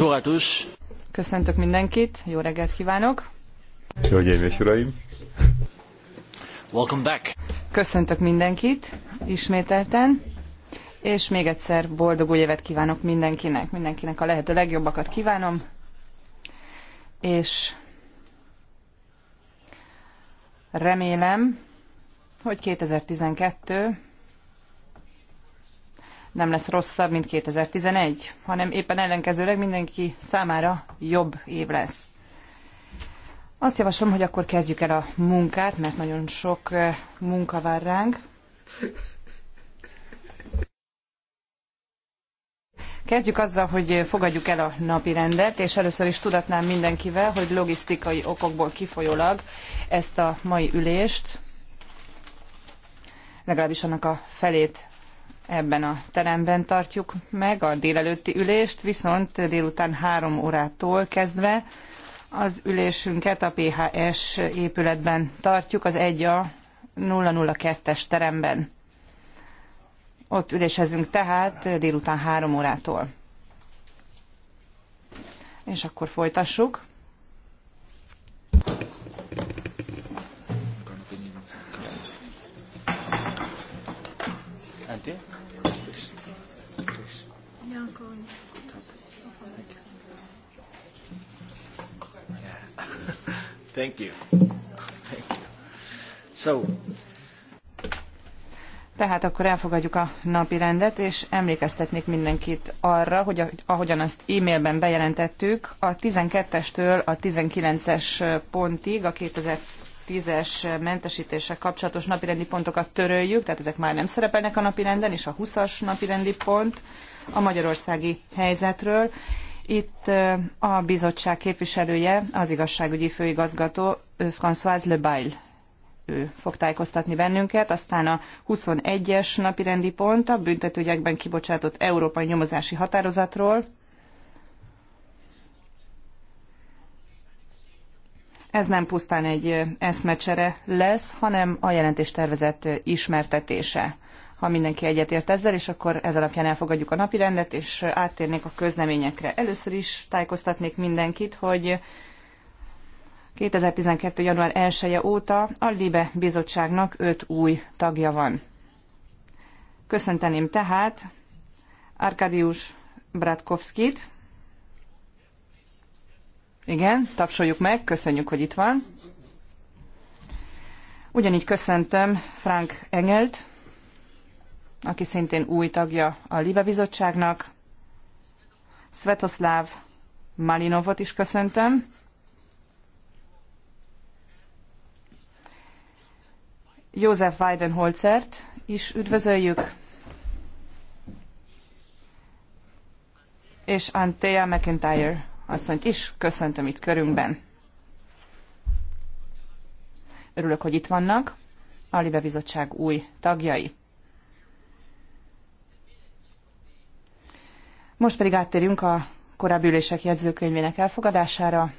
Bonjour à tous. Köszöntök mindenkit, jó reggelt kívánok. Hölgyeim és uraim. Welcome back. Köszöntök mindenkit, ismételten. És még egyszer boldog új évet kívánok mindenkinek. Mindenkinek a lehető legjobbakat kívánom. És remélem, hogy 2012 nem lesz rosszabb, mint 2011, hanem éppen ellenkezőleg mindenki számára jobb év lesz. Azt javaslom, hogy akkor kezdjük el a munkát, mert nagyon sok eh, munka vár ránk. Kezdjük azzal, hogy fogadjuk el a napi rendet, és először is tudatnám mindenkivel, hogy logisztikai okokból kifolyólag ezt a mai ülést, legalábbis annak a felét ebben a teremben tartjuk meg a délelőtti ülést, viszont délután három órától kezdve az ülésünket a PHS épületben tartjuk, az 1A 002-es teremben. Ott ülésezünk tehát délután három órától. És akkor folytassuk. Thank you. Thank you. So. Tehát akkor elfogadjuk a napi rendet, és emlékeztetnék mindenkit arra, hogy ahogyan azt e-mailben bejelentettük, a 12-estől a 19-es pontig a 2010-es mentesítéssel kapcsolatos napirendi pontokat töröljük, tehát ezek már nem szerepelnek a napirenden, és a 20-as napirendi pont, a magyarországi helyzetről. Itt a bizottság képviselője, az igazságügyi főigazgató François Le Bail ő fog tájékoztatni bennünket, aztán a 21-es napirendi pont a büntetőgyekben kibocsátott európai nyomozási határozatról, ez nem pusztán egy eszmecsere lesz, hanem a jelentés tervezett ismertetése ha mindenki egyetért ezzel, és akkor ez alapján elfogadjuk a napirendet, és áttérnék a közleményekre. Először is tájékoztatnék mindenkit, hogy 2012. január 1 -e óta a Libe Bizottságnak 5 új tagja van. Köszönteném tehát Arkadiusz Bratkovskit. Igen, tapsoljuk meg, köszönjük, hogy itt van. Ugyanígy köszöntöm Frank Engelt, aki szintén új tagja a Libe Bizottságnak. Svetoszláv Malinovot is köszöntöm. József Weidenholzert is üdvözöljük. És Antea McIntyre asszonyt is köszöntöm itt körünkben. Örülök, hogy itt vannak. a Libe Bizottság új tagjai. Most pedig áttérünk a korábbi ülések jegyzőkönyvének elfogadására.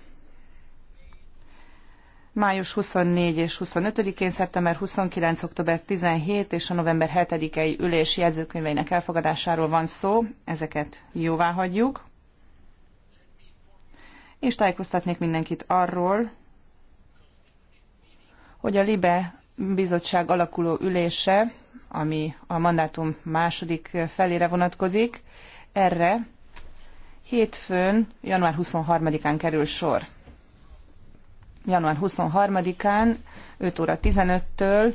Május 24 és 25-én, szeptember 29, október 17 és a november 7-i ülés jegyzőkönyveinek elfogadásáról van szó. Ezeket jóvá hagyjuk. És tájékoztatnék mindenkit arról, hogy a LIBE bizottság alakuló ülése, ami a mandátum második felére vonatkozik, erre hétfőn, január 23-án kerül sor. Január 23-án 5 óra 15-től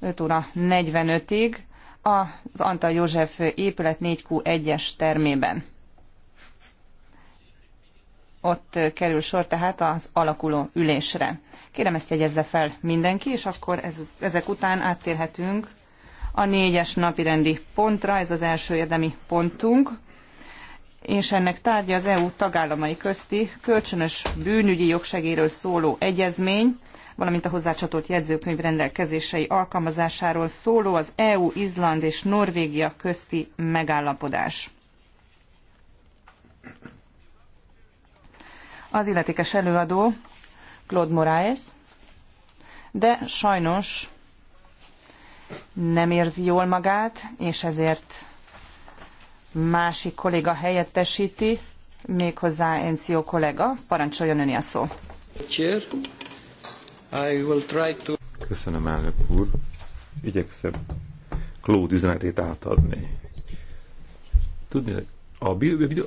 5 óra 45-ig az Antal József épület 4Q1-es termében. Ott kerül sor tehát az alakuló ülésre. Kérem ezt jegyezze fel mindenki, és akkor ez, ezek után áttérhetünk a négyes napirendi pontra, ez az első érdemi pontunk és ennek tárgya az EU tagállamai közti kölcsönös bűnügyi jogsegéről szóló egyezmény, valamint a hozzácsatolt jegyzőkönyv rendelkezései alkalmazásáról szóló az EU, Izland és Norvégia közti megállapodás. Az illetékes előadó Claude Moraes, de sajnos nem érzi jól magát, és ezért másik kolléga helyettesíti, méghozzá Encio kollega. Parancsoljon öné a szó. Köszönöm, elnök úr. Igyekszem Claude üzenetét átadni. Tudni, a,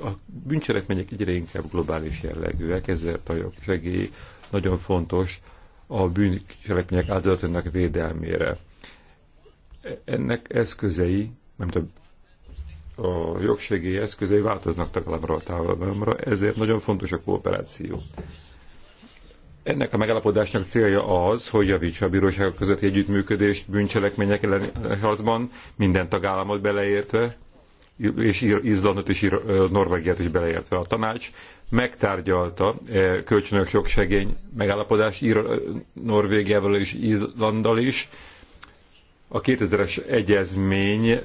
a bűncselekmények egyre inkább globális jellegűek, ezért a segély nagyon fontos a bűncselekmények áldozatának védelmére. E- ennek eszközei, nem a a jogsegély eszközei változnak tagállamról tagállamra, ezért nagyon fontos a kooperáció. Ennek a megállapodásnak célja az, hogy javítsa a bíróságok közötti együttműködést bűncselekmények elleni harcban, minden tagállamot beleértve, és Izlandot és Norvégiát is beleértve. A tanács megtárgyalta e kölcsönök jogsegény megállapodás ír Norvégiával és Izlanddal is. A 2000-es egyezmény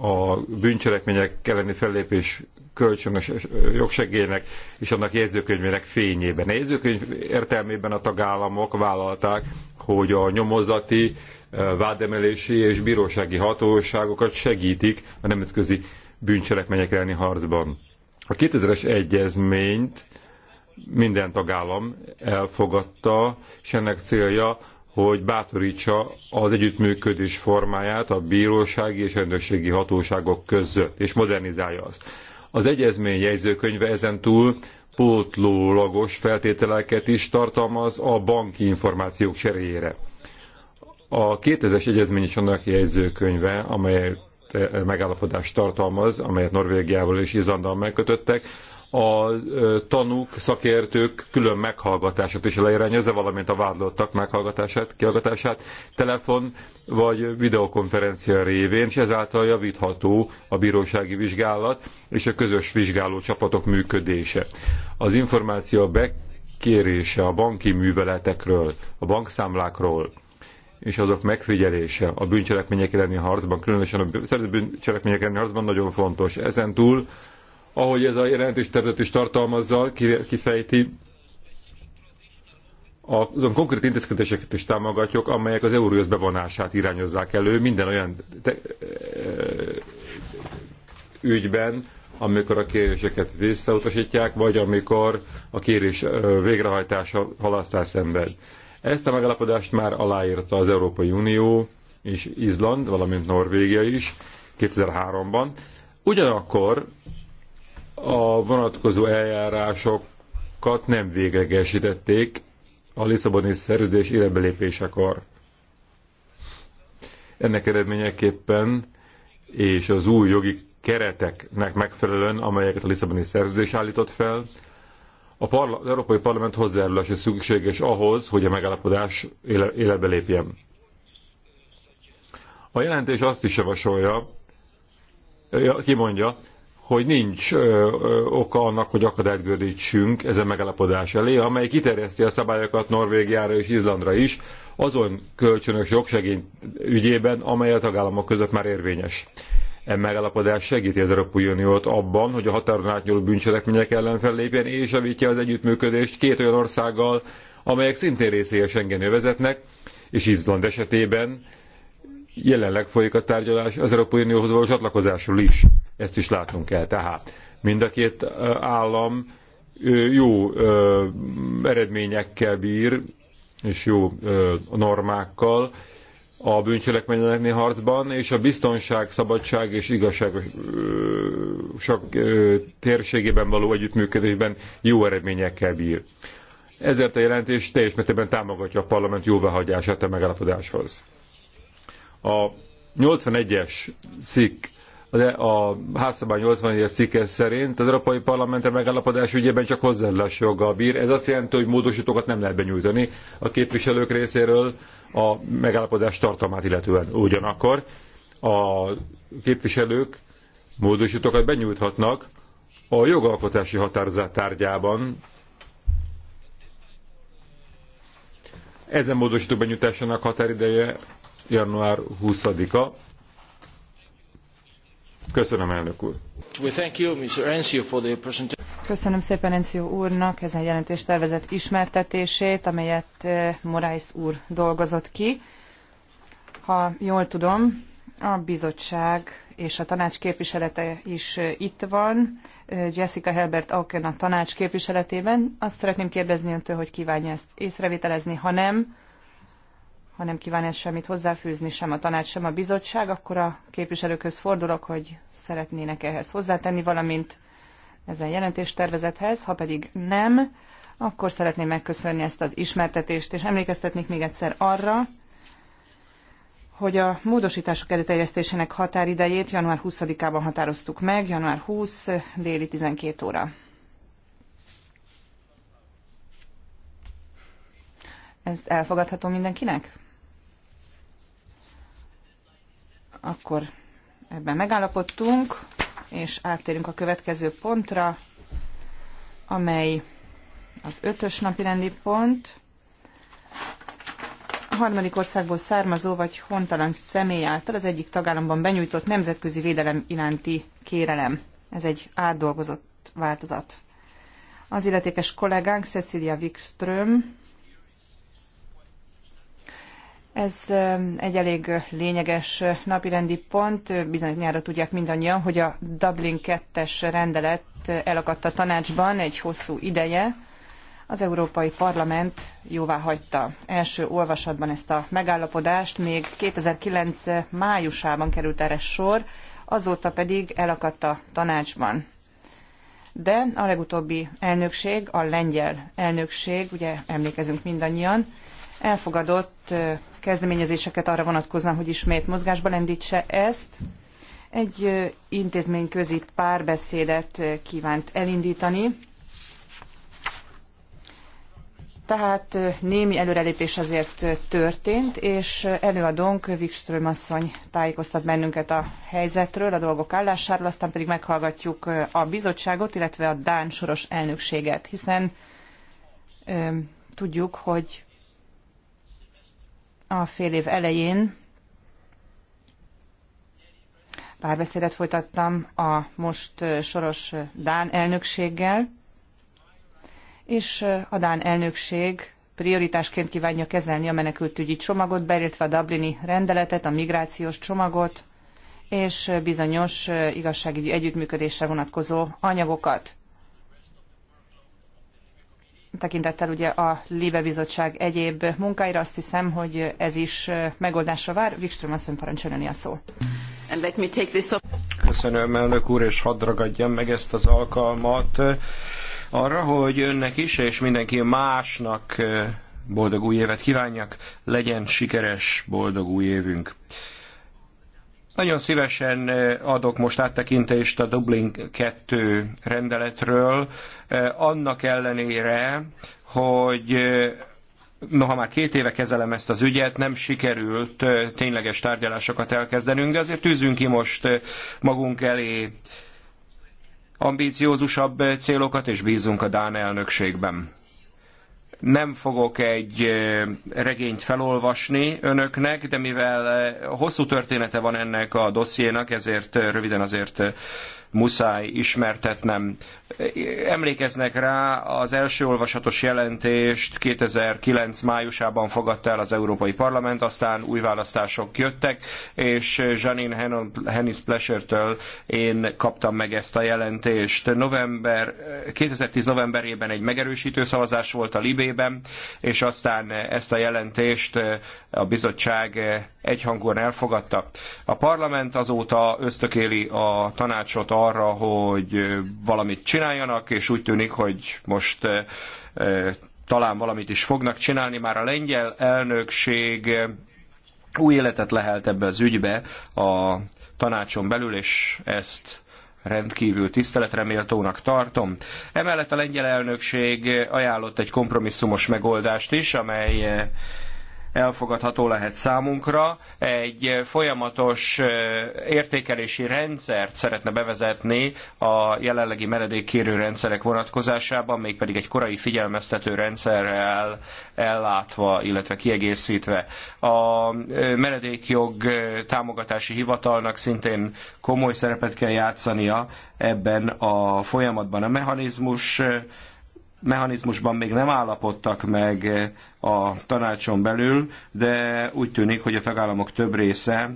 a bűncselekmények elleni fellépés kölcsönös jogsegélynek és annak jegyzőkönyvének fényében. A jegyzőkönyv értelmében a tagállamok vállalták, hogy a nyomozati, eh, vádemelési és bírósági hatóságokat segítik a nemzetközi bűncselekmények elleni harcban. A 2000-es egyezményt minden tagállam elfogadta, és ennek célja hogy bátorítsa az együttműködés formáját a bírósági és rendőrségi hatóságok között, és modernizálja azt. Az egyezmény jegyzőkönyve ezen túl pótlólagos feltételeket is tartalmaz a banki információk cseréjére. A 2000-es egyezmény is annak jegyzőkönyve, amely eh, megállapodást tartalmaz, amelyet Norvégiával és Izlandal megkötöttek, a tanúk, szakértők külön meghallgatását is leirányozza, valamint a vádlottak meghallgatását, kihallgatását telefon vagy videokonferencia révén, és ezáltal javítható a bírósági vizsgálat és a közös vizsgáló csapatok működése. Az információ bekérése a banki műveletekről, a bankszámlákról, és azok megfigyelése a bűncselekmények elleni harcban, különösen a bűncselekmények elleni harcban nagyon fontos. Ezen túl ahogy ez a jelentés tervezet is tartalmazza, kifejti, azon konkrét intézkedéseket is támogatjuk, amelyek az euróhoz bevonását irányozzák elő minden olyan te, e, ügyben, amikor a kéréseket visszautasítják, vagy amikor a kérés e, végrehajtása halasztás szenved. Ezt a megállapodást már aláírta az Európai Unió és Izland, valamint Norvégia is 2003-ban. Ugyanakkor a vonatkozó eljárásokat nem véglegesítették a Lisszaboni szerződés életbelépésekor. Ennek eredményeképpen és az új jogi kereteknek megfelelően, amelyeket a Lisszaboni szerződés állított fel, a parla- az Európai Parlament hozzájárulása szükséges ahhoz, hogy a megállapodás éle- életbe lépjen. A jelentés azt is javasolja, kimondja, hogy nincs ö, ö, oka annak, hogy akadályt gördítsünk ezen megállapodás elé, amely kiterjeszti a szabályokat Norvégiára és Izlandra is, azon kölcsönös jogsegény ügyében, amely a tagállamok között már érvényes. E megállapodás segíti az Európai Uniót abban, hogy a határon átnyúló bűncselekmények ellen fellépjen és javítja az együttműködést két olyan országgal, amelyek szintén részéhez Schengen övezetnek, és Izland esetében Jelenleg folyik a tárgyalás az Európai Unióhoz való csatlakozásról is. Ezt is látnunk kell tehát. Mind a két állam jó eredményekkel bír, és jó normákkal a bűncselekményeknél harcban, és a biztonság, szabadság és igazság sok térségében való együttműködésben jó eredményekkel bír. Ezért a jelentés teljes mértékben támogatja a parlament jóváhagyását a megállapodáshoz. A 81-es szik, e- a házszabály 81-es szike szerint az Európai Parlamentre megállapodás ügyében csak hozzáállás joga bír. Ez azt jelenti, hogy módosítókat nem lehet benyújtani a képviselők részéről a megállapodás tartalmát illetően. Ugyanakkor a képviselők módosítókat benyújthatnak a jogalkotási határozat tárgyában. Ezen módosítók benyújtásának határideje január 20-a. Köszönöm, elnök úr. Köszönöm szépen Encio úrnak ezen jelentés tervezett ismertetését, amelyet eh, Morais úr dolgozott ki. Ha jól tudom, a bizottság és a tanács képviselete is eh, itt van. Eh, Jessica Helbert Auken a tanács képviseletében. Azt szeretném kérdezni öntől, hogy kívánja ezt észrevételezni, ha nem, ha nem kíván ez semmit hozzáfűzni, sem a tanács, sem a bizottság, akkor a képviselőkhöz fordulok, hogy szeretnének ehhez hozzátenni valamint ezen jelentéstervezethez, ha pedig nem, akkor szeretném megköszönni ezt az ismertetést, és emlékeztetnék még egyszer arra, hogy a módosítások előterjesztésének határidejét január 20-ában határoztuk meg, január 20 déli 12 óra. Ez elfogadható mindenkinek? Akkor ebben megállapodtunk, és áttérünk a következő pontra, amely az ötös napi rendi pont. A harmadik országból származó vagy hontalan személy által az egyik tagállamban benyújtott nemzetközi védelem iránti kérelem. Ez egy átdolgozott változat. Az illetékes kollégánk Cecilia Wikström ez egy elég lényeges napirendi pont. Bizonyára tudják mindannyian, hogy a Dublin 2-es rendelet elakadt a tanácsban egy hosszú ideje. Az Európai Parlament jóvá hagyta első olvasatban ezt a megállapodást, még 2009. májusában került erre sor, azóta pedig elakadt a tanácsban. De a legutóbbi elnökség, a lengyel elnökség, ugye emlékezünk mindannyian, elfogadott kezdeményezéseket arra vonatkozóan, hogy ismét mozgásba lendítse ezt. Egy intézményközi párbeszédet kívánt elindítani. Tehát némi előrelépés azért történt, és előadónk Wikström asszony tájékoztat bennünket a helyzetről, a dolgok állásáról, aztán pedig meghallgatjuk a bizottságot, illetve a Dán soros elnökséget, hiszen tudjuk, hogy a fél év elején párbeszédet folytattam a most soros Dán elnökséggel, és a Dán elnökség prioritásként kívánja kezelni a menekültügyi csomagot, beértve a Dublini rendeletet, a migrációs csomagot és bizonyos igazságügyi együttműködésre vonatkozó anyagokat tekintettel ugye a Libe Bizottság egyéb munkáira, azt hiszem, hogy ez is megoldásra vár. Wikström asszony parancsoljon a szó. And let me take this Köszönöm, elnök úr, és hadd ragadjam meg ezt az alkalmat arra, hogy önnek is, és mindenki másnak boldog új évet kívánjak, legyen sikeres boldog új évünk. Nagyon szívesen adok most áttekintést a Dublin 2 rendeletről, annak ellenére, hogy noha már két éve kezelem ezt az ügyet, nem sikerült tényleges tárgyalásokat elkezdenünk, de azért tűzünk ki most magunk elé ambíciózusabb célokat, és bízunk a Dán elnökségben nem fogok egy regényt felolvasni önöknek, de mivel hosszú története van ennek a dossziénak, ezért röviden azért muszáj ismertetnem. Emlékeznek rá, az első olvasatos jelentést 2009 májusában fogadta el az Európai Parlament, aztán új választások jöttek, és Janine Hennis Plesertől én kaptam meg ezt a jelentést. November, 2010 novemberében egy megerősítő szavazás volt a Libében, és aztán ezt a jelentést a bizottság egyhangúan elfogadta. A parlament azóta ösztökéli a tanácsot arra, hogy valamit csináljanak, és úgy tűnik, hogy most talán valamit is fognak csinálni. Már a lengyel elnökség új életet lehelt ebbe az ügybe a tanácson belül, és ezt rendkívül tiszteletreméltónak tartom. Emellett a lengyel elnökség ajánlott egy kompromisszumos megoldást is, amely elfogadható lehet számunkra. Egy folyamatos értékelési rendszert szeretne bevezetni a jelenlegi meredékkérő rendszerek vonatkozásában, mégpedig egy korai figyelmeztető rendszerrel ellátva, illetve kiegészítve. A meredékjog támogatási hivatalnak szintén komoly szerepet kell játszania ebben a folyamatban. A mechanizmus mechanizmusban még nem állapodtak meg eh, a tanácson belül, de úgy tűnik, hogy a tagállamok több része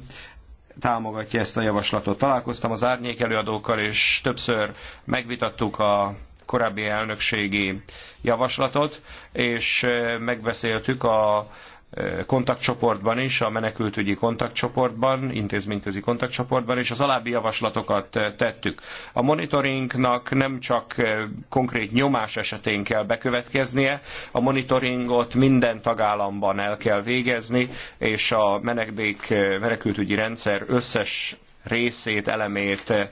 támogatja ezt a javaslatot. Találkoztam az árnyék előadókkal, és többször megvitattuk a korábbi elnökségi javaslatot, és eh, megbeszéltük a kontaktcsoportban is, a menekültügyi kontaktcsoportban, intézményközi kontaktcsoportban, és az alábbi javaslatokat tettük. A monitoringnak nem csak konkrét nyomás esetén kell bekövetkeznie, a monitoringot minden tagállamban el kell végezni, és a menekdék menekültügyi rendszer összes részét, elemét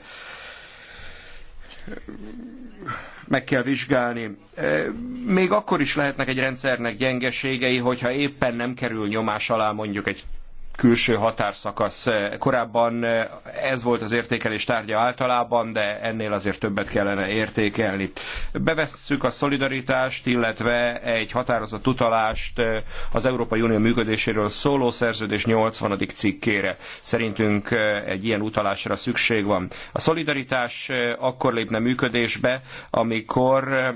meg kell vizsgálni. E, még akkor is lehetnek egy rendszernek gyengeségei, hogyha éppen nem kerül nyomás alá mondjuk egy külső határszakasz. Korábban ez volt az értékelés tárgya általában, de ennél azért többet kellene értékelni. Bevesszük a szolidaritást, illetve egy határozott utalást az Európai Unió működéséről szóló szerződés 80. cikkére. Szerintünk egy ilyen utalásra szükség van. A szolidaritás akkor lépne működésbe, amikor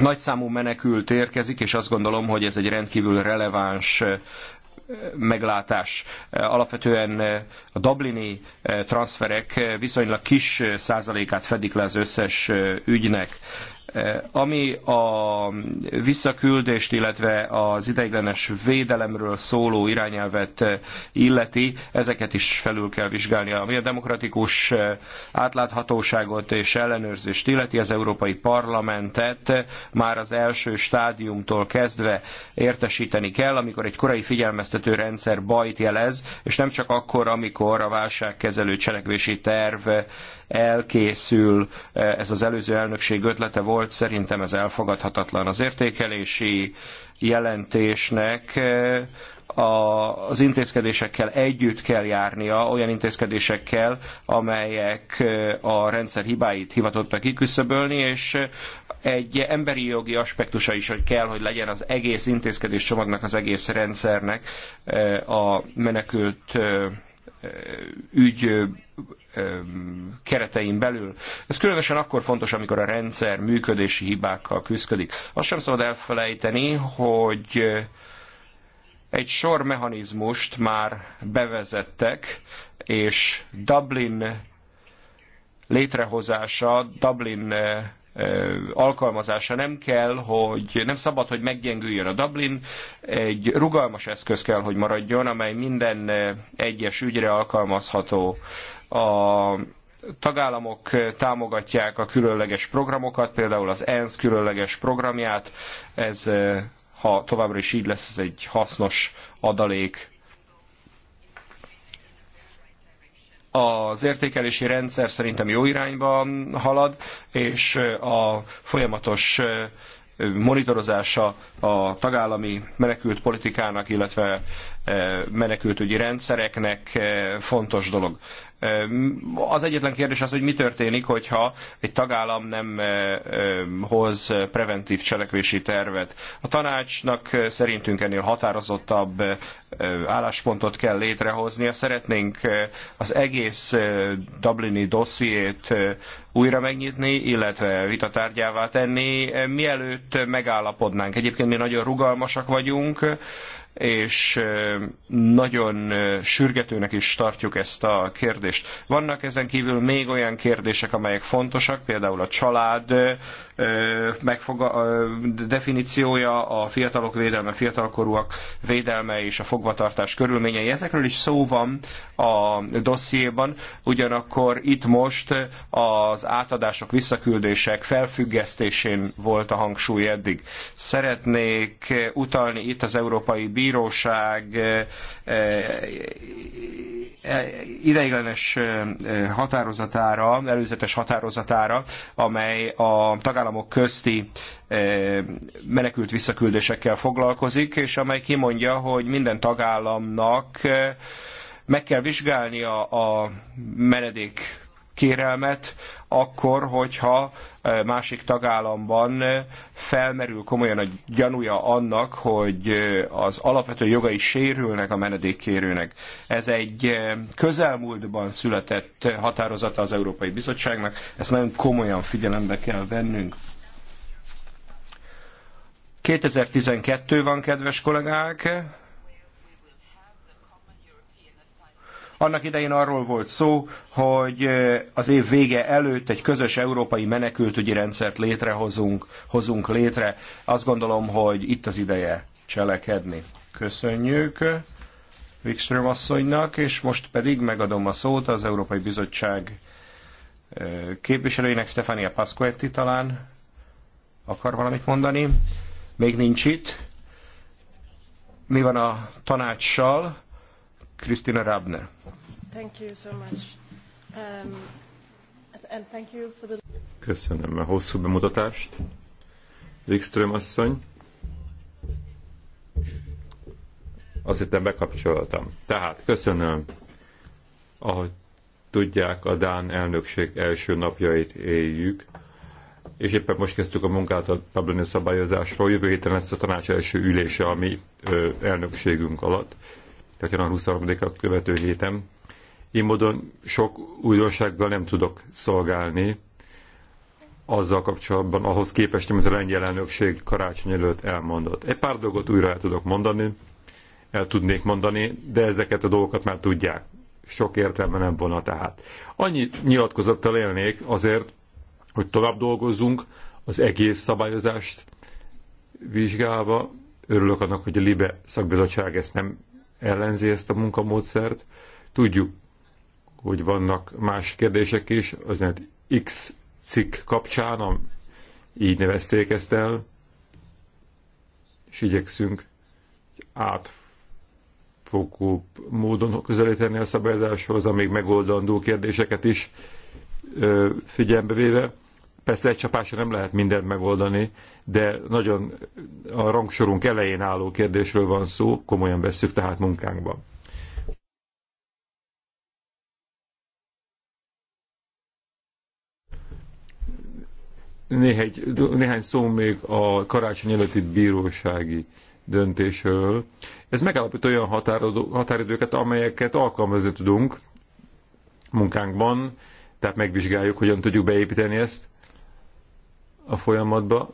nagyszámú menekült érkezik, és azt gondolom, hogy ez egy rendkívül releváns meglátás. Alapvetően eh, a dublini eh, transferek eh, viszonylag kis százalékát fedik le az összes ügynek. Ami a visszaküldést, illetve az ideiglenes védelemről szóló irányelvet illeti, ezeket is felül kell vizsgálni. Ami a demokratikus átláthatóságot és ellenőrzést illeti, az Európai Parlamentet már az első stádiumtól kezdve értesíteni kell, amikor egy korai figyelmeztető rendszer bajt jelez, és nem csak akkor, amikor a válságkezelő cselekvési terv elkészül. Ez az előző elnökség ötlete volt, szerintem ez elfogadhatatlan. Az értékelési jelentésnek eh, az intézkedésekkel együtt kell járnia, olyan intézkedésekkel, amelyek eh, a rendszer hibáit hivatottak kiküszöbölni, és eh, egy emberi jogi aspektusa is, hogy kell, hogy legyen az egész intézkedés csomagnak, az egész rendszernek a menekült ügy keretein belül. Ez különösen akkor fontos, amikor a rendszer működési hibákkal küzdik. Azt sem szabad elfelejteni, hogy egy sor mechanizmust már bevezettek, és Dublin létrehozása, Dublin alkalmazása nem kell, hogy nem szabad, hogy meggyengüljön a Dublin, egy rugalmas eszköz kell, hogy maradjon, amely minden egyes ügyre alkalmazható a tagállamok támogatják a különleges programokat, például az ENSZ különleges programját. Ez, eh, ha továbbra is így lesz, ez egy hasznos adalék az értékelési rendszer szerintem jó irányba halad, és eh, a folyamatos eh, monitorozása a tagállami menekült politikának, illetve e, menekültügyi rendszereknek e, fontos dolog. E, az egyetlen kérdés az, hogy mi történik, hogyha egy tagállam nem hoz preventív cselekvési tervet. A tanácsnak szerintünk ennél határozottabb álláspontot kell létrehoznia. Szeretnénk az egész Dublini dossziét újra megnyitni, illetve vitatárgyává tenni, mielőtt megállapodnánk. Egyébként mi nagyon rugalmasak vagyunk, és nagyon sürgetőnek is tartjuk ezt a kérdést. Vannak ezen kívül még olyan kérdések, amelyek fontosak, például a család megfoga, definíciója, a fiatalok védelme, fiatalkorúak védelme és a fogvatartás körülményei. Ezekről is szó van a dossziéban, ugyanakkor itt most az átadások, visszaküldések felfüggesztésén volt a hangsúly eddig. Szeretnék utalni itt az Európai Bíróság bíróság eh, eh, eh, ideiglenes határozatára, előzetes határozatára, amely a tagállamok közti menekült visszaküldésekkel foglalkozik, és amely kimondja, hogy minden tagállamnak meg kell vizsgálnia a menedék kérelmet, akkor, hogyha e, másik tagállamban e, felmerül komolyan a gyanúja annak, hogy e, az alapvető jogai sérülnek a menedékkérőnek. Ez egy közelmúltban született határozata az Európai Bizottságnak, ezt nagyon komolyan figyelembe kell vennünk. 2012 van, kedves kollégák, Annak idején arról volt szó, hogy az év vége előtt egy közös európai menekültügyi rendszert létrehozunk, hozunk létre. Azt gondolom, hogy itt az ideje cselekedni. Köszönjük Wikström asszonynak, és most pedig megadom a szót az Európai Bizottság képviselőinek, Stefania Pasquetti talán akar valamit mondani. Még nincs itt. Mi van a tanácssal? Krisztina Rabner. Thank you so much. Um, and thank you for the... Köszönöm a hosszú bemutatást. Wikström asszony. Azt hittem bekapcsoltam. Tehát köszönöm, ahogy tudják, a Dán elnökség első napjait éljük, és éppen most kezdtük a munkát a Dublini szabályozásról. Jövő héten lesz a tanács első ülése a mi elnökségünk alatt tehát a 23-a követő héten. Én módon sok újdonsággal nem tudok szolgálni, azzal kapcsolatban, ahhoz képest, amit a lengyel elnökség karácsony előtt elmondott. Egy pár dolgot újra el tudok mondani, el tudnék mondani, de ezeket a dolgokat már tudják. Sok értelme nem volna tehát. Annyi nyilatkozattal élnék azért, hogy tovább dolgozzunk, az egész szabályozást vizsgálva. Örülök annak, hogy a LIBE szakbizottság ezt nem ellenzi ezt a munkamódszert. Tudjuk, hogy vannak más kérdések is, az X cikk kapcsán, így nevezték ezt el, és igyekszünk átfogó módon közelíteni a szabályozáshoz, amíg megoldandó kérdéseket is figyelembe véve. Persze egy csapásra nem lehet mindent megoldani, de nagyon a rangsorunk elején álló kérdésről van szó, komolyan vesszük tehát munkánkban. Néhány, néhány szó még a karácsony előtti bírósági döntésről. Ez megállapít olyan határidőket, amelyeket alkalmazni tudunk munkánkban, tehát megvizsgáljuk, hogyan tudjuk beépíteni ezt a folyamatba,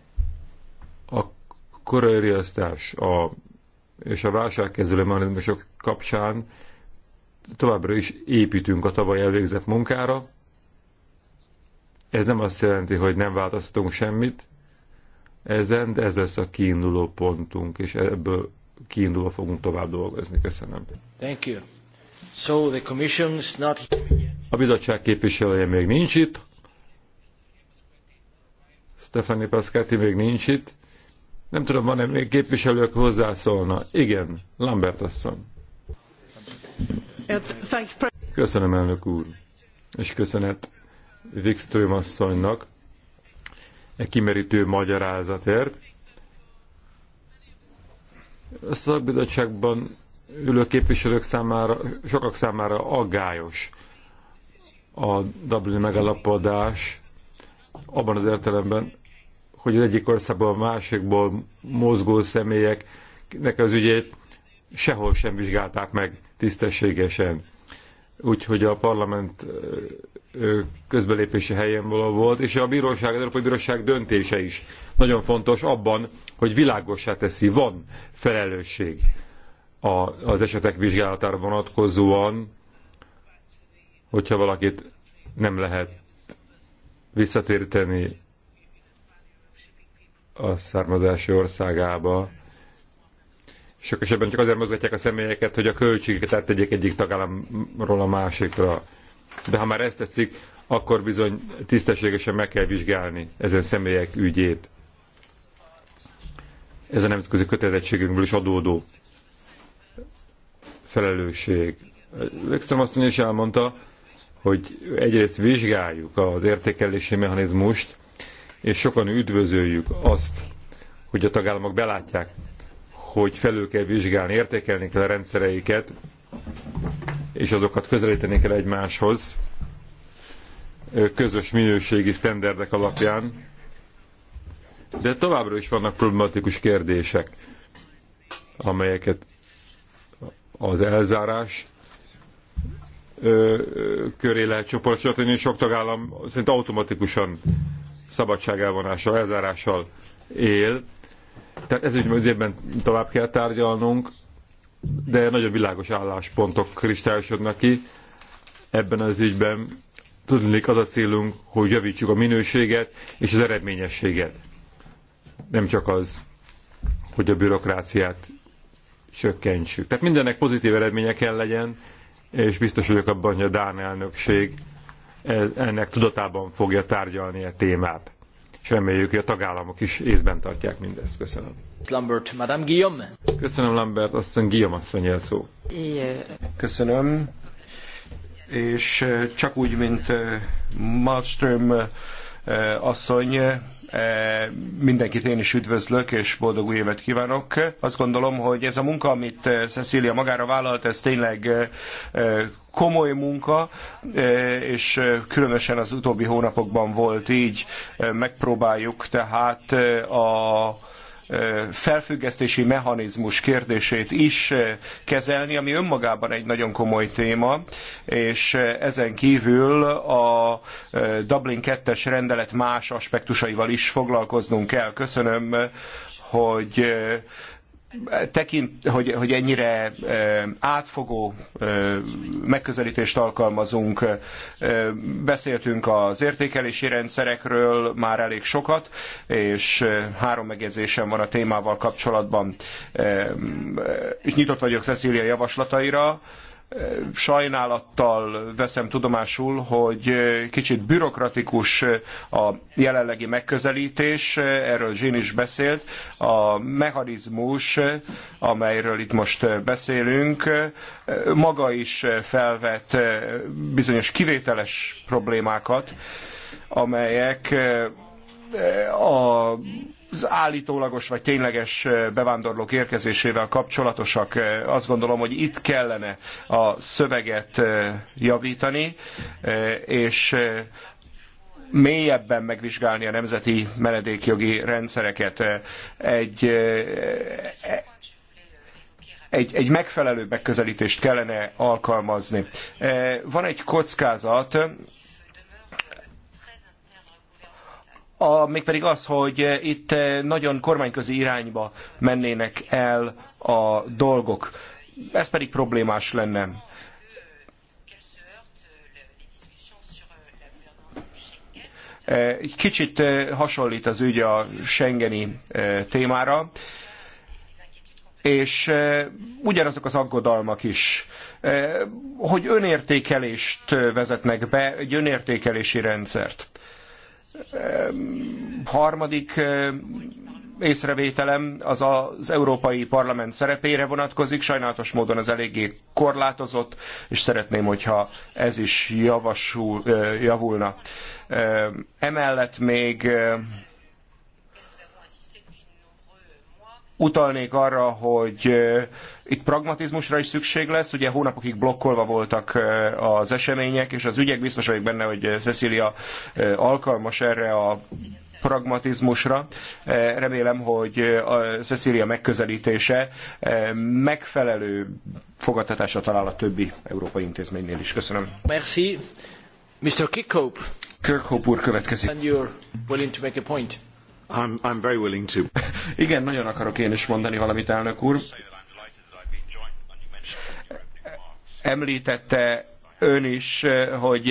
a korai riasztás a, és a válságkezelő mechanizmusok kapcsán továbbra is építünk a tavaly elvégzett munkára. Ez nem azt jelenti, hogy nem változtatunk semmit ezen, de ez lesz a kiinduló pontunk, és ebből kiindulva fogunk tovább dolgozni. Köszönöm. Thank you. So the commission is not... A bizottság képviselője még nincs itt. Stefani Pascati még nincs itt. Nem tudom, van-e még képviselők hozzászólna. Igen, Lambert asszon. Köszönöm, elnök úr. És köszönet Wikström asszonynak e kimerítő magyarázatért. A szakbizottságban ülő képviselők számára, sokak számára aggályos a Dublin megalapodás abban az értelemben, hogy az egyik országból a másikból mozgó személyeknek az ügyét sehol sem vizsgálták meg tisztességesen. Úgyhogy a parlament közbelépési helyén való volt, és a bíróság, az Európai Bíróság döntése is nagyon fontos abban, hogy világossá teszi, van felelősség az esetek vizsgálatára vonatkozóan, hogyha valakit nem lehet visszatérteni a származási országába. Sok esetben csak azért mozgatják a személyeket, hogy a költségeket áttegyék egyik tagállamról a másikra. De ha már ezt teszik, akkor bizony tisztességesen meg kell vizsgálni ezen személyek ügyét. Ez a nemzetközi kötelezettségünkből is adódó felelősség. Legszem azt és elmondta, hogy egyrészt vizsgáljuk az értékelési mechanizmust, és sokan üdvözöljük azt, hogy a tagállamok belátják, hogy felül kell vizsgálni, értékelni kell a rendszereiket, és azokat közelíteni kell egymáshoz közös minőségi sztenderdek alapján. De továbbra is vannak problematikus kérdések, amelyeket az elzárás köré lehet csoportosítani, és sok tagállam szinte automatikusan szabadságelvonással, elzárással él. Tehát ez évben tovább kell tárgyalnunk, de nagyon világos álláspontok kristályosodnak ki ebben az ügyben. Tudnék az a célunk, hogy javítsuk a minőséget és az eredményességet. Nem csak az, hogy a bürokráciát csökkentsük. Tehát mindennek pozitív eredménye kell legyen, és biztos vagyok abban, hogy a Dán elnökség e, ennek tudatában fogja tárgyalni a e témát. És reméljük, hogy a tagállamok is észben tartják mindezt. Köszönöm. Lambert, Madame Guillaume. Köszönöm, Lambert, asszony, Guillaume asszony szó. Köszönöm. És e, csak úgy, mint Malmström asszony, mindenkit én is üdvözlök, és boldog új évet kívánok. Azt gondolom, hogy ez a munka, amit Cecilia magára vállalt, ez tényleg komoly munka, és különösen az utóbbi hónapokban volt így. Megpróbáljuk tehát a felfüggesztési mechanizmus kérdését is kezelni, ami önmagában egy nagyon komoly téma, és ezen kívül a Dublin 2-es rendelet más aspektusaival is foglalkoznunk kell. Köszönöm, hogy tekint, hogy, hogy ennyire átfogó megközelítést alkalmazunk. Beszéltünk az értékelési rendszerekről már elég sokat, és három megjegyzésem van a témával kapcsolatban. És nyitott vagyok Cecília javaslataira sajnálattal veszem tudomásul, hogy kicsit bürokratikus a jelenlegi megközelítés, erről Zsin is beszélt. A mechanizmus, amelyről itt most beszélünk, maga is felvet bizonyos kivételes problémákat, amelyek a az állítólagos vagy tényleges bevándorlók érkezésével kapcsolatosak. Azt gondolom, hogy itt kellene a szöveget javítani, és mélyebben megvizsgálni a nemzeti menedékjogi rendszereket. Egy, e, egy, egy megfelelő megközelítést kellene alkalmazni. Van egy kockázat, a, mégpedig az, hogy itt nagyon kormányközi irányba mennének el a dolgok. Ez pedig problémás lenne. Kicsit eh, hasonlít az ügy a Schengeni eh, témára, és eh, ugyanazok az aggodalmak is, hogy önértékelést vezetnek be, egy önértékelési rendszert harmadik észrevételem az az Európai Parlament szerepére vonatkozik, sajnálatos módon az eléggé korlátozott, és szeretném, hogyha ez is javasul, eh, javulna. Emellett még utalnék arra, hogy itt pragmatizmusra is szükség lesz. Ugye hónapokig blokkolva voltak az események, és az ügyek biztos vagyok benne, hogy Cecilia alkalmas erre a pragmatizmusra. Remélem, hogy a Cecilia megközelítése megfelelő fogadtatásra talál a többi európai intézménynél is. Köszönöm. Merci. Mr. Kirkhope. Kirkhope úr következik. And you're willing to make a point. I'm, I'm very willing to. Igen, nagyon akarok én is mondani valamit, elnök úr. Említette ön is, hogy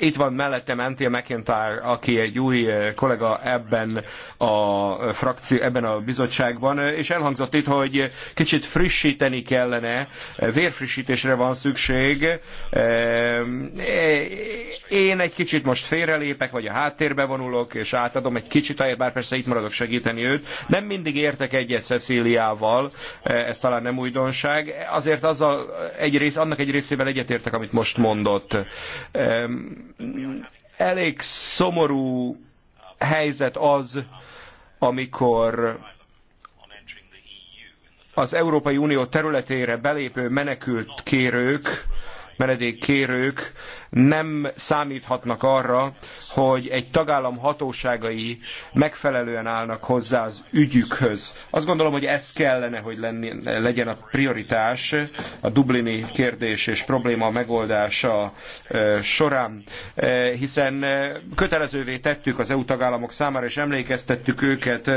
itt van mellettem Antia McIntyre, aki egy új eh, kollega ebben a, frakció, ebben a bizottságban, eh, és elhangzott itt, hogy kicsit frissíteni kellene, eh, vérfrissítésre van szükség. Én egy kicsit most félrelépek, vagy a háttérbe vonulok, és átadom egy kicsit, bár persze itt maradok segíteni őt. Nem mindig értek egyet Cecíliával, ez talán nem újdonság. Azért azzal egy rész, annak egy részével egyetértek, amit most mondott elég szomorú helyzet az, amikor az Európai Unió területére belépő menekült kérők, menedékkérők nem számíthatnak arra, hogy egy tagállam hatóságai megfelelően állnak hozzá az ügyükhöz. Azt gondolom, hogy ez kellene, hogy legyen a prioritás a dublini kérdés és probléma megoldása során, hiszen kötelezővé tettük az EU tagállamok számára, és emlékeztettük őket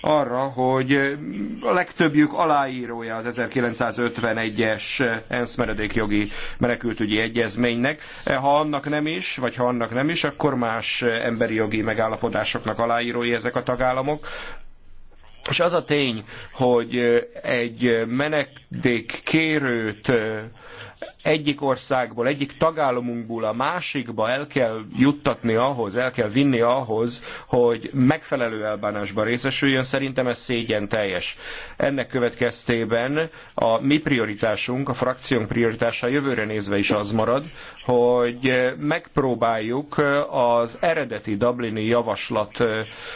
arra, hogy a legtöbbjük aláírója az 1951-es ENSZ meredékjogi menekültügyi egyezménynek. Ha annak nem is, vagy ha annak nem is, akkor más emberi jogi megállapodásoknak aláírói ezek a tagállamok. És az a tény, hogy egy menedék kérőt egyik országból, egyik tagállamunkból a másikba el kell juttatni ahhoz, el kell vinni ahhoz, hogy megfelelő elbánásban részesüljön, szerintem ez szégyen teljes. Ennek következtében a mi prioritásunk, a frakciónk prioritása jövőre nézve is az marad, hogy megpróbáljuk az eredeti Dublini javaslat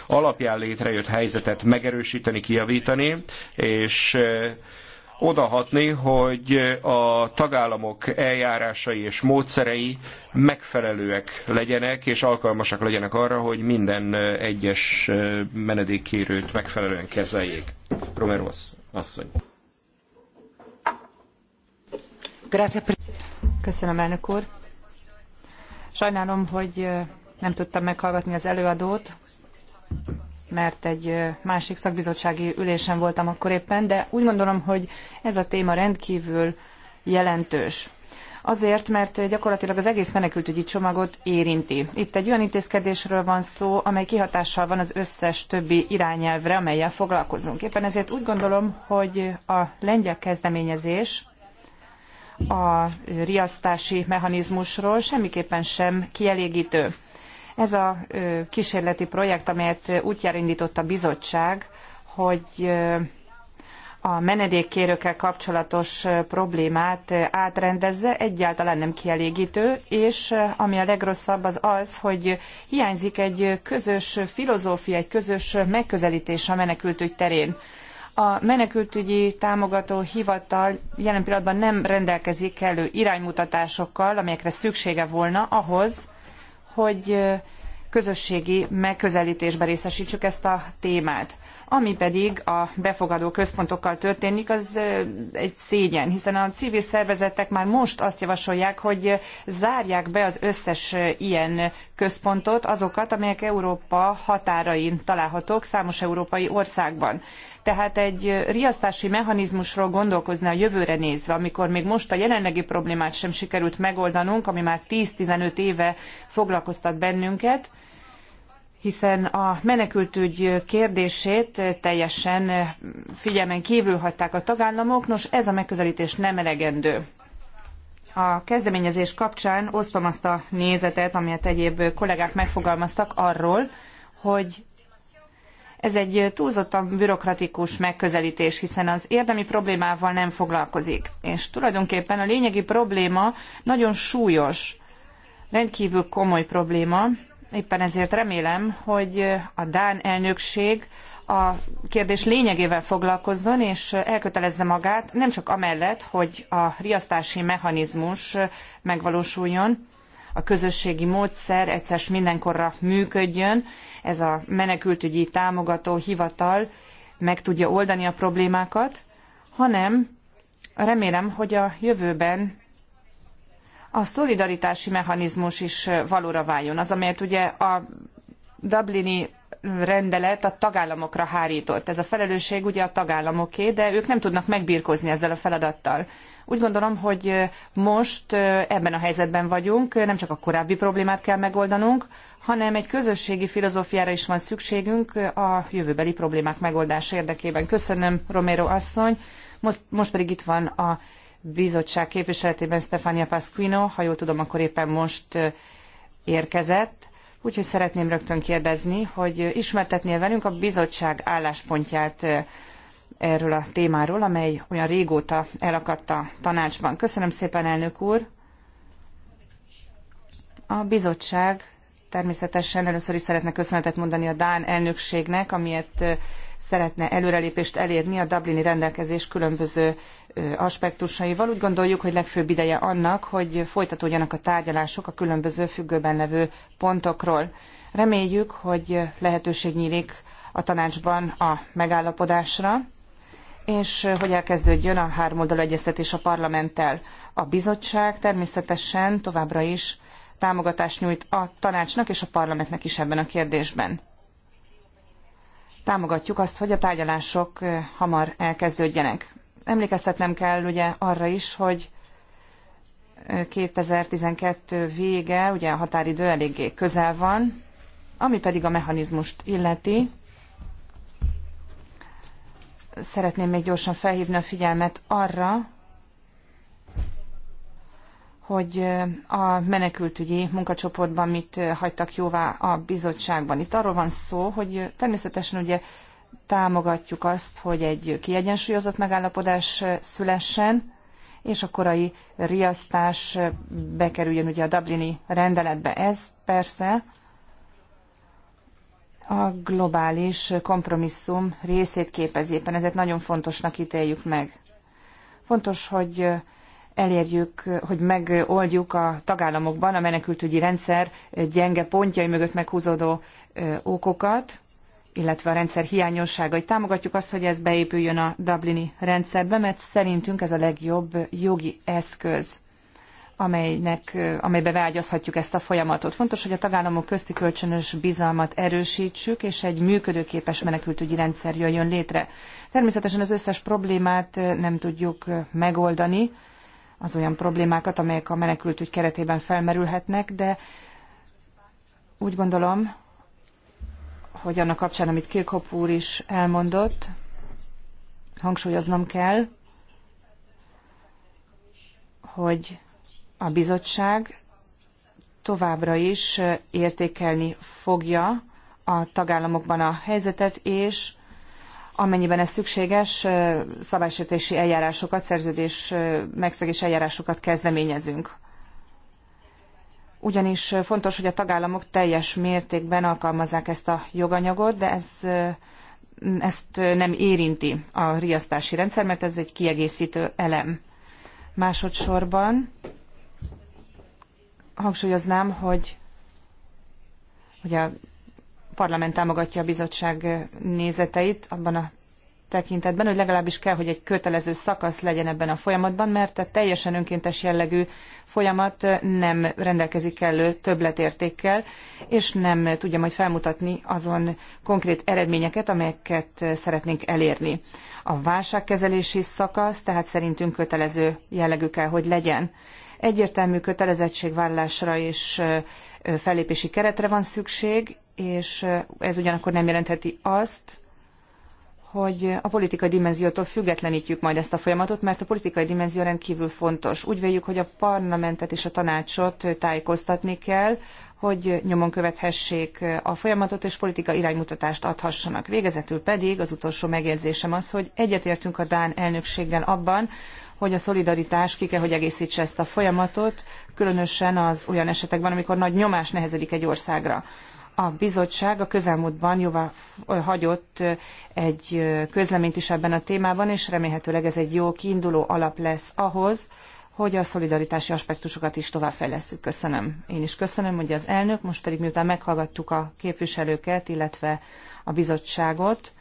alapján létrejött helyzetet megerősíteni, kijavítani, és odahatni, hogy a tagállamok eljárásai és módszerei megfelelőek legyenek, és alkalmasak legyenek arra, hogy minden egyes menedékkérőt megfelelően kezeljék. Romero asszony. Köszönöm, elnök úr. Sajnálom, hogy nem tudtam meghallgatni az előadót, mert egy másik szakbizottsági ülésen voltam akkor éppen, de úgy gondolom, hogy ez a téma rendkívül jelentős. Azért, mert gyakorlatilag az egész menekültügyi csomagot érinti. Itt egy olyan intézkedésről van szó, amely kihatással van az összes többi irányelvre, amelyel foglalkozunk. Éppen ezért úgy gondolom, hogy a lengyel kezdeményezés a riasztási mechanizmusról semmiképpen sem kielégítő. Ez a kísérleti projekt, amelyet útjára indított a bizottság, hogy a menedékkérőkkel kapcsolatos problémát átrendezze, egyáltalán nem kielégítő, és ami a legrosszabb az az, hogy hiányzik egy közös filozófia, egy közös megközelítés a menekültügy terén. A menekültügyi támogató hivatal jelen pillanatban nem rendelkezik elő iránymutatásokkal, amelyekre szüksége volna ahhoz, hogy közösségi megközelítésbe részesítsük ezt a témát. Ami pedig a befogadó központokkal történik, az egy szégyen, hiszen a civil szervezetek már most azt javasolják, hogy zárják be az összes ilyen központot, azokat, amelyek Európa határain találhatók számos európai országban. Tehát egy riasztási mechanizmusról gondolkozni a jövőre nézve, amikor még most a jelenlegi problémát sem sikerült megoldanunk, ami már 10-15 éve foglalkoztat bennünket, hiszen a menekültügy kérdését teljesen figyelmen kívül hagyták a tagállamok, nos ez a megközelítés nem elegendő. A kezdeményezés kapcsán osztom azt a nézetet, amelyet egyéb kollégák megfogalmaztak arról, hogy ez egy túlzottan bürokratikus megközelítés, hiszen az érdemi problémával nem foglalkozik. És tulajdonképpen a lényegi probléma nagyon súlyos, rendkívül komoly probléma, Éppen ezért remélem, hogy a Dán elnökség a kérdés lényegével foglalkozzon, és elkötelezze magát nem csak amellett, hogy a riasztási mechanizmus megvalósuljon, a közösségi módszer egyszer mindenkorra működjön, ez a menekültügyi támogató hivatal meg tudja oldani a problémákat, hanem remélem, hogy a jövőben a szolidaritási mechanizmus is valóra váljon. Az, amelyet ugye a Dublini rendelet a tagállamokra hárított. Ez a felelősség ugye a tagállamoké, de ők nem tudnak megbírkozni ezzel a feladattal. Úgy gondolom, hogy most ebben a helyzetben vagyunk, nem csak a korábbi problémát kell megoldanunk, hanem egy közösségi filozófiára is van szükségünk a jövőbeli problémák megoldása érdekében. Köszönöm, Romero asszony. Most, most pedig itt van a bizottság képviseletében Stefania Pasquino, ha jól tudom, akkor éppen most érkezett. Úgyhogy szeretném rögtön kérdezni, hogy ismertetnél -e velünk a bizottság álláspontját erről a témáról, amely olyan régóta elakadt a tanácsban. Köszönöm szépen, elnök úr! A bizottság természetesen először is szeretne köszönetet mondani a Dán elnökségnek, amiért szeretne előrelépést elérni a Dublini rendelkezés különböző aspektusaival. Úgy gondoljuk, hogy legfőbb ideje annak, hogy folytatódjanak a tárgyalások a különböző függőben levő pontokról. Reméljük, hogy lehetőség nyílik a tanácsban a megállapodásra, és hogy elkezdődjön a háromoldalú egyeztetés a parlamenttel. A bizottság természetesen továbbra is támogatást nyújt a tanácsnak és a parlamentnek is ebben a kérdésben támogatjuk azt, hogy a tárgyalások hamar elkezdődjenek. Emlékeztetnem kell ugye arra is, hogy 2012 vége, ugye a határidő eléggé közel van, ami pedig a mechanizmust illeti. Szeretném még gyorsan felhívni a figyelmet arra, hogy a menekültügyi munkacsoportban mit hagytak jóvá a bizottságban. Itt arról van szó, hogy természetesen ugye támogatjuk azt, hogy egy kiegyensúlyozott megállapodás szülessen, és a korai riasztás bekerüljön ugye a Dublini rendeletbe. Ez persze a globális kompromisszum részét képezi éppen, ezért nagyon fontosnak ítéljük meg. Fontos, hogy elérjük, hogy megoldjuk a tagállamokban a menekültügyi rendszer gyenge pontjai mögött meghúzódó okokat, illetve a rendszer hiányosságait. Támogatjuk azt, hogy ez beépüljön a Dublini rendszerbe, mert szerintünk ez a legjobb jogi eszköz amelynek, amelybe beágyazhatjuk ezt a folyamatot. Fontos, hogy a tagállamok közti kölcsönös bizalmat erősítsük, és egy működőképes menekültügyi rendszer jöjjön létre. Természetesen az összes problémát nem tudjuk megoldani, az olyan problémákat, amelyek a menekültügy keretében felmerülhetnek, de úgy gondolom, hogy annak kapcsán, amit Kirchhoff úr is elmondott, hangsúlyoznom kell, hogy a bizottság továbbra is értékelni fogja a tagállamokban a helyzetet, és amennyiben ez szükséges, szabálysértési eljárásokat, szerződés megszegés eljárásokat kezdeményezünk. Ugyanis fontos, hogy a tagállamok teljes mértékben alkalmazzák ezt a joganyagot, de ez, ezt nem érinti a riasztási rendszer, mert ez egy kiegészítő elem. Másodszorban hangsúlyoznám, hogy, hogy a parlament támogatja a bizottság nézeteit abban a tekintetben, hogy legalábbis kell, hogy egy kötelező szakasz legyen ebben a folyamatban, mert a teljesen önkéntes jellegű folyamat nem rendelkezik kellő többletértékkel, és nem tudja majd felmutatni azon konkrét eredményeket, amelyeket szeretnénk elérni. A válságkezelési szakasz tehát szerintünk kötelező jellegű kell, hogy legyen. Egyértelmű kötelezettségvállalásra és fellépési keretre van szükség, és ez ugyanakkor nem jelentheti azt, hogy a politikai dimenziótól függetlenítjük majd ezt a folyamatot, mert a politikai dimenzió rendkívül fontos. Úgy véljük, hogy a parlamentet és a tanácsot tájékoztatni kell, hogy nyomon követhessék a folyamatot, és politika iránymutatást adhassanak. Végezetül pedig az utolsó megjegyzésem az, hogy egyetértünk a Dán elnökséggel abban, hogy a szolidaritás ki kell, hogy egészítse ezt a folyamatot, különösen az olyan esetekben, amikor nagy nyomás nehezedik egy országra. A bizottság a közelmúltban jóvá hagyott egy közleményt is ebben a témában, és remélhetőleg ez egy jó kiinduló alap lesz ahhoz, hogy a szolidaritási aspektusokat is továbbfejlesztjük. Köszönöm. Én is köszönöm, hogy az elnök, most pedig miután meghallgattuk a képviselőket, illetve a bizottságot,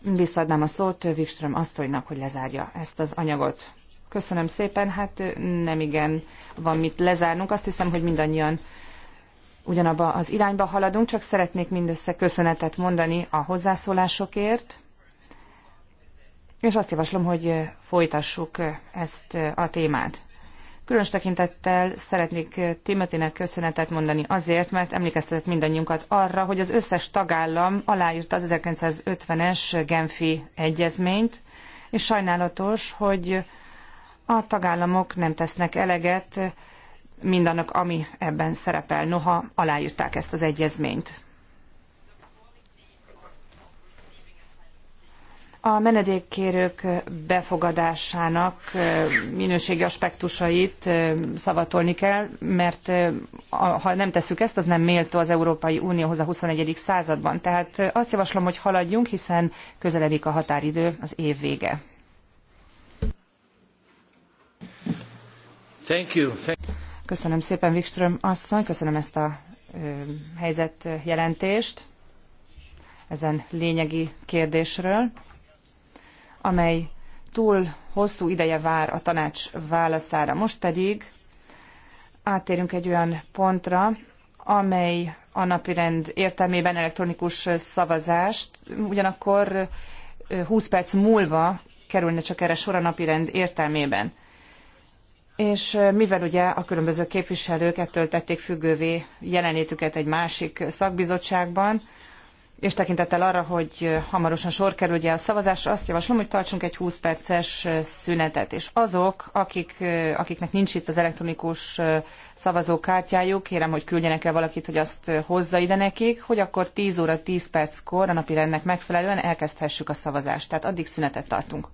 visszaadnám a szót Wikström asszonynak, hogy lezárja ezt az anyagot. Köszönöm szépen, hát nem igen van mit lezárnunk. Azt hiszem, hogy mindannyian ugyanabba az irányba haladunk, csak szeretnék mindössze köszönetet mondani a hozzászólásokért, és azt javaslom, hogy folytassuk ezt a témát. Különös tekintettel szeretnék Timothynek köszönetet mondani azért, mert emlékeztetett mindannyiunkat arra, hogy az összes tagállam aláírta az 1950-es Genfi egyezményt, és sajnálatos, hogy a tagállamok nem tesznek eleget mindannak, ami ebben szerepel. Noha aláírták ezt az egyezményt. A menedékkérők befogadásának minőségi aspektusait szavatolni kell, mert ha nem tesszük ezt, az nem méltó az Európai Unióhoz a 21. században. Tehát azt javaslom, hogy haladjunk, hiszen közeledik a határidő, az év vége. Thank you. Thank you. Köszönöm szépen, Wikström asszony, köszönöm ezt a helyzetjelentést ezen lényegi kérdésről, amely túl hosszú ideje vár a tanács válaszára. Most pedig átérünk egy olyan pontra, amely a napirend értelmében elektronikus szavazást, ugyanakkor 20 perc múlva kerülne csak erre sor a napirend értelmében és mivel ugye a különböző képviselők ettől tették függővé jelenlétüket egy másik szakbizottságban, és tekintettel arra, hogy hamarosan sor kerül ugye a szavazásra, azt javaslom, hogy tartsunk egy 20 perces szünetet, és azok, akik, akiknek nincs itt az elektronikus szavazókártyájuk, kérem, hogy küldjenek el valakit, hogy azt hozza ide nekik, hogy akkor 10 óra 10 perckor a napirendnek megfelelően elkezdhessük a szavazást. Tehát addig szünetet tartunk.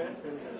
per, per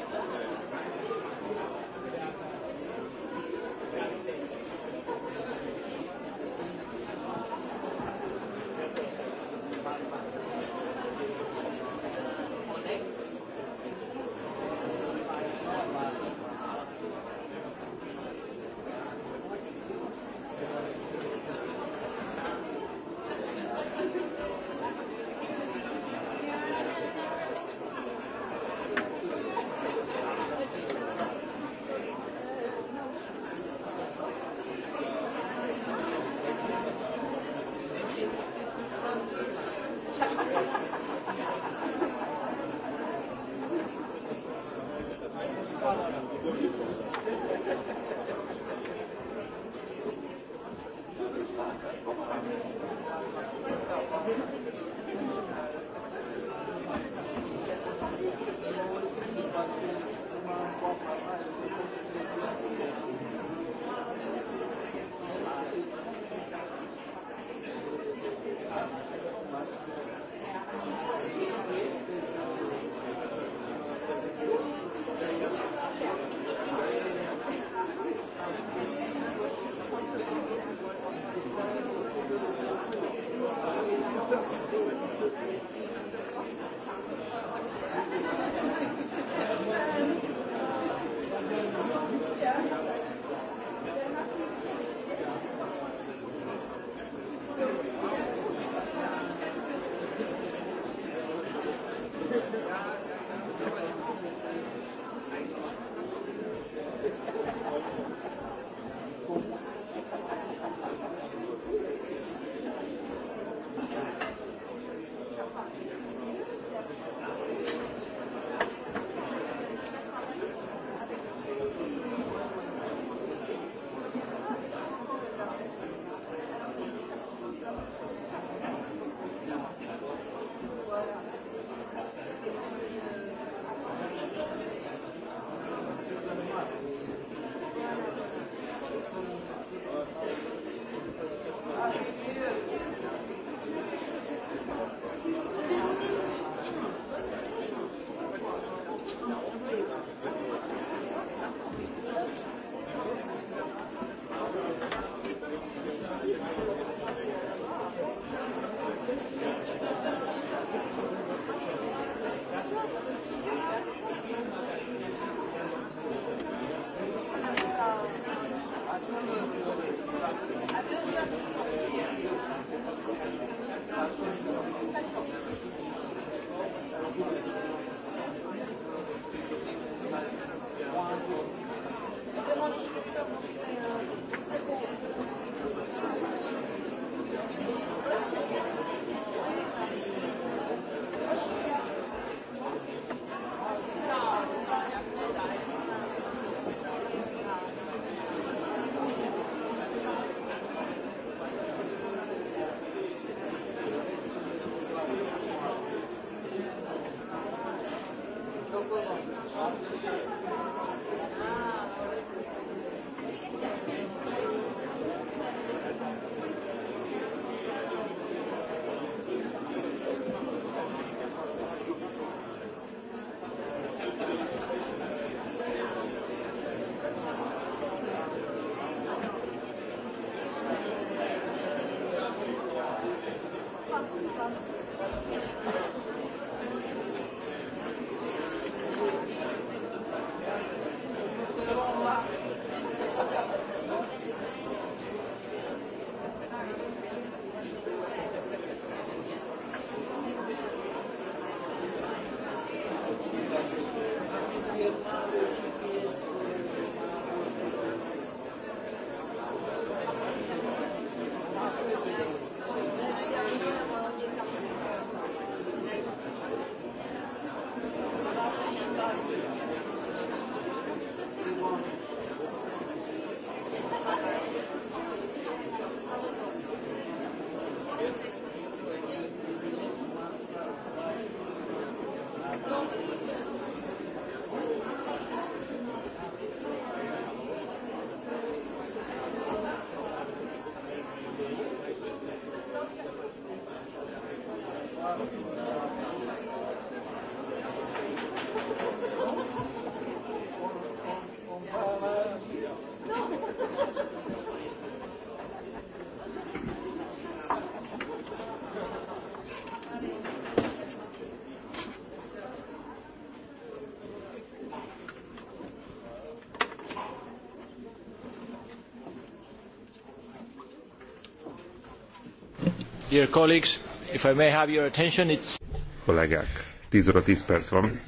Dear colleagues, if I may have your attention, it's... Kollégák, 10 óra 10 perc van.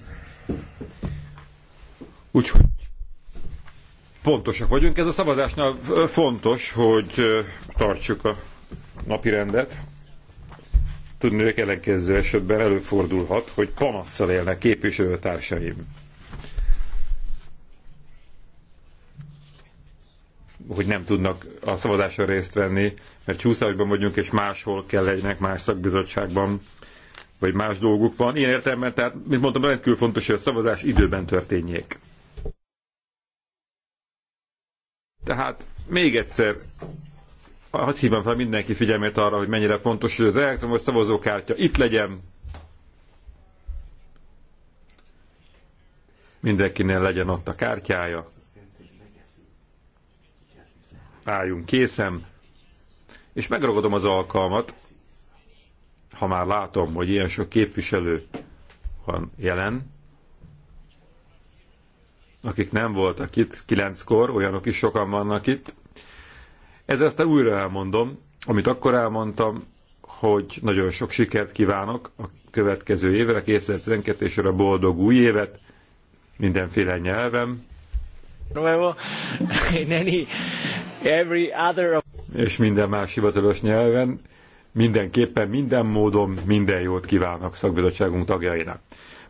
Úgyhogy pontosak vagyunk. Ez a szavazásnál fontos, hogy tartsuk a napi rendet. Tudni, hogy ellenkező esetben előfordulhat, hogy panasszal élnek képviselőtársaim. hogy nem tudnak a szavazáson részt venni, mert csúszásban vagyunk, és máshol kell legyenek, más szakbizottságban, vagy más dolguk van. Ilyen értelemben, tehát, mint mondtam, rendkívül fontos, hogy a szavazás időben történjék. Tehát még egyszer, hadd hívom fel mindenki figyelmét arra, hogy mennyire fontos, hogy az elektromos szavazókártya itt legyen, mindenkinél legyen ott a kártyája álljunk készen, és megragadom az alkalmat, ha már látom, hogy ilyen sok képviselő van jelen, akik nem voltak itt kilenckor, olyanok is sokan vannak itt. Ez ezt újra elmondom, amit akkor elmondtam, hogy nagyon sok sikert kívánok a következő évre, 2012 és a boldog új évet, mindenféle nyelvem. Nuevo, en Every other... És minden más hivatalos nyelven, mindenképpen, minden módon, minden jót kívánok szakbizottságunk tagjainak.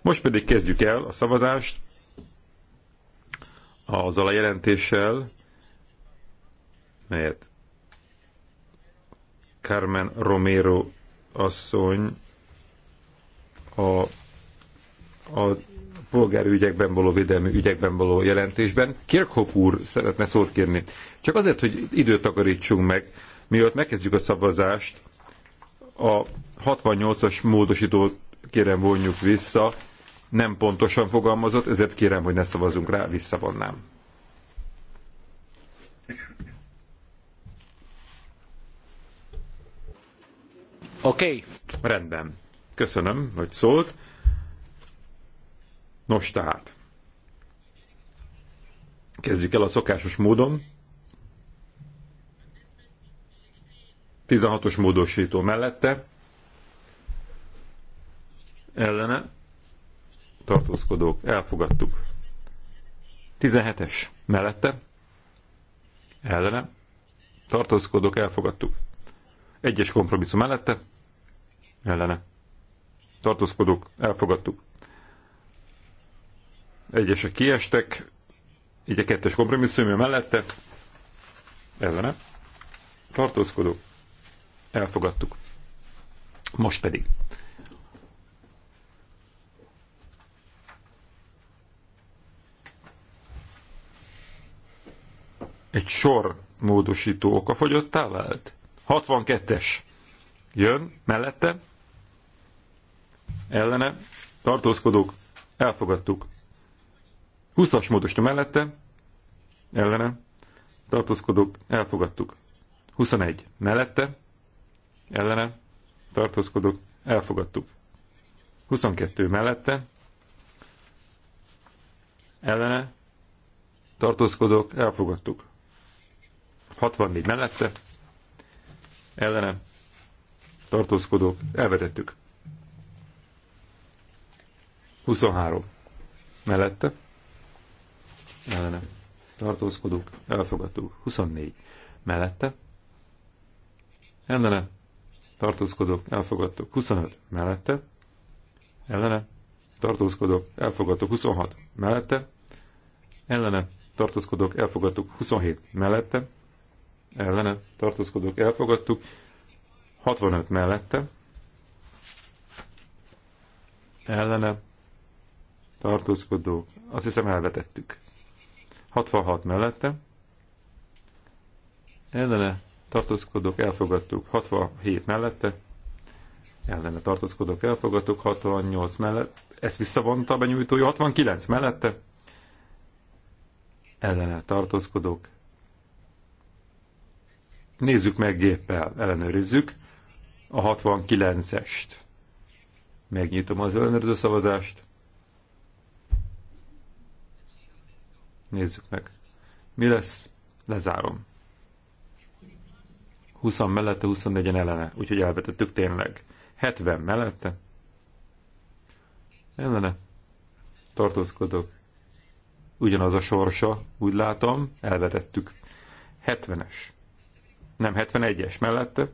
Most pedig kezdjük el a szavazást azzal a jelentéssel, melyet Carmen Romero asszony a, a polgári ügyekben való védelmi ügyekben való jelentésben. Kirchhoff úr szeretne szót kérni. Csak azért, hogy időt takarítsunk meg, mielőtt megkezdjük a szavazást, a 68-as módosítót kérem vonjuk vissza, nem pontosan fogalmazott, ezért kérem, hogy ne szavazunk rá, visszavonnám. Oké. Okay. Rendben. Köszönöm, hogy szólt. Nos tehát, kezdjük el a szokásos módon. 16-os módosító mellette, ellene, tartózkodók, elfogadtuk. 17-es mellette, ellene, tartózkodók, elfogadtuk. Egyes kompromisszum mellette, ellene, tartózkodók, elfogadtuk. Egyesek kiestek, így a kettes kompromisszum mellette, ellene, tartózkodó, elfogadtuk. Most pedig. Egy sor módosító okafogyottá vált. 62-es jön mellette, ellene, tartózkodók, elfogadtuk. 20-as módosító mellette, ellene, tartózkodók, elfogadtuk. 21 mellette, ellene, tartózkodók, elfogadtuk. 22 mellette, ellene, tartózkodók, elfogadtuk. 64 mellette, ellene, tartózkodók, elvetettük. 23 mellette, ellene tartózkodók, elfogadtuk. 24 mellette, ellene tartózkodók, elfogadtuk. 25 mellette, ellene tartózkodók, elfogadtuk. 26 mellette, ellene tartózkodók, elfogadtuk. 27 mellette, ellene tartózkodók, elfogadtuk. 65 mellette, ellene tartózkodók, azt hiszem elvetettük. 66 mellette, ellene tartózkodók elfogadtuk 67 mellette, ellene tartózkodók elfogadtuk 68 mellett, ezt visszavonta a benyújtója 69 mellette, ellene tartózkodók. Nézzük meg géppel, ellenőrizzük a 69-est. Megnyitom az ellenőrző szavazást. Nézzük meg. Mi lesz? Lezárom. 20 mellette, 24-en ellene. Úgyhogy elvetettük tényleg. 70 mellette. Ellene. Tartózkodok. Ugyanaz a sorsa, úgy látom. Elvetettük. 70-es. Nem, 71-es mellette.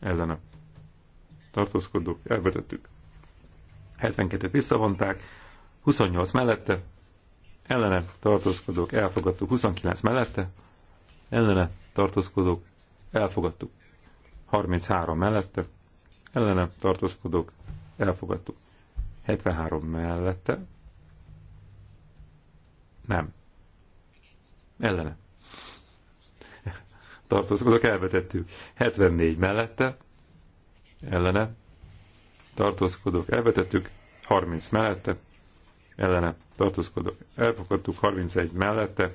Ellene. Tartózkodok. Elvetettük. 72-t visszavonták. 28 mellette ellene tartózkodók elfogadtuk 29 mellette, ellene tartózkodók elfogadtuk 33 mellette, ellene tartózkodók elfogadtuk 73 mellette, nem, ellene tartózkodók elvetettük 74 mellette, ellene tartózkodók elvetettük 30 mellette, ellene tartózkodók elfogadtuk, 31 mellette,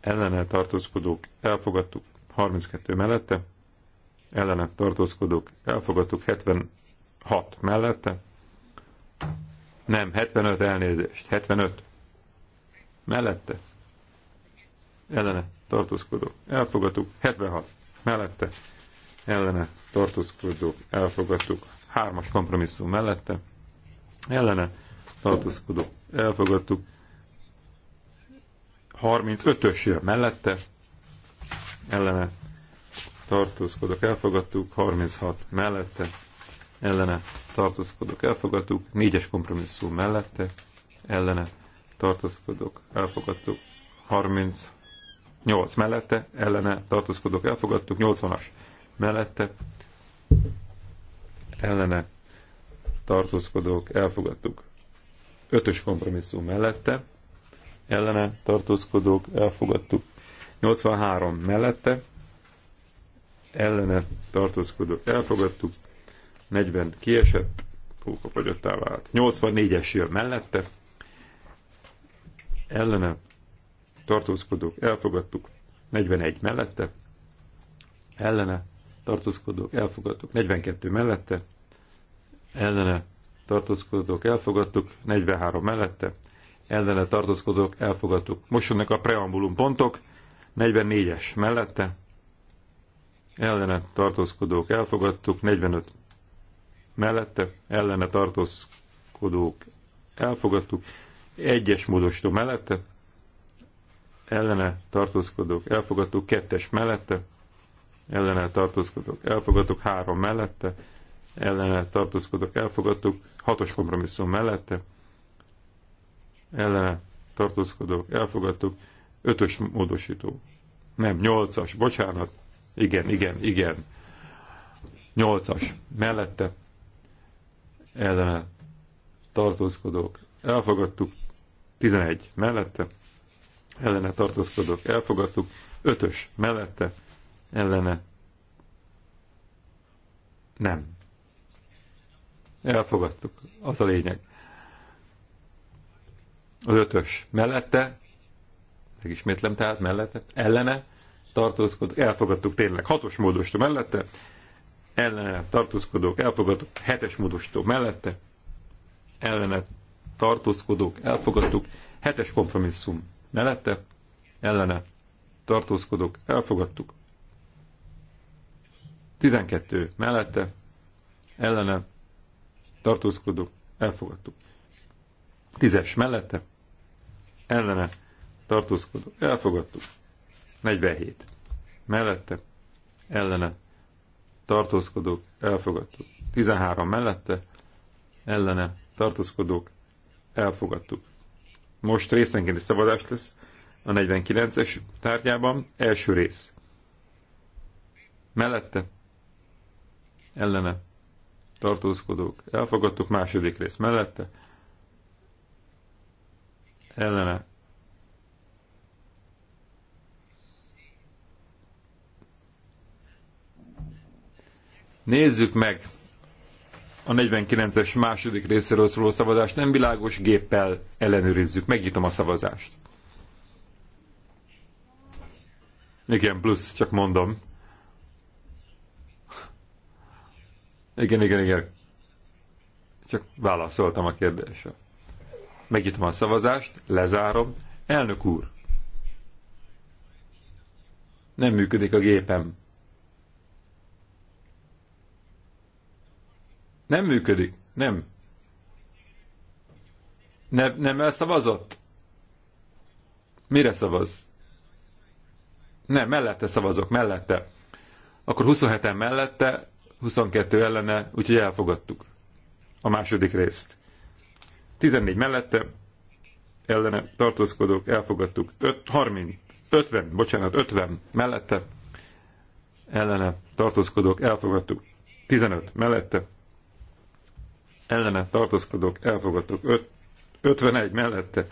ellene tartózkodók elfogadtuk, 32 mellette, ellene tartózkodók elfogadtuk, 76 mellette, nem, 75 elnézést, 75 mellette, ellene tartózkodók elfogadtuk, 76 mellette, ellene tartózkodók elfogadtuk, 3-as kompromisszum mellette, ellene tartózkodó. elfogadtuk. 35-ös jön mellette, ellene tartózkodok, elfogadtuk, 36 mellette, ellene tartózkodok, elfogadtuk, 4-es kompromisszum mellette, ellene tartózkodok, elfogadtuk, 38 mellette, ellene tartózkodok, elfogadtuk, 80-as mellette, ellene tartózkodók elfogadtuk. Ötös kompromisszum mellette, ellene tartózkodók elfogadtuk. 83 mellette, ellene tartózkodók elfogadtuk. 40 kiesett, pókafagyottá vált. 84-es jön mellette, ellene tartózkodók elfogadtuk. 41 mellette, ellene tartózkodók elfogadtuk. 42 mellette, ellene tartózkodók elfogadtuk, 43 mellette, ellene tartózkodók elfogadtuk. Most jönnek a preambulum pontok, 44-es mellette, ellene tartózkodók elfogadtuk, 45 mellette, ellene tartózkodók elfogadtuk, egyes módosító mellette, ellene tartózkodók elfogadtuk, kettes mellette, ellene tartózkodók elfogadtuk, három mellette, ellene tartózkodok, elfogadtuk, hatos kompromisszum mellette, ellene tartózkodok, elfogadtuk, ötös módosító. Nem, nyolcas, bocsánat. Igen, igen, igen. Nyolcas, mellette, ellene tartózkodok, elfogadtuk, tizenegy, mellette, ellene tartózkodok, elfogadtuk, ötös, mellette, ellene nem. Elfogadtuk. Az a lényeg. Az ötös. Mellette, megismétlem tehát, mellette, ellene, tartózkodók, elfogadtuk tényleg. Hatos módostó mellette, ellene, tartózkodók, elfogadtuk. Hetes módostó mellette, ellene, tartózkodók, elfogadtuk. Hetes kompromisszum mellette, ellene, tartózkodók, elfogadtuk. 12 mellette, ellene, tartózkodó, elfogadtuk. Tízes mellette, ellene, tartózkodó, elfogadtuk. 47. Mellette, ellene, tartózkodók, elfogadtuk. 13 mellette, ellene, tartózkodók, elfogadtuk. Most részenkénti szabadás lesz a 49-es tárgyában, első rész. Mellette, ellene, tartózkodók, elfogadtuk második rész mellette, ellene Nézzük meg a 49-es második részéről szóló szavazást, nem világos géppel ellenőrizzük. Megnyitom a szavazást. Igen, plusz, csak mondom. Igen, igen, igen. Csak válaszoltam a kérdésre. Megnyitom a szavazást, lezárom. Elnök úr, nem működik a gépem. Nem működik, nem. Ne, nem elszavazott? Mire szavaz? Nem, mellette szavazok, mellette. Akkor 27-en mellette, 22 ellene, úgyhogy elfogadtuk a második részt. 14 mellette, ellene tartózkodók, elfogadtuk. 5, 30, 50, bocsánat, 50 mellette, ellene tartózkodók, elfogadtuk. 15 mellette, ellene tartózkodók, elfogadtuk. 5, 51 mellette,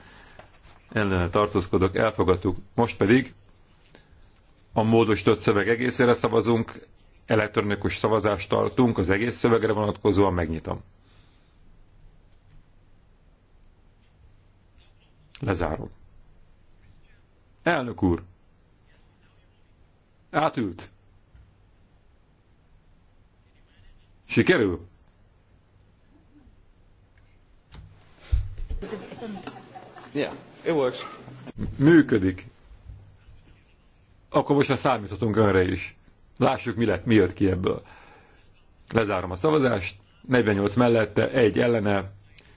ellene tartózkodók, elfogadtuk. Most pedig a módosított szöveg egészére szavazunk, elektronikus szavazást tartunk az egész szövegre vonatkozóan, megnyitom. Lezárom. Elnök úr! Átült. Sikerül? Yeah, it works. Működik. Akkor most már számíthatunk önre is. Lássuk, mi, lett, mi jött ki ebből. Lezárom a szavazást, 48 mellette, egy ellene.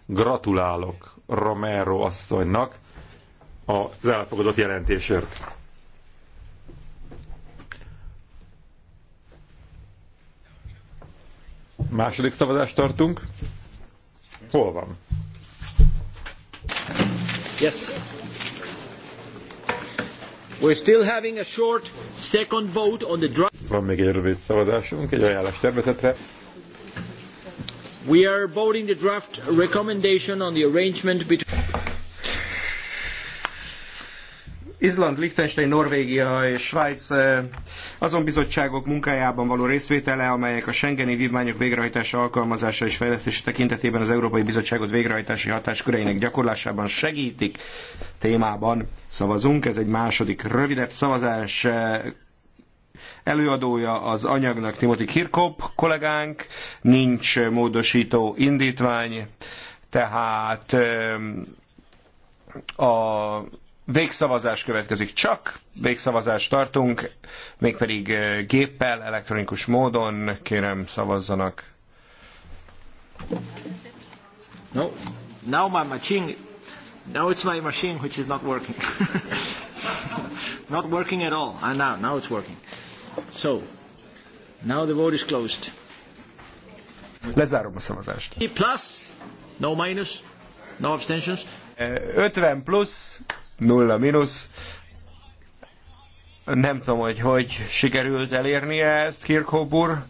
Gratulálok Romero asszonynak az elfogadott jelentésért. Második szavazást tartunk. Hol van? Yes. We're still having a short second vote on the drive. Van még egy rövid szavazásunk, egy ajánlás tervezetre. We are voting the draft recommendation on the arrangement between... Izland, Liechtenstein, Norvégia és Svájc eh, azon bizottságok munkájában való részvétele, amelyek a Schengeni vívmányok végrehajtása, alkalmazása és fejlesztése tekintetében az Európai Bizottságot végrehajtási hatásköreinek gyakorlásában segítik témában szavazunk. Ez egy második rövidebb szavazás Előadója az anyagnak Timothy Kirkop kollégánk, nincs módosító indítvány, tehát a végszavazás következik csak, végszavazást tartunk, mégpedig géppel, elektronikus módon, kérem szavazzanak. No, now my machine, now it's my machine which is not working. not working at all. And now, now it's working. So, now the vote is closed. Lezárom a szavazást. Plus, no minus, no abstentions. 50 eh, plusz, nulla minus. Nem tudom, hogy hogy sikerült elérnie ezt Kirchhoff úr.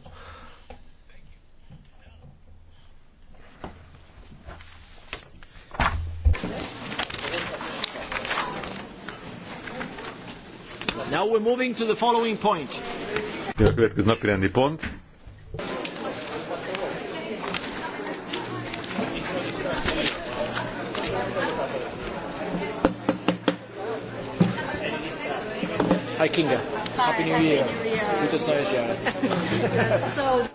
Now we're moving to the following point. következő napi rendi pont. Hi Kinga. Hi, Happy New Happy Year. New Year. Gutes neues Jahr. so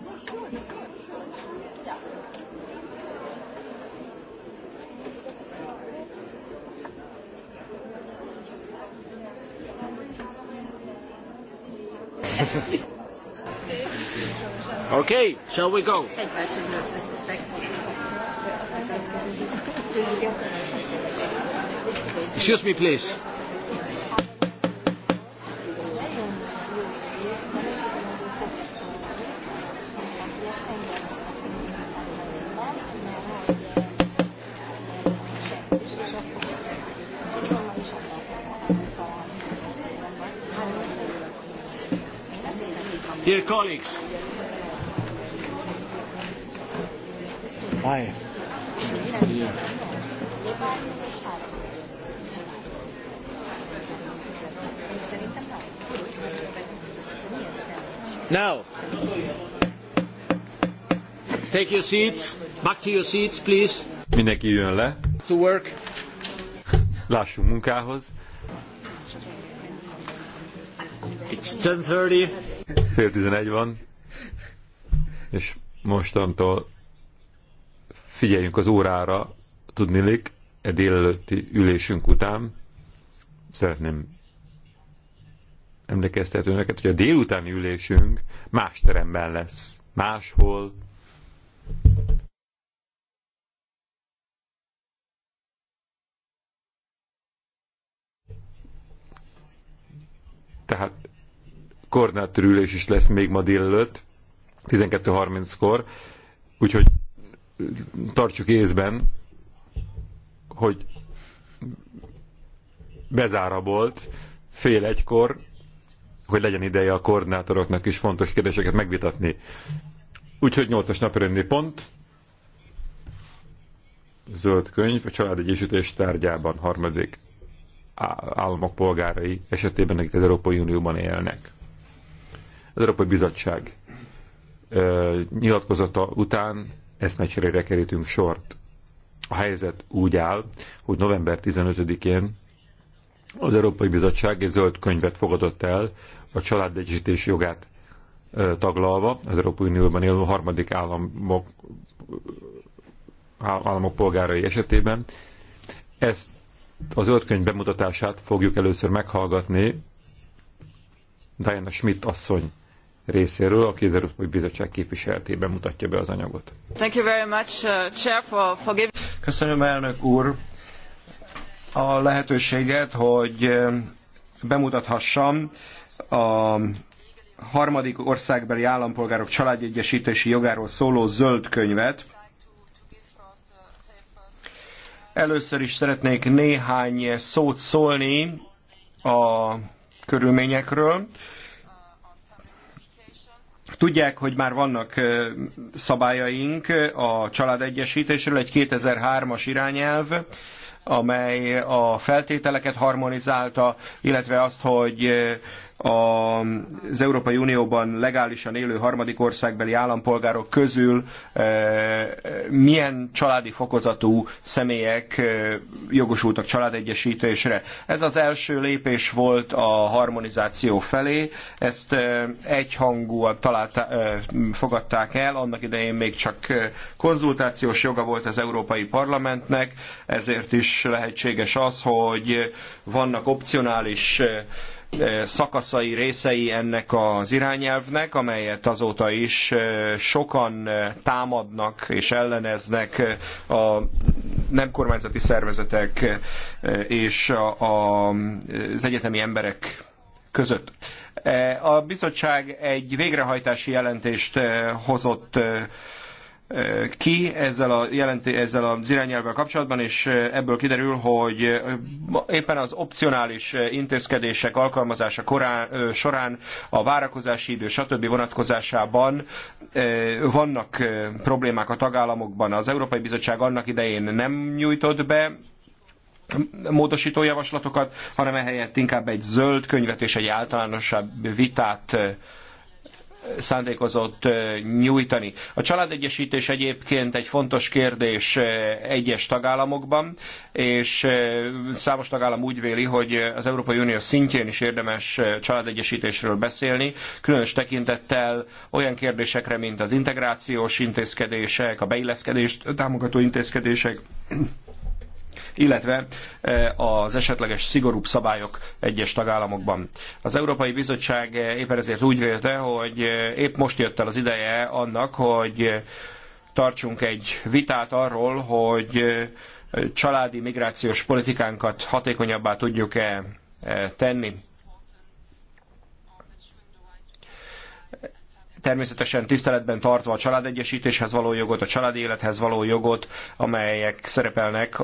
okay, shall we go? Excuse me, please. colleagues. Hi. Now, take your seats. Back to your seats, please. Mindenki jön le. To work. Lássunk munkához. It's 10.30 fél tizenegy van, és mostantól figyeljünk az órára, tudnilik, e délelőtti ülésünk után. Szeretném emlékeztetni önöket, hogy a délutáni ülésünk más teremben lesz, máshol. Tehát koordinátorülés is lesz még ma délelőtt, 12.30-kor, úgyhogy tartsuk észben, hogy bezára volt fél egykor, hogy legyen ideje a koordinátoroknak is fontos kérdéseket megvitatni. Úgyhogy 8-as napörönni pont, zöld könyv, a családegyesítés tárgyában harmadik államok polgárai esetében, akik az Európai Unióban élnek. Az Európai Bizottság nyilatkozata után eszmecserére kerítünk sort. A helyzet úgy áll, hogy november 15-én az Európai Bizottság egy zöld könyvet fogadott el a családegyesítés jogát taglalva az Európai Unióban élő harmadik államok, államok polgárai esetében. Ezt a zöld könyv bemutatását fogjuk először meghallgatni Diana Schmidt asszony részéről, aki az Európai Bizottság képviseletében mutatja be az anyagot. Thank you very much, uh, Chair, for, for giving... Köszönöm, elnök úr, a lehetőséget, hogy uh, bemutathassam a harmadik országbeli állampolgárok családegyesítési jogáról szóló zöld könyvet. Először is szeretnék néhány szót szólni a körülményekről, Tudják, hogy már vannak szabályaink a családegyesítésről, egy 2003-as irányelv, amely a feltételeket harmonizálta, illetve azt, hogy az Európai Unióban legálisan élő harmadik országbeli állampolgárok közül eh, milyen családi fokozatú személyek eh, jogosultak családegyesítésre. Ez az első lépés volt a harmonizáció felé, ezt eh, egyhangúan találta, fogadták el, annak idején még csak konzultációs joga volt az Európai Parlamentnek, ezért is lehetséges az, hogy vannak opcionális Eh, szakaszai, részei ennek az irányelvnek, amelyet azóta is eh, sokan eh, támadnak és elleneznek a nem kormányzati szervezetek és az egyetemi emberek között. A bizottság egy végrehajtási jelentést hozott ki ezzel, a jelenti, ezzel az irányelvvel kapcsolatban, és ebből kiderül, hogy éppen az opcionális intézkedések alkalmazása korán, során a várakozási idő, stb. vonatkozásában vannak problémák a tagállamokban. Az Európai Bizottság annak idején nem nyújtott be módosító javaslatokat, hanem ehelyett inkább egy zöld könyvet és egy általánosabb vitát szándékozott nyújtani. A családegyesítés egyébként egy fontos kérdés egyes tagállamokban, és számos tagállam úgy véli, hogy az Európai Unió szintjén is érdemes családegyesítésről beszélni, különös tekintettel olyan kérdésekre, mint az integrációs intézkedések, a beilleszkedést támogató intézkedések, illetve e, az esetleges szigorúbb szabályok egyes tagállamokban. Az Európai Bizottság e, éppen ezért úgy vélte, hogy e, épp most jött el az ideje annak, hogy tartsunk egy vitát arról, hogy családi migrációs politikánkat hatékonyabbá tudjuk-e tenni. természetesen tiszteletben tartva a családegyesítéshez való jogot, a családi élethez való jogot, amelyek szerepelnek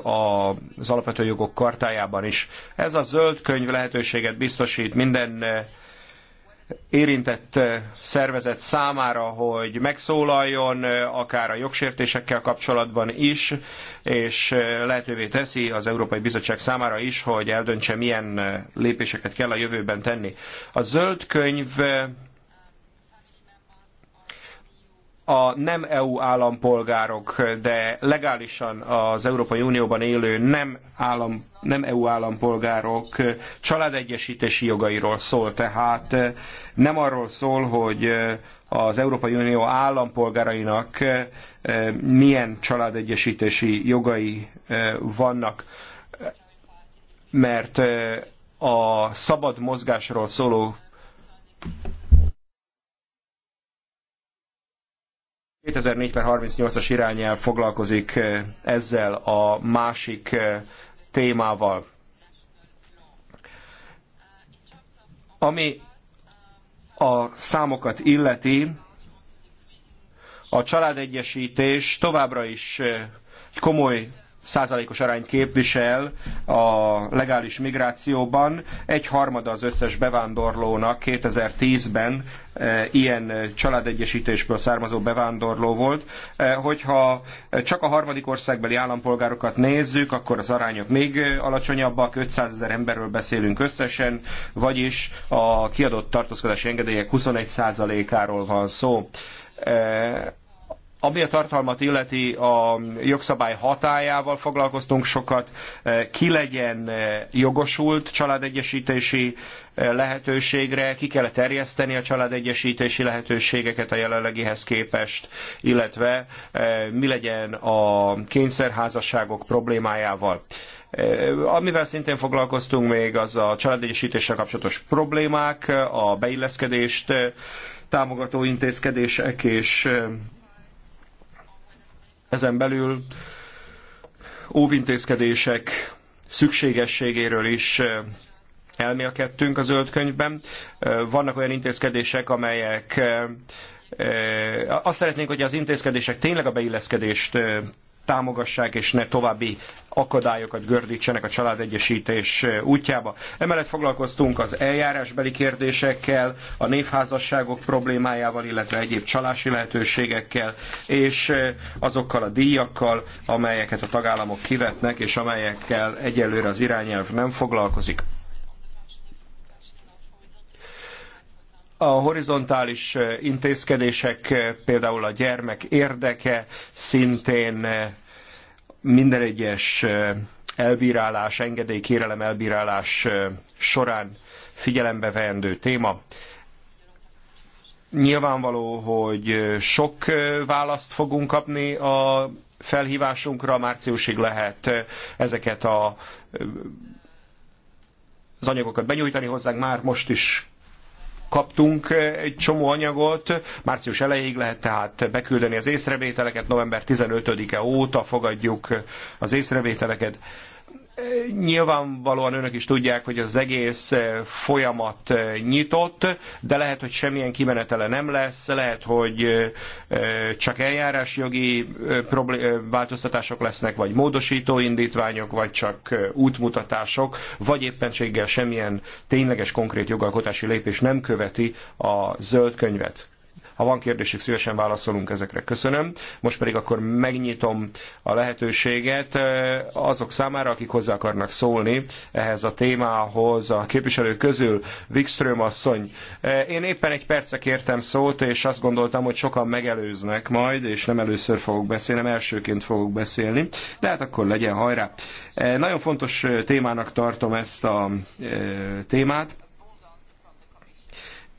az alapvető jogok kartájában is. Ez a zöld könyv lehetőséget biztosít minden eh, érintett eh, szervezet számára, hogy megszólaljon, eh, akár a jogsértésekkel kapcsolatban is, és lehetővé teszi az Európai Bizottság számára is, hogy eldöntse, milyen lépéseket kell a jövőben tenni. A zöld könyv a nem EU állampolgárok, de legálisan az Európai Unióban élő nem, állam, nem EU állampolgárok családegyesítési jogairól szól. Tehát eh, nem arról szól, hogy eh, az Európai Unió állampolgárainak eh, milyen családegyesítési jogai vannak, mert a szabad mozgásról szóló 2004-38-as irányel foglalkozik eh, ezzel a másik eh, témával. Ami a számokat illeti, a családegyesítés továbbra is eh, komoly százalékos arányt képvisel a legális migrációban. Egy harmada az összes bevándorlónak 2010-ben eh, ilyen családegyesítésből származó bevándorló volt. Eh, hogyha csak a harmadik országbeli állampolgárokat nézzük, akkor az arányok még alacsonyabbak, 500 ezer emberről beszélünk összesen, vagyis a kiadott tartózkodási engedélyek 21 százalékáról van szó eh, ami a tartalmat illeti a jogszabály hatájával foglalkoztunk sokat, ki legyen eh, jogosult családegyesítési eh, lehetőségre, ki kell terjeszteni a családegyesítési lehetőségeket a jelenlegihez képest, illetve eh, mi legyen a kényszerházasságok problémájával. Amivel szintén foglalkoztunk még, az a családegyesítéssel kapcsolatos problémák, a beilleszkedést támogató intézkedések és ezen belül óvintézkedések szükségességéről is elmélkedtünk a zöld könyvben. Vannak olyan intézkedések, amelyek azt szeretnénk, hogy az intézkedések tényleg a beilleszkedést támogassák, és ne további akadályokat gördítsenek a családegyesítés útjába. Emellett foglalkoztunk az eljárásbeli kérdésekkel, a névházasságok problémájával, illetve egyéb csalási lehetőségekkel, és azokkal a díjakkal, amelyeket a tagállamok kivetnek, és amelyekkel egyelőre az irányelv nem foglalkozik. A horizontális eh, intézkedések, eh, például a gyermek érdeke szintén eh, minden egyes elbírálás, engedélykérelem elbírálás során figyelembe veendő téma. Nyilvánvaló, hogy sok választ fogunk kapni a felhívásunkra, márciusig lehet ezeket a, az anyagokat benyújtani hozzánk, már most is kaptunk egy csomó anyagot, március elejéig lehet tehát beküldeni az észrevételeket, november 15-e óta fogadjuk az észrevételeket. Nyilvánvalóan önök is tudják, hogy az egész eh, folyamat eh, nyitott, de lehet, hogy semmilyen kimenetele nem lesz, lehet, hogy eh, csak eljárásjogi változtatások lesznek, vagy módosító indítványok, vagy csak útmutatások, vagy éppenséggel semmilyen tényleges konkrét jogalkotási lépés nem követi a zöld könyvet. Ha van kérdésük, szívesen válaszolunk ezekre. Köszönöm. Most pedig akkor megnyitom a lehetőséget eh, azok számára, akik hozzá akarnak szólni ehhez a témához a képviselők közül. Wikström asszony, eh, én éppen egy perce kértem szót, és azt gondoltam, hogy sokan megelőznek majd, és nem először fogok beszélni, nem elsőként fogok beszélni, de hát akkor legyen hajrá. Eh, nagyon fontos témának tartom ezt a témát.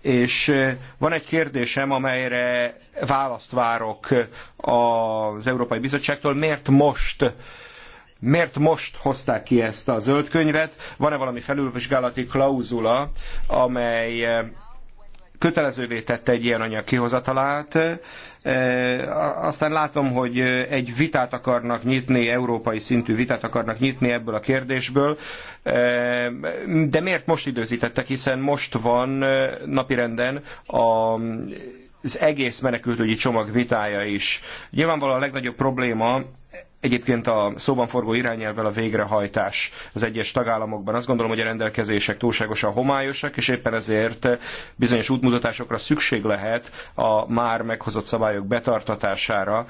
És van egy kérdésem, amelyre választ várok az Európai Bizottságtól. Miért most miért most hozták ki ezt a zöldkönyvet? könyvet? Van-e valami felülvizsgálati klauzula, amely kötelezővé tette egy ilyen anyag kihozatalát. E, aztán látom, hogy egy vitát akarnak nyitni, európai szintű vitát akarnak nyitni ebből a kérdésből, e, de miért most időzítettek, hiszen most van e, napirenden a az egész menekültügyi csomag vitája is. Nyilvánvalóan a legnagyobb probléma Egyébként a szóban forgó irányelvvel a végrehajtás az egyes tagállamokban. Azt gondolom, hogy a rendelkezések túlságosan homályosak, és éppen ezért bizonyos útmutatásokra szükség lehet a már meghozott szabályok betartatására.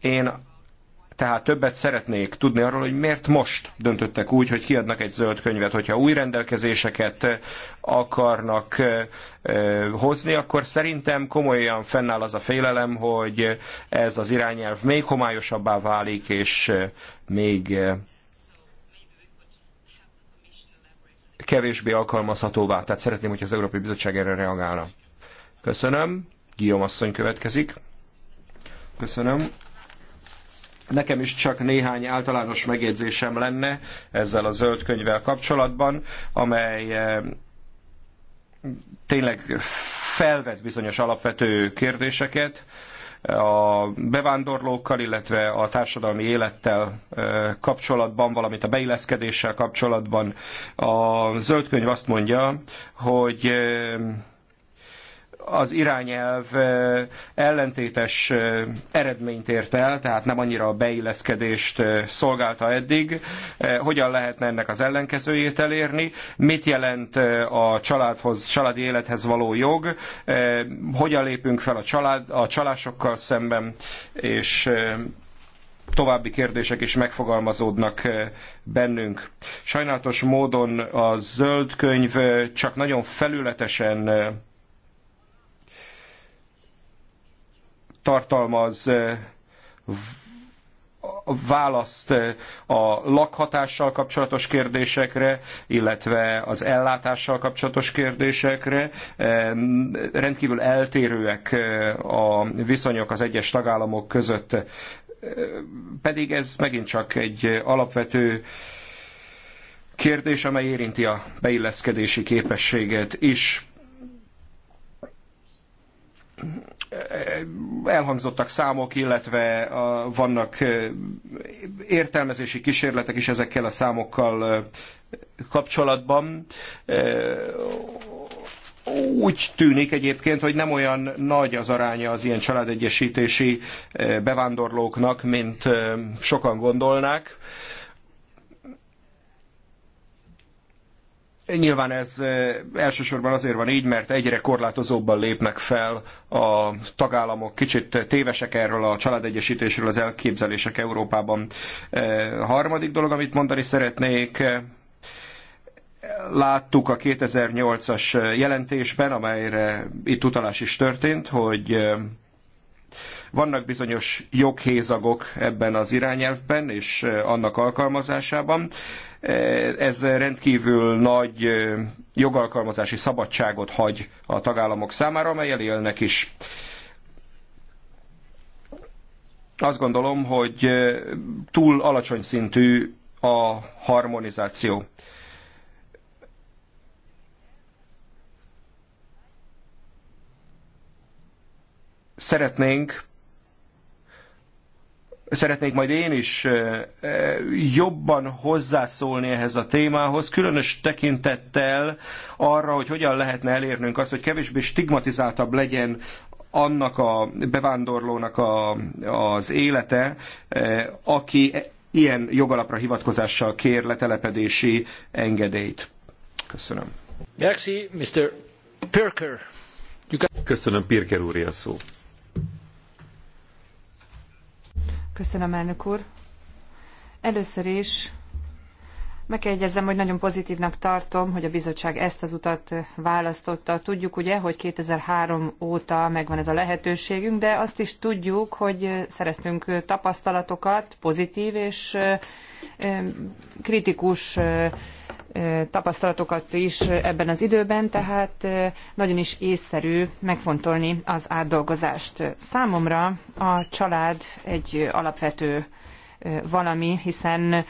Én tehát többet szeretnék tudni arról, hogy miért most döntöttek úgy, hogy kiadnak egy zöld könyvet. Hogyha új rendelkezéseket akarnak hozni, akkor szerintem komolyan fennáll az a félelem, hogy ez az irányelv még homályosabbá válik, és még kevésbé alkalmazhatóvá. Tehát szeretném, hogy az Európai Bizottság erre reagálna. Köszönöm. Guillaume asszony következik. Köszönöm. Nekem is csak néhány általános megjegyzésem lenne ezzel a zöld könyvvel kapcsolatban, amely eh, tényleg felvet bizonyos alapvető kérdéseket a bevándorlókkal, illetve a társadalmi élettel eh, kapcsolatban, valamint a beilleszkedéssel kapcsolatban. A zöldkönyv könyv azt mondja, hogy eh, az irányelv ellentétes eredményt ért el, tehát nem annyira a beilleszkedést szolgálta eddig. Hogyan lehetne ennek az ellenkezőjét elérni? Mit jelent a családhoz, családi élethez való jog? Hogyan lépünk fel a, család, a csalásokkal szemben? És további kérdések is megfogalmazódnak bennünk. Sajnálatos módon a zöld könyv csak nagyon felületesen tartalmaz választ a lakhatással kapcsolatos kérdésekre, illetve az ellátással kapcsolatos kérdésekre. Rendkívül eltérőek a viszonyok az egyes tagállamok között, pedig ez megint csak egy alapvető kérdés, amely érinti a beilleszkedési képességet is elhangzottak számok, illetve vannak értelmezési kísérletek is ezekkel a számokkal kapcsolatban. Úgy tűnik egyébként, hogy nem olyan nagy az aránya az ilyen családegyesítési bevándorlóknak, mint sokan gondolnák. Nyilván ez elsősorban azért van így, mert egyre korlátozóbban lépnek fel a tagállamok. Kicsit tévesek erről a családegyesítésről az elképzelések Európában. A harmadik dolog, amit mondani szeretnék, láttuk a 2008-as jelentésben, amelyre itt utalás is történt, hogy vannak bizonyos joghézagok ebben az irányelvben és eh, annak alkalmazásában. Eh, ez rendkívül nagy eh, jogalkalmazási szabadságot hagy a tagállamok számára, amelyel élnek is azt gondolom, hogy túl alacsony szintű a harmonizáció. Szeretnénk szeretnék majd én is jobban hozzászólni ehhez a témához, különös tekintettel arra, hogy hogyan lehetne elérnünk azt, hogy kevésbé stigmatizáltabb legyen annak a bevándorlónak a, az élete, aki ilyen jogalapra hivatkozással kér letelepedési engedélyt. Köszönöm. Merci, Mr. Pirker. Köszönöm, Pirker úr, a szó. Köszönöm, elnök úr. Először is Megjegyezzem, hogy nagyon pozitívnak tartom, hogy a bizottság ezt az utat választotta. Tudjuk ugye, hogy 2003 óta megvan ez a lehetőségünk, de azt is tudjuk, hogy szereztünk tapasztalatokat, pozitív és kritikus tapasztalatokat is ebben az időben, tehát nagyon is észszerű megfontolni az átdolgozást. Számomra a család egy alapvető valami, hiszen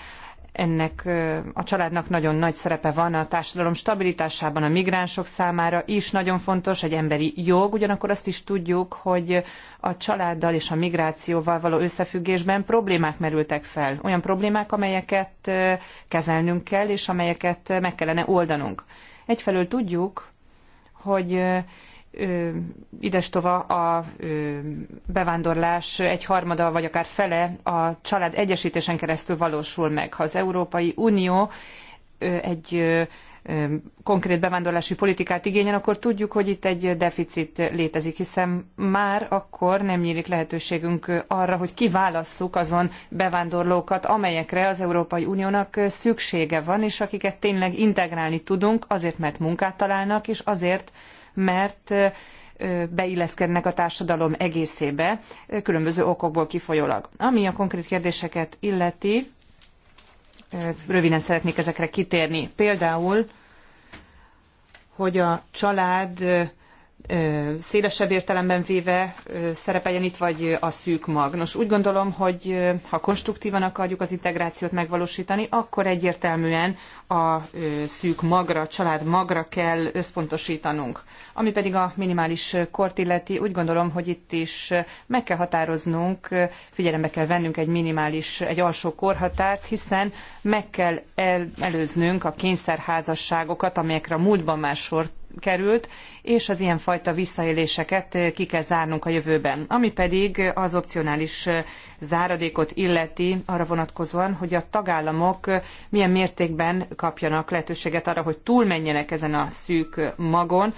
ennek a családnak nagyon nagy szerepe van a társadalom stabilitásában, a migránsok számára is nagyon fontos, egy emberi jog, ugyanakkor azt is tudjuk, hogy a családdal és a migrációval való összefüggésben problémák merültek fel. Olyan problémák, amelyeket kezelnünk kell, és amelyeket meg kellene oldanunk. Egyfelől tudjuk, hogy idestova a bevándorlás egy harmada vagy akár fele a család egyesítésen keresztül valósul meg. Ha az Európai Unió egy konkrét bevándorlási politikát igényel, akkor tudjuk, hogy itt egy deficit létezik, hiszen már akkor nem nyílik lehetőségünk arra, hogy kiválasszuk azon bevándorlókat, amelyekre az Európai Uniónak szüksége van, és akiket tényleg integrálni tudunk, azért, mert munkát találnak, és azért, mert beilleszkednek a társadalom egészébe, különböző okokból kifolyólag. Ami a konkrét kérdéseket illeti, röviden szeretnék ezekre kitérni. Például, hogy a család szélesebb értelemben véve szerepeljen itt, vagy a szűk mag. Nos, úgy gondolom, hogy ha konstruktívan akarjuk az integrációt megvalósítani, akkor egyértelműen a szűk magra, a család magra kell összpontosítanunk. Ami pedig a minimális kort illeti, úgy gondolom, hogy itt is meg kell határoznunk, figyelembe kell vennünk egy minimális, egy alsó korhatárt, hiszen meg kell el, előznünk a kényszerházasságokat, amelyekre a múltban már sort került, és az ilyenfajta visszaéléseket ki kell zárnunk a jövőben. Ami pedig az opcionális záradékot illeti arra vonatkozóan, hogy a tagállamok milyen mértékben kapjanak lehetőséget arra, hogy túlmenjenek ezen a szűk magon,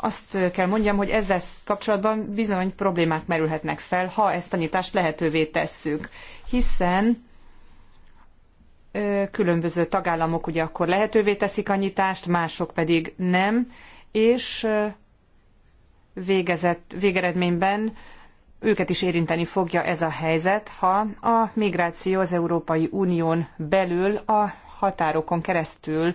azt kell mondjam, hogy ezzel kapcsolatban bizony problémák merülhetnek fel, ha ezt a nyitást lehetővé tesszük. Hiszen különböző tagállamok ugye akkor lehetővé teszik a nyitást, mások pedig nem, és végezett, végeredményben őket is érinteni fogja ez a helyzet, ha a migráció az Európai Unión belül a határokon keresztül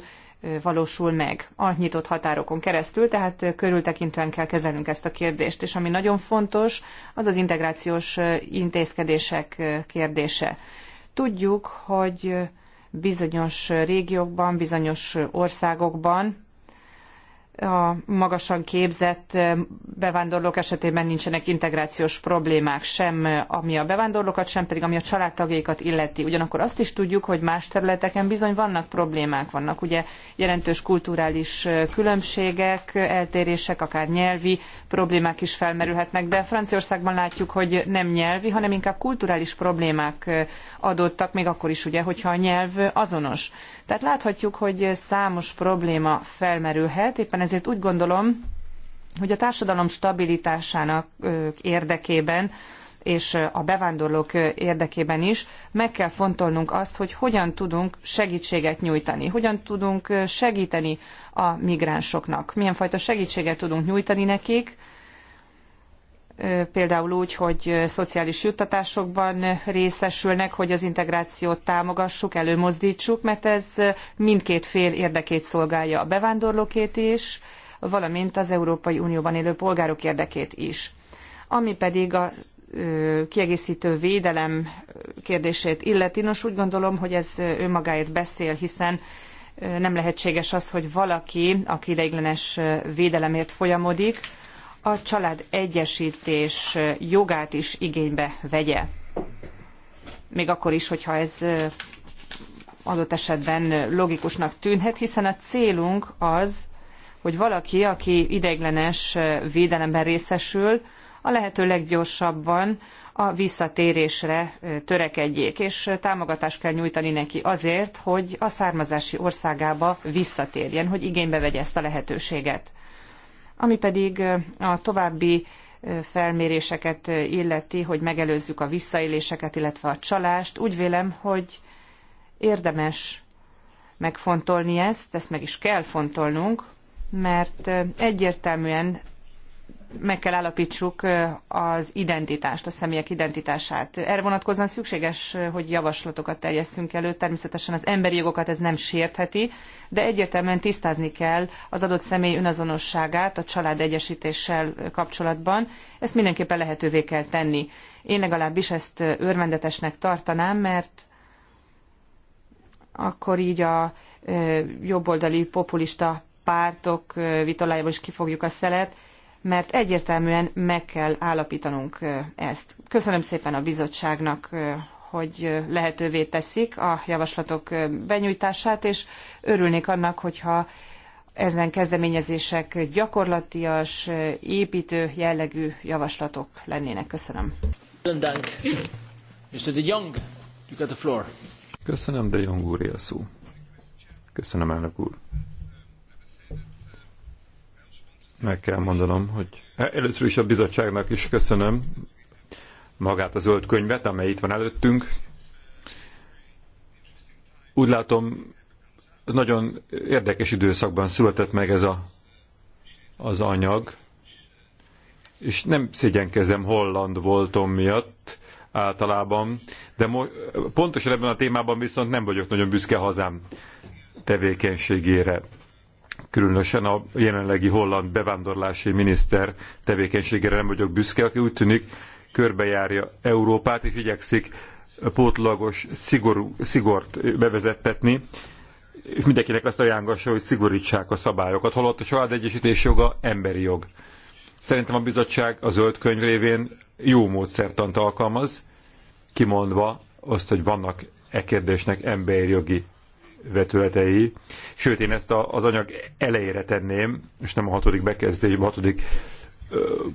valósul meg, a nyitott határokon keresztül, tehát körültekintően kell kezelnünk ezt a kérdést. És ami nagyon fontos, az az integrációs intézkedések kérdése. Tudjuk, hogy bizonyos régiókban, bizonyos országokban a magasan képzett bevándorlók esetében nincsenek integrációs problémák sem, ami a bevándorlókat, sem pedig ami a családtagjaikat illeti. Ugyanakkor azt is tudjuk, hogy más területeken bizony vannak problémák, vannak ugye jelentős kulturális különbségek, eltérések, akár nyelvi problémák is felmerülhetnek, de Franciaországban látjuk, hogy nem nyelvi, hanem inkább kulturális problémák adottak, még akkor is ugye, hogyha a nyelv azonos. Tehát láthatjuk, hogy számos probléma felmerülhet, éppen ezért úgy gondolom, hogy a társadalom stabilitásának érdekében és a bevándorlók érdekében is meg kell fontolnunk azt, hogy hogyan tudunk segítséget nyújtani, hogyan tudunk segíteni a migránsoknak, milyen fajta segítséget tudunk nyújtani nekik, például úgy, hogy szociális juttatásokban részesülnek, hogy az integrációt támogassuk, előmozdítsuk, mert ez mindkét fél érdekét szolgálja, a bevándorlókét is, valamint az Európai Unióban élő polgárok érdekét is. Ami pedig a kiegészítő védelem kérdését illeti, nos úgy gondolom, hogy ez önmagáért beszél, hiszen nem lehetséges az, hogy valaki, aki ideiglenes védelemért folyamodik, a család egyesítés jogát is igénybe vegye. Még akkor is, hogyha ez adott esetben logikusnak tűnhet, hiszen a célunk az, hogy valaki, aki ideiglenes védelemben részesül, a lehető leggyorsabban a visszatérésre törekedjék, és támogatást kell nyújtani neki azért, hogy a származási országába visszatérjen, hogy igénybe vegye ezt a lehetőséget. Ami pedig a további felméréseket illeti, hogy megelőzzük a visszaéléseket, illetve a csalást, úgy vélem, hogy érdemes megfontolni ezt, ezt meg is kell fontolnunk, mert egyértelműen meg kell állapítsuk az identitást, a személyek identitását. Erre vonatkozóan szükséges, hogy javaslatokat terjesszünk elő. Természetesen az emberi jogokat ez nem sértheti, de egyértelműen tisztázni kell az adott személy önazonosságát a család egyesítéssel kapcsolatban. Ezt mindenképpen lehetővé kell tenni. Én legalábbis ezt örvendetesnek tartanám, mert akkor így a jobboldali populista pártok vitolájából is kifogjuk a szelet, mert egyértelműen meg kell állapítanunk ezt. Köszönöm szépen a bizottságnak, hogy lehetővé teszik a javaslatok benyújtását, és örülnék annak, hogyha ezen kezdeményezések gyakorlatias, építő jellegű javaslatok lennének. Köszönöm. Mr. De Jong, you got the floor. Köszönöm, De Jong úr, a szó. Köszönöm, elnök úr. Meg kell mondanom, hogy először is a bizottságnak is köszönöm magát a zöld könyvet, amely itt van előttünk. Úgy látom, nagyon érdekes időszakban született meg ez a, az anyag, és nem szégyenkezem holland voltom miatt általában, de mo- pontosan ebben a témában viszont nem vagyok nagyon büszke hazám tevékenységére különösen a jelenlegi holland bevándorlási miniszter tevékenységére nem vagyok büszke, aki úgy tűnik körbejárja Európát, és igyekszik pótlagos szigorú, szigort bevezettetni, és mindenkinek azt ajánlgassa, hogy szigorítsák a szabályokat, holott a családegyesítés joga emberi jog. Szerintem a bizottság a zöld könyv révén jó módszertant alkalmaz, kimondva azt, hogy vannak e kérdésnek emberi jogi vetületei. Sőt, én ezt a, az anyag elejére tenném, és nem a hatodik bekezdés, a hatodik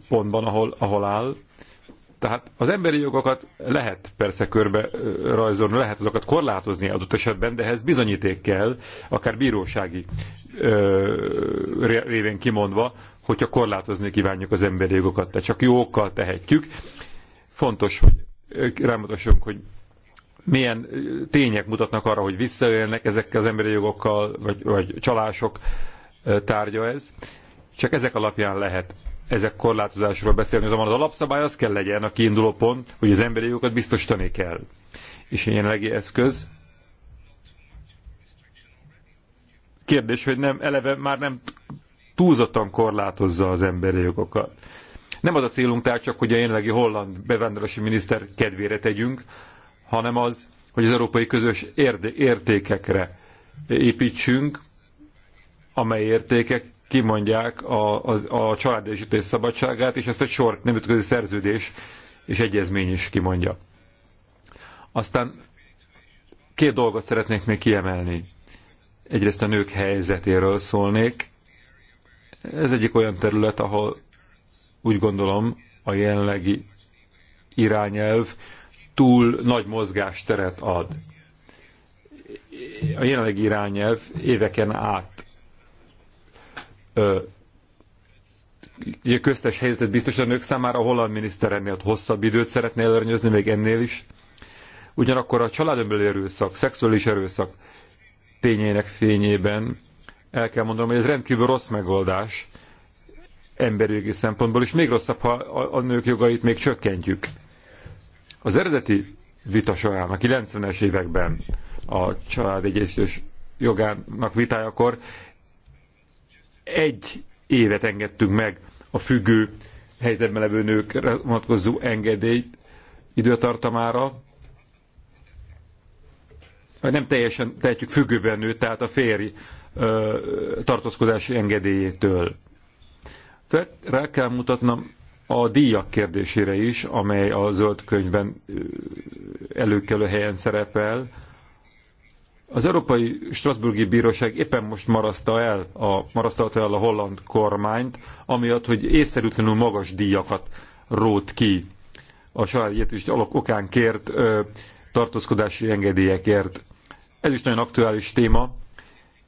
pontban, ahol, ahol áll. Tehát az emberi jogokat lehet persze körbe rajzolni, lehet azokat korlátozni adott esetben, de ehhez bizonyíték kell, akár bírósági ö, révén kimondva, hogyha korlátozni kívánjuk az emberi jogokat, tehát csak jókkal tehetjük. Fontos, hogy rámutassunk, hogy milyen tények mutatnak arra, hogy visszaélnek ezekkel az emberi jogokkal, vagy, vagy csalások tárgya ez. Csak ezek alapján lehet ezek korlátozásról beszélni, azonban az alapszabály az kell legyen a kiinduló pont, hogy az emberi jogokat biztosítani kell. És a jelenlegi eszköz kérdés, hogy nem, eleve már nem túlzottan korlátozza az emberi jogokat. Nem az a célunk tehát csak, hogy a jelenlegi holland bevándorlási miniszter kedvére tegyünk, hanem az, hogy az európai közös értékekre építsünk, amely értékek kimondják a, a, a családegyesítés szabadságát, és ezt egy sor nemzetközi szerződés és egyezmény is kimondja. Aztán két dolgot szeretnék még kiemelni. Egyrészt a nők helyzetéről szólnék. Ez egyik olyan terület, ahol úgy gondolom a jelenlegi irányelv túl nagy mozgásteret ad. A jelenlegi irányelv éveken át ö, köztes helyzet biztos a nők számára, a holland miniszter ennél hosszabb időt szeretne előnyözni, még ennél is. Ugyanakkor a családon erőszak, szexuális erőszak tényének fényében el kell mondanom, hogy ez rendkívül rossz megoldás emberi szempontból, és még rosszabb, ha a, a nők jogait még csökkentjük. Az eredeti vita során, a 90-es években a család egyesítős jogának vitájakor egy évet engedtünk meg a függő helyzetben levő nőkre vonatkozó engedély időtartamára. Nem teljesen tehetjük függőben nőt, tehát a férj tartózkodási engedélyétől. rá kell mutatnom a díjak kérdésére is, amely a zöld könyvben előkelő helyen szerepel. Az Európai Strasburgi Bíróság éppen most maraszta el a, marasztalta el a holland kormányt, amiatt, hogy észszerűtlenül magas díjakat rót ki a is alok okán kért ö, tartózkodási engedélyekért. Ez is nagyon aktuális téma.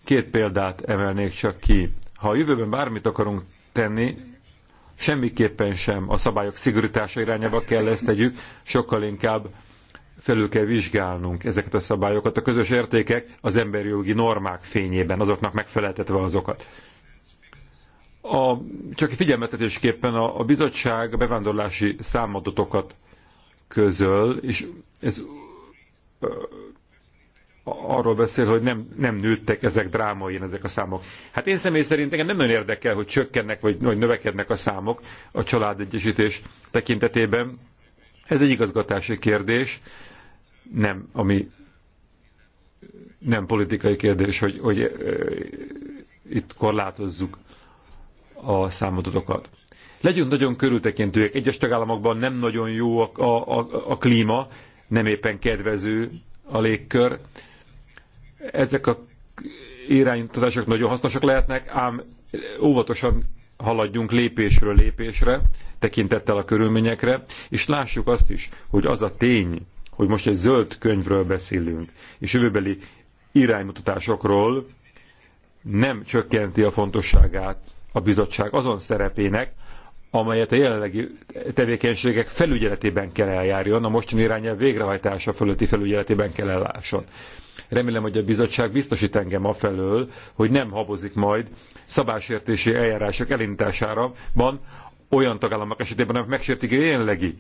Két példát emelnék csak ki. Ha a jövőben bármit akarunk tenni, semmiképpen sem a szabályok szigorítása irányába kell ezt tegyük, sokkal inkább felül kell vizsgálnunk ezeket a szabályokat, a közös értékek az emberi jogi normák fényében, azoknak megfeleltetve azokat. A, csak figyelmeztetésképpen a, a bizottság bevándorlási számadatokat közöl, és ez arról beszél, hogy nem, nem nőttek ezek drámaian ezek a számok. Hát én személy szerint engem nem nagyon érdekel, hogy csökkennek vagy, vagy növekednek a számok a családegyesítés tekintetében. Ez egy igazgatási kérdés, nem, ami nem politikai kérdés, hogy, hogy e, itt korlátozzuk a számadatokat. Legyünk nagyon körültekintőek. Egyes tagállamokban nem nagyon jó a, a, a, a klíma, nem éppen kedvező a légkör. Ezek a irányítások nagyon hasznosak lehetnek, ám óvatosan haladjunk lépésről lépésre, tekintettel a körülményekre, és lássuk azt is, hogy az a tény, hogy most egy zöld könyvről beszélünk, és jövőbeli iránymutatásokról nem csökkenti a fontosságát a bizottság azon szerepének, amelyet a jelenlegi tevékenységek felügyeletében kell eljárjon, a mostani irányel végrehajtása fölötti felügyeletében kell ellásson. Remélem, hogy a bizottság biztosít engem afelől, hogy nem habozik majd szabásértési eljárások elindítására van olyan tagállamok esetében, amik megsértik a jelenlegi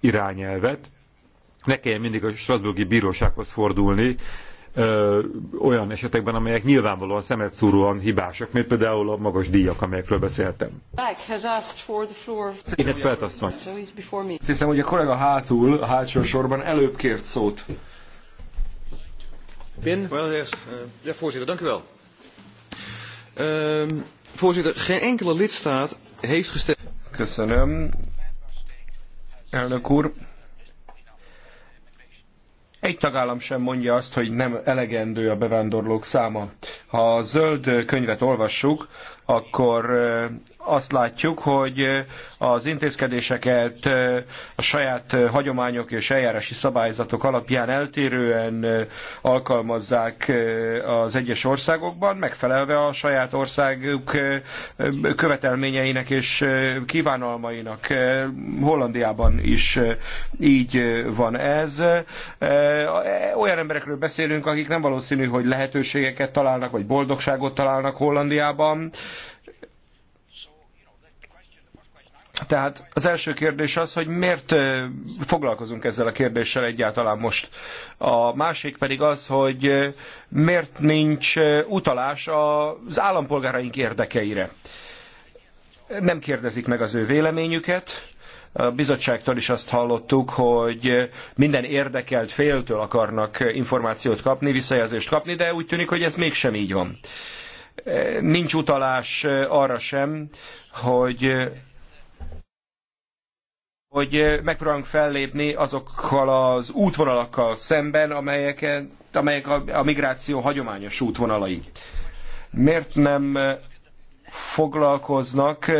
irányelvet, ne kelljen mindig a Strasburgi Bírósághoz fordulni, ö, olyan esetekben, amelyek nyilvánvalóan szemetszúróan hibásak, mint például a magas díjak, amelyekről beszéltem. Én egy feltasszony. Azt hiszem, hogy a kollega hátul, a hátsó sorban előbb kért szót. Pin. Eh, ja, voorzitter, dank u wel. Uh, voorzitter, geen enkele lidstaat heeft gestemd. Elnök úr, egy tagállam sem mondja azt, hogy nem elegendő a bevándorlók száma. Ha a zöld könyvet olvassuk, akkor azt látjuk, hogy az intézkedéseket a saját hagyományok és eljárási szabályzatok alapján eltérően alkalmazzák az egyes országokban, megfelelve a saját országuk követelményeinek és kívánalmainak. Hollandiában is így van ez. Olyan emberekről beszélünk, akik nem valószínű, hogy lehetőségeket találnak, vagy boldogságot találnak Hollandiában, Tehát az első kérdés az, hogy miért foglalkozunk ezzel a kérdéssel egyáltalán most. A másik pedig az, hogy miért nincs utalás az állampolgáraink érdekeire. Nem kérdezik meg az ő véleményüket, a bizottságtól is azt hallottuk, hogy minden érdekelt féltől akarnak információt kapni, visszajelzést kapni, de úgy tűnik, hogy ez mégsem így van. Nincs utalás arra sem, hogy hogy megpróbálunk fellépni azokkal az útvonalakkal szemben, amelyek, amelyek a, a migráció hagyományos útvonalai. Miért nem foglalkoznak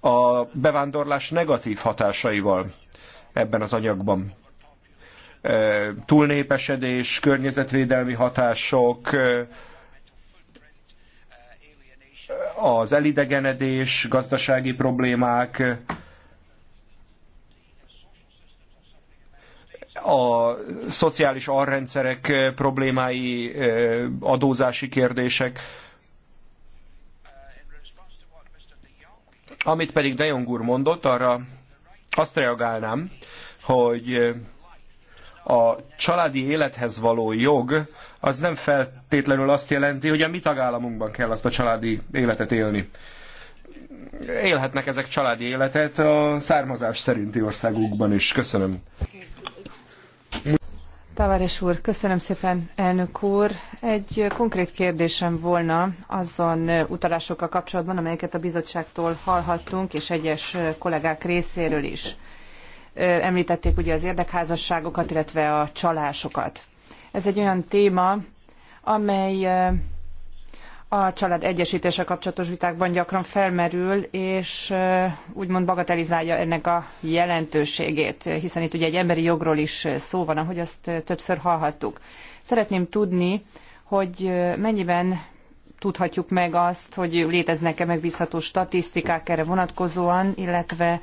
a bevándorlás negatív hatásaival ebben az anyagban? Túlnépesedés, környezetvédelmi hatások, az elidegenedés, gazdasági problémák, a szociális arrendszerek problémái, adózási kérdések. Amit pedig De Jong úr mondott, arra azt reagálnám, hogy a családi élethez való jog az nem feltétlenül azt jelenti, hogy a mi tagállamunkban kell azt a családi életet élni. Élhetnek ezek családi életet a származás szerinti országukban is. Köszönöm. Tavares úr, köszönöm szépen, elnök úr. Egy konkrét kérdésem volna azon utalásokkal kapcsolatban, amelyeket a bizottságtól hallhattunk, és egyes kollégák részéről is. Említették ugye az érdekházasságokat, illetve a csalásokat. Ez egy olyan téma, amely a család egyesítése kapcsolatos vitákban gyakran felmerül, és úgymond bagatelizálja ennek a jelentőségét, hiszen itt ugye egy emberi jogról is szó van, ahogy azt többször hallhattuk. Szeretném tudni, hogy mennyiben tudhatjuk meg azt, hogy léteznek-e megbízható statisztikák erre vonatkozóan, illetve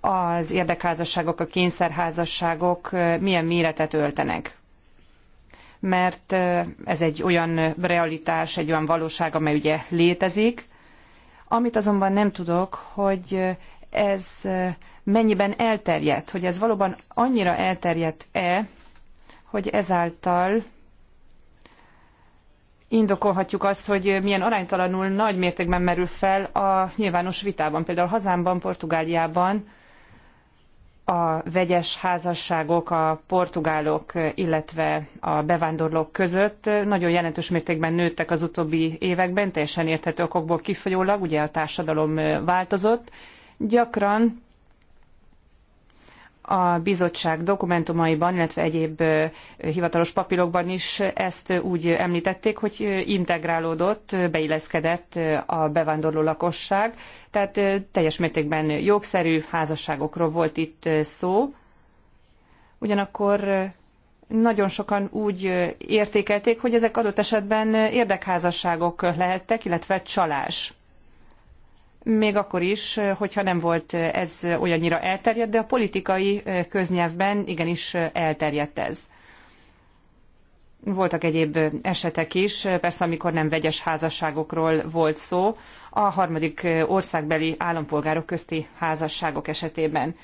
az érdekházasságok, a kényszerházasságok milyen méretet öltenek mert ez egy olyan realitás, egy olyan valóság, amely ugye létezik. Amit azonban nem tudok, hogy ez mennyiben elterjedt, hogy ez valóban annyira elterjedt-e, hogy ezáltal indokolhatjuk azt, hogy milyen aránytalanul nagy mértékben merül fel a nyilvános vitában. Például hazámban, Portugáliában a vegyes házasságok a portugálok, illetve a bevándorlók között nagyon jelentős mértékben nőttek az utóbbi években, teljesen érthető okokból kifolyólag, ugye a társadalom változott. Gyakran a bizottság dokumentumaiban, illetve egyéb hivatalos papírokban is ezt úgy említették, hogy integrálódott, beilleszkedett a bevándorló lakosság, tehát teljes mértékben jogszerű házasságokról volt itt szó. Ugyanakkor nagyon sokan úgy értékelték, hogy ezek adott esetben érdekházasságok lehettek, illetve csalás még akkor is, hogyha nem volt ez olyannyira elterjedt, de a politikai köznyelvben igenis elterjedt ez. Voltak egyéb esetek is, persze amikor nem vegyes házasságokról volt szó, a harmadik országbeli állampolgárok közti házasságok esetében.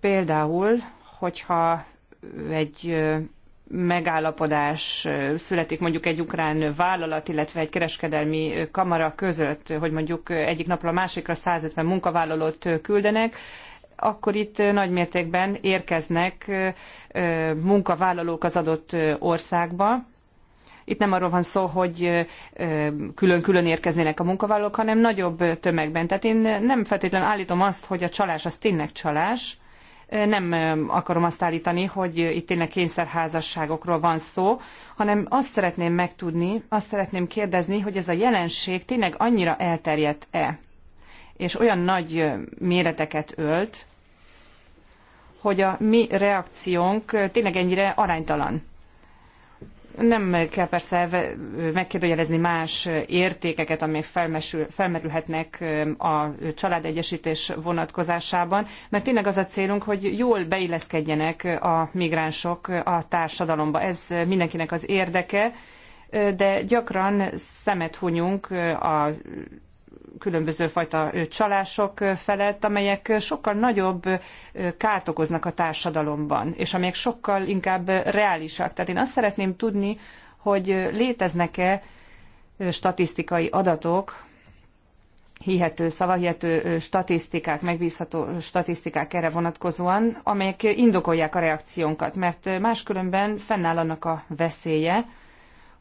Például, hogyha egy megállapodás születik mondjuk egy ukrán vállalat, illetve egy kereskedelmi kamara között, hogy mondjuk egyik napról a másikra 150 munkavállalót küldenek, akkor itt nagy mértékben érkeznek munkavállalók az adott országba. Itt nem arról van szó, hogy külön-külön érkeznének a munkavállalók, hanem nagyobb tömegben. Tehát én nem feltétlenül állítom azt, hogy a csalás az tényleg csalás, nem akarom azt állítani, hogy itt tényleg kényszerházasságokról van szó, hanem azt szeretném megtudni, azt szeretném kérdezni, hogy ez a jelenség tényleg annyira elterjedt-e, és olyan nagy méreteket ölt, hogy a mi reakciónk tényleg ennyire aránytalan nem kell persze megkérdőjelezni más értékeket, amelyek felmesül, felmerülhetnek a családegyesítés vonatkozásában, mert tényleg az a célunk, hogy jól beilleszkedjenek a migránsok a társadalomba. Ez mindenkinek az érdeke, de gyakran szemet hunyunk a különböző fajta csalások felett, amelyek sokkal nagyobb kárt okoznak a társadalomban, és amelyek sokkal inkább reálisak. Tehát én azt szeretném tudni, hogy léteznek-e statisztikai adatok, hihető, szavahihető statisztikák, megbízható statisztikák erre vonatkozóan, amelyek indokolják a reakciónkat, mert máskülönben fennáll annak a veszélye,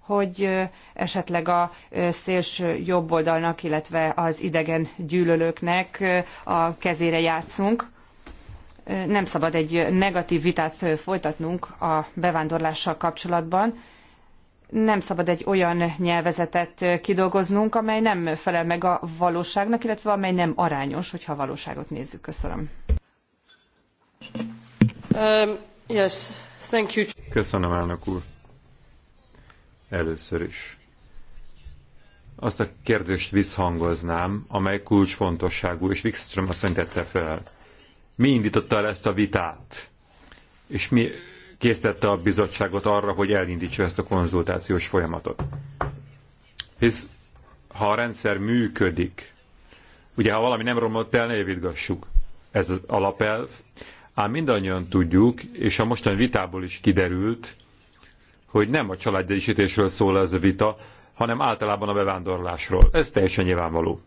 hogy esetleg a szélső jobboldalnak, illetve az idegen gyűlölőknek a kezére játszunk. Nem szabad egy negatív vitát folytatnunk a bevándorlással kapcsolatban. Nem szabad egy olyan nyelvezetet kidolgoznunk, amely nem felel meg a valóságnak, illetve amely nem arányos, hogyha a valóságot nézzük. Köszönöm. Um, yes, thank you. Köszönöm, elnök úr először is. Azt a kérdést visszhangoznám, amely kulcsfontosságú, és Wikström azt tette fel. Mi indította el ezt a vitát? És mi késztette a bizottságot arra, hogy elindítsa ezt a konzultációs folyamatot? Hisz ha a rendszer működik, ugye ha valami nem romlott el, ne javítgassuk. Ez az alapelv. Ám mindannyian tudjuk, és a mostani vitából is kiderült, hogy nem a családegyesítésről szól ez a vita, hanem általában a bevándorlásról. Ez teljesen nyilvánvaló.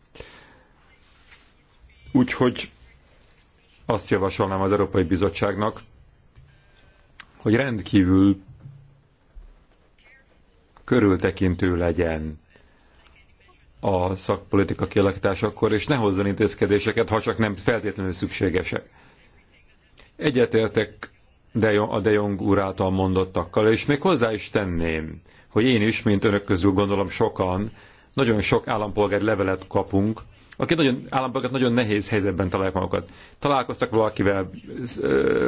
Úgyhogy azt javasolnám az Európai Bizottságnak, hogy rendkívül körültekintő legyen a szakpolitika kialakításakor, és ne hozzon intézkedéseket, ha csak nem feltétlenül szükségesek. Egyetértek de a De Jong úr által mondottakkal, és még hozzá is tenném, hogy én is, mint önök közül gondolom sokan, nagyon sok állampolgári levelet kapunk, akik nagyon, állampolgárt nagyon nehéz helyzetben találják magukat. Találkoztak valakivel,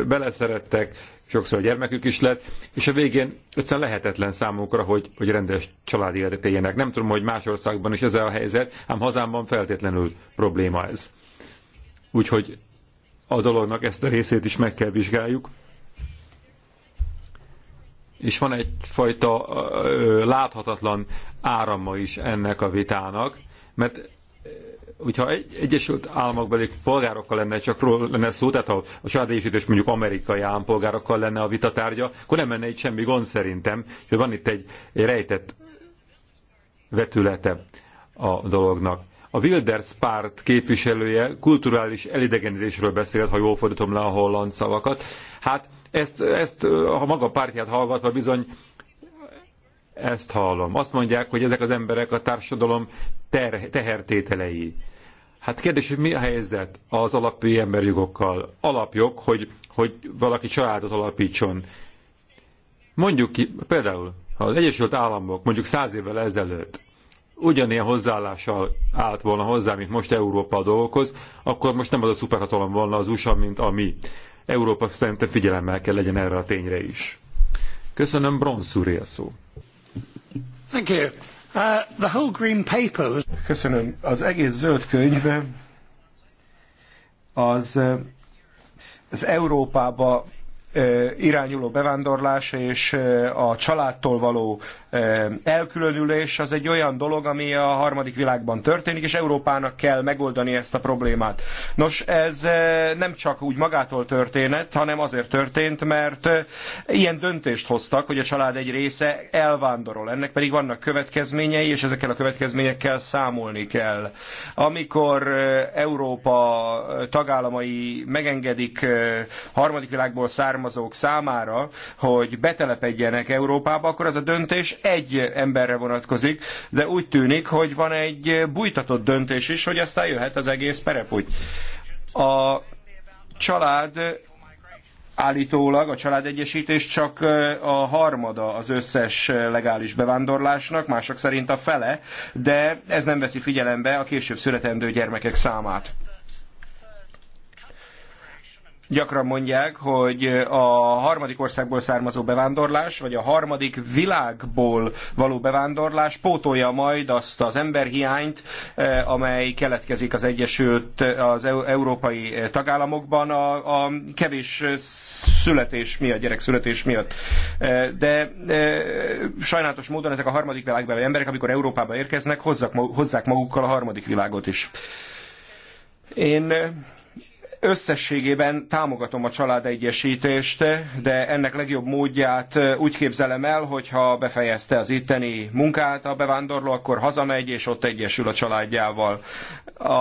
beleszerettek, sokszor a gyermekük is lett, és a végén egyszerűen lehetetlen számukra, hogy, hogy rendes családi életet éljenek. Nem tudom, hogy más országban is ez a helyzet, ám hazámban feltétlenül probléma ez. Úgyhogy a dolognak ezt a részét is meg kell vizsgáljuk és van egyfajta láthatatlan árama is ennek a vitának, mert hogyha egy, Egyesült Államokbeli polgárokkal lenne, csak ról lenne szó, tehát ha a családegyesítés mondjuk amerikai állampolgárokkal lenne a vitatárgya, akkor nem lenne itt semmi gond szerintem, és van itt egy, egy rejtett vetülete a dolognak. A Wilders párt képviselője kulturális elidegenedésről beszélt, ha jól fordítom le a holland szavakat. Hát ezt, ezt a maga pártját hallgatva bizony ezt hallom. Azt mondják, hogy ezek az emberek a társadalom ter- tehertételei. Hát kérdés, hogy mi a helyzet az alapjogi emberjogokkal? Alapjog, hogy, hogy valaki családot alapítson. Mondjuk ki, például, ha az Egyesült Államok mondjuk száz évvel ezelőtt ugyanilyen hozzáállással állt volna hozzá, mint most Európa a dolgokhoz, akkor most nem az a szuperhatalom volna az USA, mint a mi. Európa szerintem figyelemmel kell legyen erre a tényre is. Köszönöm, Bronszúri úr a szó. Thank you. Uh, the whole green paper... Köszönöm. Az egész zöld könyv az, uh, az Európába irányuló bevándorlás és a családtól való elkülönülés az egy olyan dolog, ami a harmadik világban történik, és Európának kell megoldani ezt a problémát. Nos, ez nem csak úgy magától történet, hanem azért történt, mert ilyen döntést hoztak, hogy a család egy része elvándorol. Ennek pedig vannak következményei, és ezekkel a következményekkel számolni kell. Amikor Európa tagállamai megengedik harmadik világból származó származók számára, hogy betelepedjenek Európába, akkor az a döntés egy emberre vonatkozik, de úgy tűnik, hogy van egy bújtatott döntés is, hogy aztán jöhet az egész pereputy. A család Állítólag a családegyesítés csak a harmada az összes legális bevándorlásnak, mások szerint a fele, de ez nem veszi figyelembe a később születendő gyermekek számát. Gyakran mondják, hogy a harmadik országból származó bevándorlás, vagy a harmadik világból való bevándorlás pótolja majd azt az emberhiányt, eh, amely keletkezik az Egyesült, az európai eh, tagállamokban a, a kevés eh, születés miatt, gyerekszületés miatt. De sajnálatos módon ezek a harmadik világbeli emberek, amikor Európába érkeznek, hozzák magukkal a harmadik világot is. Én Összességében támogatom a családegyesítést, de ennek legjobb módját úgy képzelem el, hogyha befejezte az itteni munkát a bevándorló, akkor hazamegy, és ott egyesül a családjával. A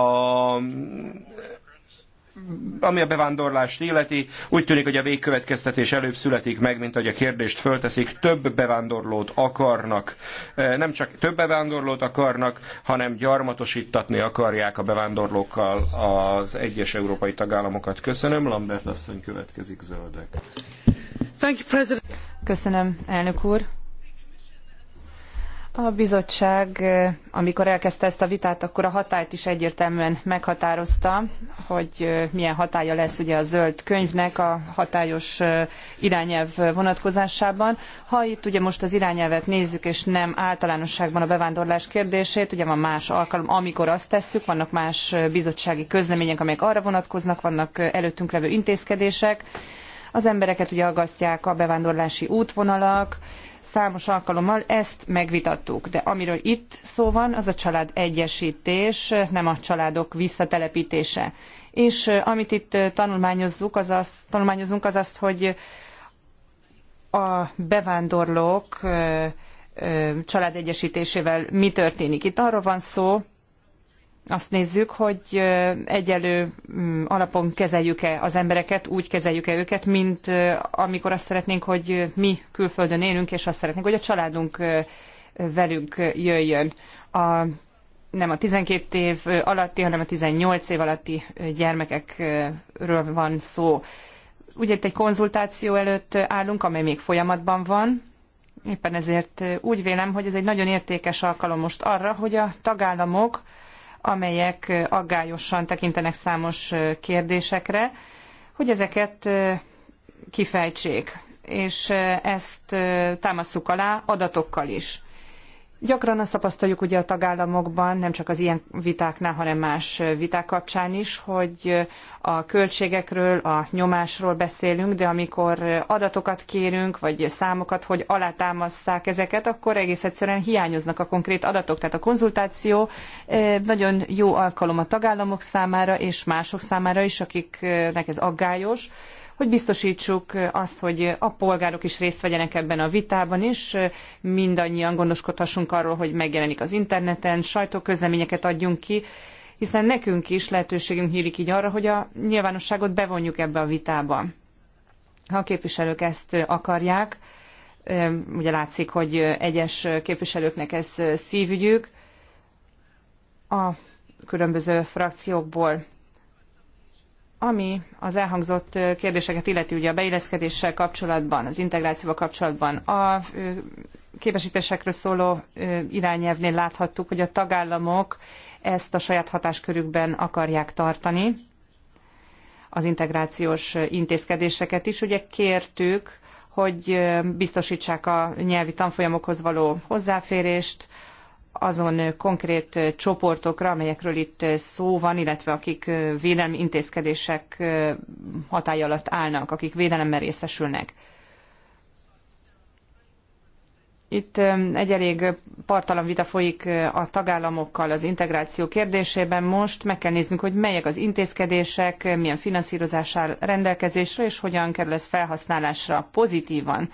ami a bevándorlást illeti, úgy tűnik, hogy a végkövetkeztetés előbb születik meg, mint hogy a kérdést fölteszik. Több bevándorlót akarnak. Nem csak több bevándorlót akarnak, hanem gyarmatosítatni akarják a bevándorlókkal az egyes európai tagállamokat. Köszönöm. Lambert asszony következik zöldek. Köszönöm, elnök úr. A bizottság, amikor elkezdte ezt a vitát, akkor a hatályt is egyértelműen meghatározta, hogy milyen hatája lesz ugye a zöld könyvnek a hatályos irányelv vonatkozásában. Ha itt ugye most az irányelvet nézzük, és nem általánosságban a bevándorlás kérdését, ugye van más alkalom, amikor azt tesszük, vannak más bizottsági közlemények, amelyek arra vonatkoznak, vannak előttünk levő intézkedések, az embereket ugye aggasztják a bevándorlási útvonalak, Számos alkalommal ezt megvitattuk, de amiről itt szó van, az a család egyesítés, nem a családok visszatelepítése. És amit itt tanulmányozzuk, az azt, tanulmányozunk, az azt, hogy a bevándorlók családegyesítésével mi történik. Itt arról van szó, azt nézzük, hogy egyelő mm, alapon kezeljük-e az embereket, úgy kezeljük-e őket, mint amikor azt szeretnénk, hogy mi külföldön élünk, és azt szeretnénk, hogy a családunk velünk jöjjön. A, nem a 12 év alatti, hanem a 18 év alatti gyermekekről van szó. Ugye itt egy konzultáció előtt állunk, amely még folyamatban van, Éppen ezért úgy vélem, hogy ez egy nagyon értékes alkalom most arra, hogy a tagállamok amelyek aggályosan tekintenek számos kérdésekre, hogy ezeket kifejtsék. És ezt támaszuk alá adatokkal is. Gyakran azt tapasztaljuk ugye a tagállamokban, nem csak az ilyen vitáknál, hanem más viták kapcsán is, hogy a költségekről, a nyomásról beszélünk, de amikor adatokat kérünk, vagy számokat, hogy alátámasszák ezeket, akkor egész egyszerűen hiányoznak a konkrét adatok. Tehát a konzultáció eh, nagyon jó alkalom a tagállamok számára és mások számára is, akiknek ez aggályos, hogy biztosítsuk azt, hogy a polgárok is részt vegyenek ebben a vitában, is, mindannyian gondoskodhassunk arról, hogy megjelenik az interneten, sajtóközleményeket adjunk ki, hiszen nekünk is lehetőségünk hírik így arra, hogy a nyilvánosságot bevonjuk ebbe a vitába. Ha a képviselők ezt akarják, ugye látszik, hogy egyes képviselőknek ez szívügyük, a különböző frakciókból ami az elhangzott kérdéseket illeti ugye a beilleszkedéssel kapcsolatban, az integrációval kapcsolatban, a képesítésekről szóló irányelvnél láthattuk, hogy a tagállamok ezt a saját hatáskörükben akarják tartani, az integrációs intézkedéseket is. Ugye kértük, hogy biztosítsák a nyelvi tanfolyamokhoz való hozzáférést, azon konkrét csoportokra, amelyekről itt szó van, illetve akik védelmi intézkedések hatája alatt állnak, akik védelemmel részesülnek. Itt um, egy elég partalan vita folyik uh, a tagállamokkal az integráció kérdésében. Most meg kell néznünk, hogy melyek az intézkedések, uh, milyen finanszírozás áll rendelkezésre, és hogyan kerül ez felhasználásra pozitívan.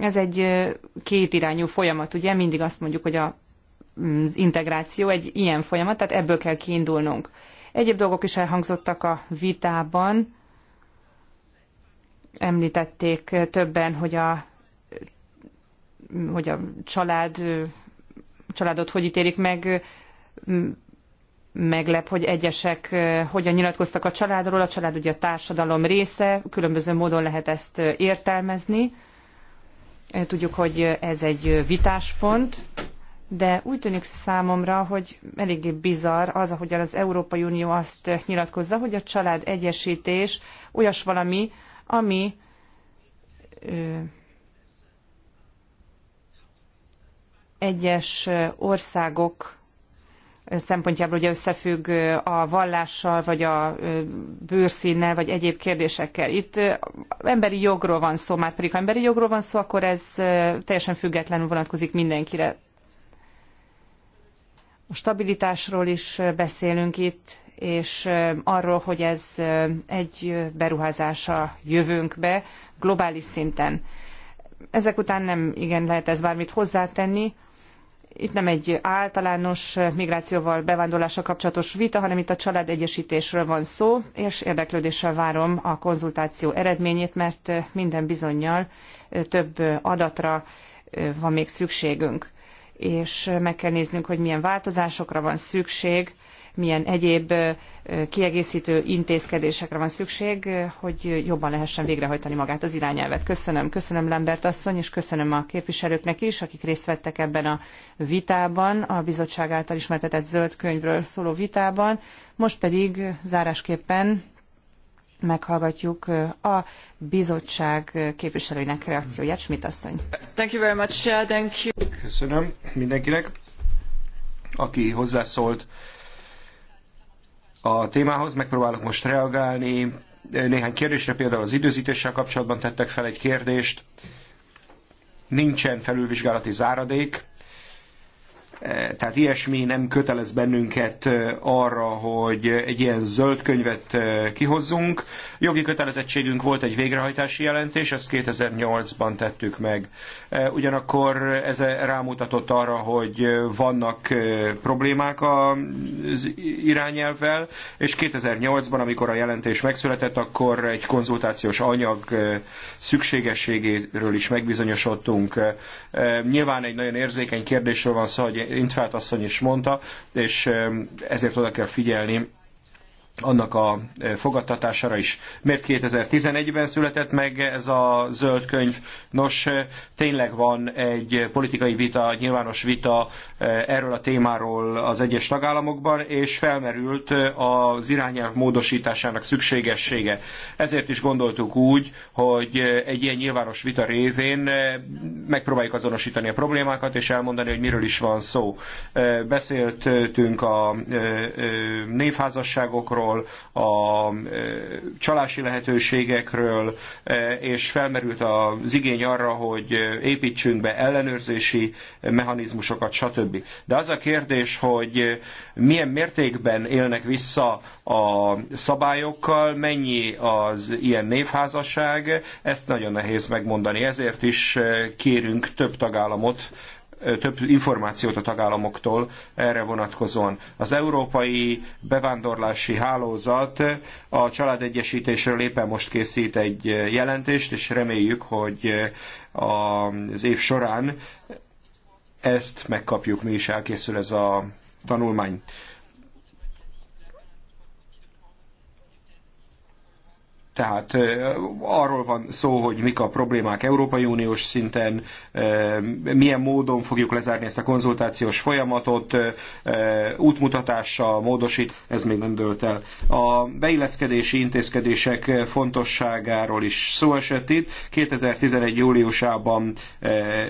Ez egy uh, kétirányú folyamat, ugye mindig azt mondjuk, hogy a az mm, integráció egy ilyen folyamat, tehát ebből kell kiindulnunk. Egyéb dolgok is elhangzottak a vitában. Említették többen, hogy a, hogy a család, családot hogy ítélik meg, mm, meglep, hogy egyesek eh, hogyan nyilatkoztak a családról. A család ugye a társadalom része, különböző módon lehet ezt eh, értelmezni. Eh, tudjuk, hogy ez egy vitáspont de úgy tűnik számomra, hogy eléggé bizarr az, ahogyan az Európai Unió azt nyilatkozza, hogy a család egyesítés olyas valami, ami ö, egyes országok szempontjából ugye összefügg a vallással, vagy a bőrszínnel, vagy egyéb kérdésekkel. Itt emberi jogról van szó, már pedig ha emberi jogról van szó, akkor ez teljesen függetlenül vonatkozik mindenkire. A stabilitásról is beszélünk itt, és arról, hogy ez egy beruházása jövőnkbe globális szinten. Ezek után nem igen lehet ez bármit hozzátenni. Itt nem egy általános migrációval, bevándorlással kapcsolatos vita, hanem itt a családegyesítésről van szó, és érdeklődéssel várom a konzultáció eredményét, mert minden bizonyal több adatra van még szükségünk és meg kell néznünk, hogy milyen változásokra van szükség, milyen egyéb kiegészítő intézkedésekre van szükség, hogy jobban lehessen végrehajtani magát az irányelvet. Köszönöm, köszönöm Lambert asszony, és köszönöm a képviselőknek is, akik részt vettek ebben a vitában, a bizottság által ismertetett zöld könyvről szóló vitában. Most pedig zárásképpen meghallgatjuk a bizottság képviselőinek reakcióját. Schmidt asszony. Thank you very much. Thank you. Köszönöm mindenkinek, aki hozzászólt a témához. Megpróbálok most reagálni néhány kérdésre, például az időzítéssel kapcsolatban tettek fel egy kérdést. Nincsen felülvizsgálati záradék, tehát ilyesmi nem kötelez bennünket arra, hogy egy ilyen zöld könyvet kihozzunk. Jogi kötelezettségünk volt egy végrehajtási jelentés, ezt 2008-ban tettük meg. Ugyanakkor ez rámutatott arra, hogy vannak problémák az irányelvvel, és 2008-ban, amikor a jelentés megszületett, akkor egy konzultációs anyag szükségességéről is megbizonyosodtunk. Nyilván egy nagyon érzékeny kérdésről van szó, hogy Intfelt asszony is mondta, és ehm, ezért oda kell figyelni annak a e, fogadtatására is. Miért 2011-ben született meg ez a zöld könyv? Nos, e, tényleg van egy politikai vita, nyilvános vita e, erről a témáról az egyes tagállamokban, és felmerült az irányelv módosításának szükségessége. Ezért is gondoltuk úgy, hogy egy ilyen nyilvános vita révén megpróbáljuk azonosítani a problémákat, és elmondani, hogy miről is van szó. Beszéltünk a névházasságokról, csalásról, a csalási lehetőségekről, és felmerült az igény arra, hogy építsünk be ellenőrzési mechanizmusokat, stb. De az a kérdés, hogy milyen mértékben élnek vissza a szabályokkal, mennyi az ilyen névházasság, ezt nagyon nehéz megmondani. Ezért is kérünk több tagállamot több információt a tagállamoktól erre vonatkozóan. Az Európai Bevándorlási Hálózat a családegyesítésről éppen most készít egy jelentést, és reméljük, hogy az év során ezt megkapjuk mi is, elkészül ez a tanulmány. Tehát arról van szó, hogy mik a problémák Európai Uniós szinten, milyen módon fogjuk lezárni ezt a konzultációs folyamatot, útmutatással, módosít, ez még nem dőlt el. A beilleszkedési intézkedések fontosságáról is szó esett itt. 2011. júliusában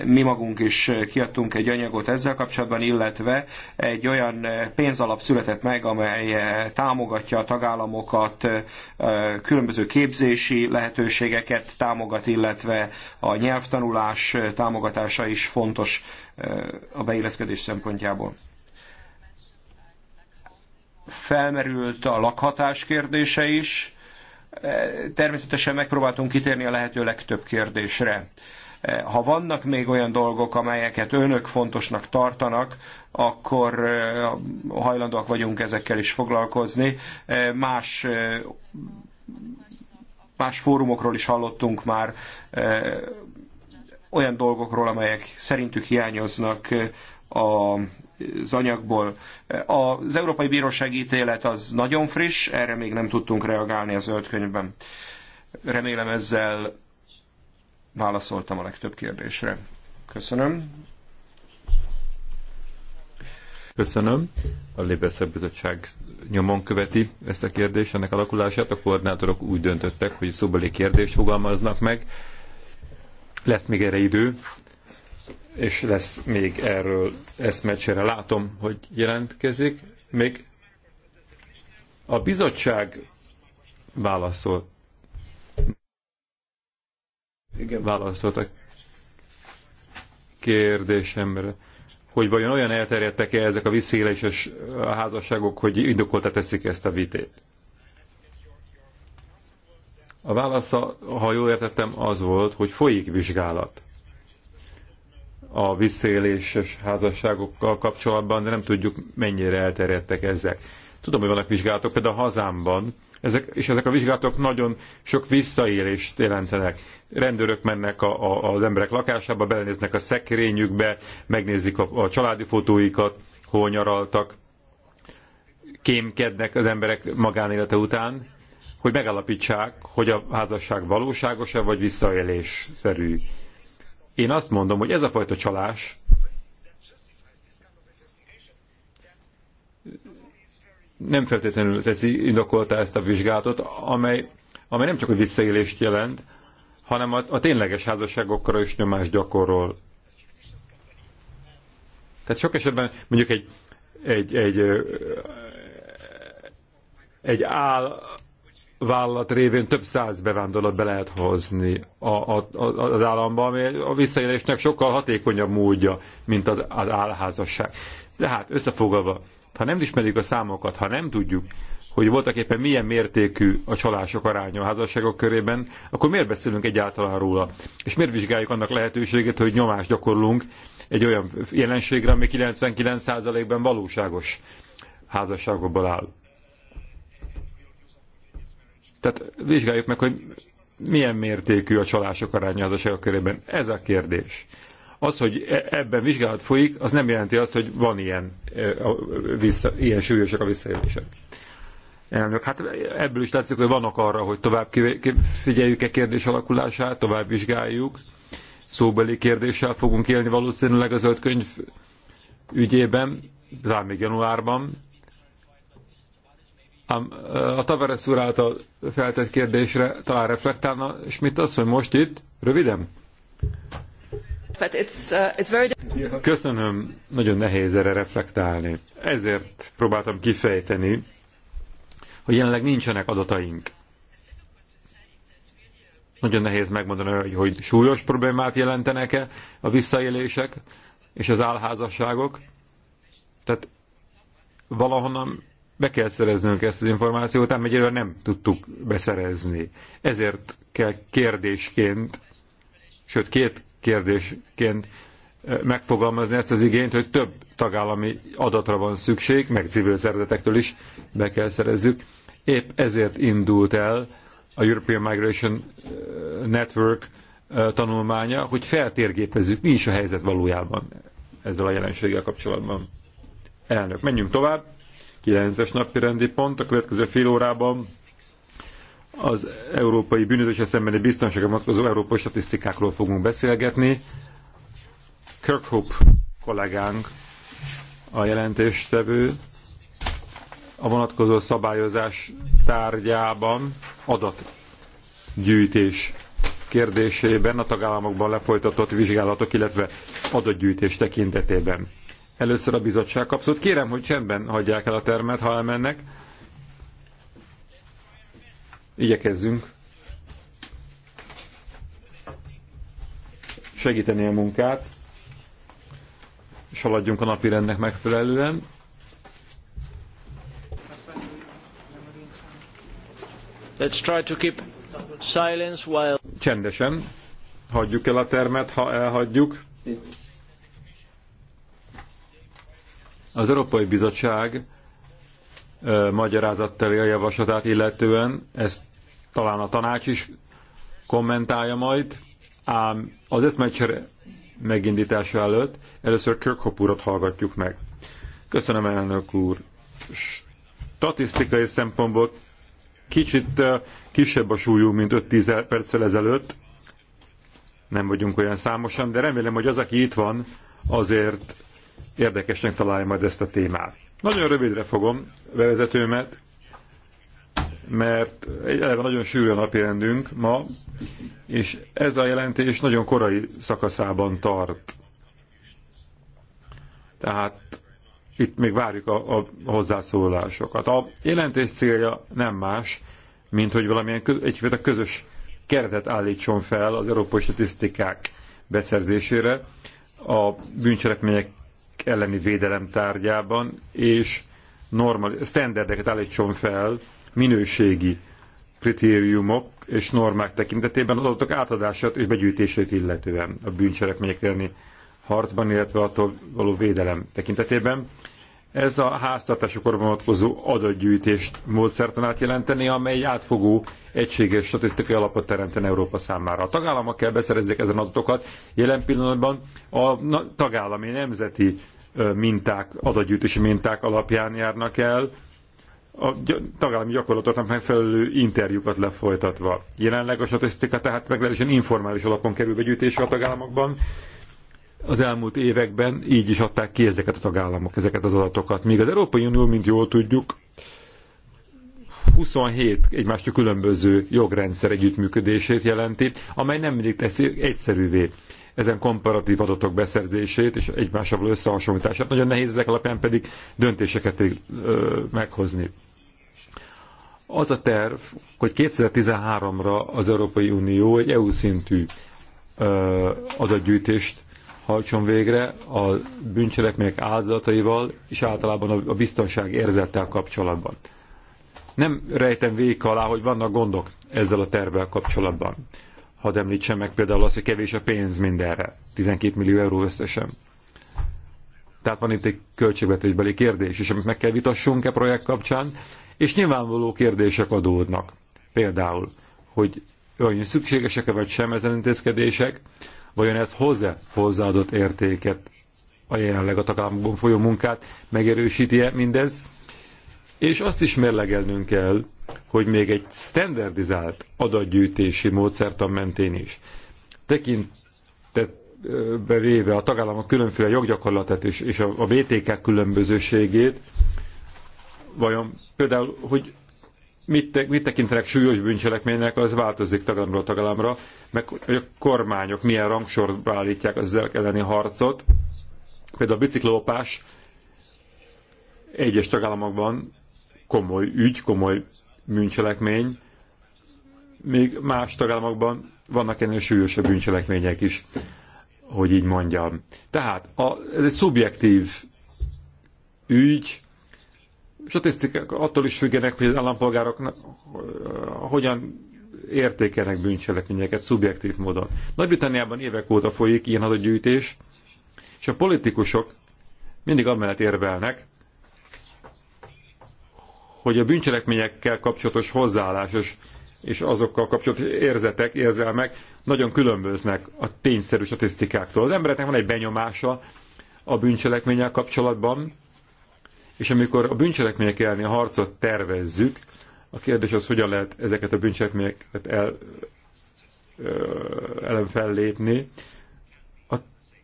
mi magunk is kiadtunk egy anyagot ezzel kapcsolatban, illetve egy olyan pénzalap született meg, amely támogatja a tagállamokat különböző képzési lehetőségeket támogat, illetve a nyelvtanulás támogatása is fontos eh, a beilleszkedés szempontjából. Felmerült a lakhatás kérdése is. Eh, természetesen megpróbáltunk kitérni a lehető legtöbb kérdésre. Eh, ha vannak még olyan dolgok, amelyeket önök fontosnak tartanak, akkor hajlandóak vagyunk ezekkel is foglalkozni. Más más fórumokról is hallottunk már eh, olyan dolgokról, amelyek szerintük hiányoznak eh, a az anyagból. Eh, az Európai Bíróság ítélet az nagyon friss, erre még nem tudtunk reagálni a zöld könyvben. Remélem ezzel válaszoltam a legtöbb kérdésre. Köszönöm. Köszönöm. A Lébeszek Bizottság nyomon követi ezt a kérdést, ennek alakulását. A koordinátorok úgy döntöttek, hogy szóbeli kérdést fogalmaznak meg. Lesz még erre idő, és lesz még erről eszmecsere. Látom, hogy jelentkezik. Még a bizottság válaszol. Igen. Válaszolt a kérdésemre hogy vajon olyan elterjedtek-e ezek a visszéléses eh, házasságok, hogy indokolta teszik ezt a vitét. A válasza, ha jól értettem, az volt, hogy folyik vizsgálat a visszaéléses házasságokkal kapcsolatban, de nem tudjuk, mennyire elterjedtek ezek. Tudom, hogy vannak vizsgálatok, például a hazámban ezek, és ezek a vizsgálatok nagyon sok visszaélést jelentenek. Rendőrök mennek a, a, az emberek lakásába, belenéznek a szekrényükbe, megnézik a, a családi fotóikat, hol nyaraltak, kémkednek az emberek magánélete után, hogy megállapítsák, hogy a házasság valóságos-e, vagy visszaélésszerű. Én azt mondom, hogy ez a fajta csalás nem feltétlenül teszi indokolta ezt a vizsgálatot, amely, amely nem csak a visszaélést jelent, hanem a, a tényleges házasságokra is nyomást gyakorol. Tehát sok esetben mondjuk egy, egy, egy, egy áll vállalat révén több száz bevándorlat be lehet hozni a, a, a, az államba, ami a visszaélésnek sokkal hatékonyabb módja, mint az, az állházasság. Tehát hát összefoglalva, ha nem ismerjük a számokat, ha nem tudjuk, hogy voltak éppen milyen mértékű a csalások aránya a házasságok körében, akkor miért beszélünk egyáltalán róla? És miért vizsgáljuk annak lehetőségét, hogy nyomást gyakorlunk egy olyan jelenségre, ami 99 ban valóságos házasságokból áll? Tehát vizsgáljuk meg, hogy milyen mértékű a csalások aránya házasságok körében. Ez a kérdés. Az, hogy e- ebben vizsgálat folyik, az nem jelenti azt, hogy van ilyen, e, vissza, ilyen súlyosak a visszaélések. Elnök, hát ebből is látszik, hogy vannak arra, hogy tovább figyeljük-e kérdés alakulását, tovább vizsgáljuk. Szóbeli kérdéssel fogunk élni valószínűleg a zöld könyv ügyében, talán még januárban. A, e, a Tavares úr által feltett kérdésre talán reflektálna mit az, hogy most itt, röviden? Uh, Köszönöm, nagyon nehéz erre reflektálni. Ezért próbáltam kifejteni, hogy jelenleg nincsenek adataink. Nagyon nehéz megmondani, hogy, súlyos problémát jelentenek-e a visszaélések és az álházasságok. Tehát valahonnan be kell szereznünk ezt az információt, ám egyelőre nem tudtuk beszerezni. Ezért kell kérdésként, sőt két kérdésként eh, megfogalmazni ezt az igényt, hogy több tagállami adatra van szükség, meg civil szervezetektől is be kell szerezzük. Épp ezért indult el a European Migration eh, Network eh, tanulmánya, hogy feltérgépezzük, mi is a helyzet valójában ezzel a jelenséggel kapcsolatban. Elnök, menjünk tovább. 9-es napi rendi pont a következő fél órában az európai bűnözése szembeni biztonságra vonatkozó európai statisztikákról fogunk beszélgetni. Kirkhope kollégánk a jelentéstevő a vonatkozó szabályozás tárgyában adatgyűjtés kérdésében a tagállamokban lefolytatott vizsgálatok, illetve adatgyűjtés tekintetében. Először a bizottság kapszott. Kérem, hogy csendben hagyják el a termet, ha elmennek igyekezzünk segíteni a munkát, és haladjunk a napi rendnek megfelelően. Let's try to keep silence while... Csendesen. Hagyjuk el a termet, ha elhagyjuk. Az Európai Bizottság magyarázattal a javaslatát illetően, ezt talán a tanács is kommentálja majd, ám az eszmecsere megindítása előtt először Kirkhope urat hallgatjuk meg. Köszönöm, elnök úr. Statisztikai szempontból kicsit kisebb a súlyú, mint 5-10 perccel ezelőtt. Nem vagyunk olyan számosan, de remélem, hogy az, aki itt van, azért érdekesnek találja majd ezt a témát. Nagyon rövidre fogom bevezetőmet, mert egy eleve nagyon sűrű a napirendünk ma, és ez a jelentés nagyon korai szakaszában tart. Tehát itt még várjuk a, a hozzászólásokat. A jelentés célja nem más, mint hogy valamilyen egyfajta közös keretet állítson fel az európai statisztikák beszerzésére, a bűncselekmények elleni védelem tárgyában, és normal, standardeket állítson fel, minőségi kritériumok és normák tekintetében az adatok átadását és begyűjtését illetően a bűncselekmények elleni harcban, illetve attól való védelem tekintetében. Ez a háztartásokra vonatkozó adatgyűjtést módszertanát jelenteni, amely egy átfogó, egységes statisztikai alapot teremten Európa számára. A tagállamok kell beszerezzék ezen adatokat. Jelen pillanatban a tagállami nemzeti minták, adatgyűjtési minták alapján járnak el, a tagállami gyakorlatoknak megfelelő interjúkat lefolytatva. Jelenleg a statisztika tehát meglehetősen informális alapon kerül begyűjtésre a tagállamokban, az elmúlt években így is adták ki ezeket a tagállamok, ezeket az adatokat. Míg az Európai Unió, mint jól tudjuk, 27 egymástól különböző jogrendszer együttműködését jelenti, amely nem mindig teszi egyszerűvé ezen komparatív adatok beszerzését és egymással összehasonlítását. Nagyon nehéz ezek alapján pedig döntéseket ö, meghozni. Az a terv, hogy 2013-ra az Európai Unió egy EU szintű ö, adatgyűjtést hajtson végre a bűncselekmények áldozataival és általában a biztonság érzettel kapcsolatban. Nem rejtem végig alá, hogy vannak gondok ezzel a tervvel kapcsolatban. Hadd említsem meg például azt, hogy kevés a pénz mindenre, 12 millió euró összesen. Tehát van itt egy költségvetésbeli kérdés és amit meg kell vitassunk e projekt kapcsán, és nyilvánvaló kérdések adódnak. Például, hogy olyan szükségesek-e vagy sem ezen intézkedések, Vajon ez hozzá hozzáadott értéket a jelenleg a tagállamokban folyó munkát megerősíti-e mindez? És azt is mérlegelnünk kell, hogy még egy standardizált adatgyűjtési módszertan mentén is tekintetbe véve a tagállamok különféle joggyakorlatát és, és a, a VTK különbözőségét, vajon például, hogy mit, te, mit tekintenek súlyos bűncselekménynek, az változik tagállamról tagállamra, meg hogy a kormányok milyen rangsorba állítják az elleni harcot. Például a biciklópás egyes tagállamokban komoly ügy, komoly bűncselekmény, még más tagállamokban vannak ennél súlyosabb bűncselekmények is, hogy így mondjam. Tehát a, ez egy szubjektív ügy, statisztikák attól is függenek, hogy az állampolgárok eh, hogyan értékelnek bűncselekményeket szubjektív módon. Nagy-Britanniában évek óta folyik ilyen adatgyűjtés, és a politikusok mindig amellett érvelnek, hogy a bűncselekményekkel kapcsolatos hozzáállásos és azokkal kapcsolatos érzetek, érzelmek nagyon különböznek a tényszerű statisztikáktól. Az embereknek van egy benyomása a bűncselekménnyel kapcsolatban, és amikor a bűncselekmények elleni a harcot tervezzük, a kérdés az, hogyan lehet ezeket a bűncselekményeket el, ellen fellépni,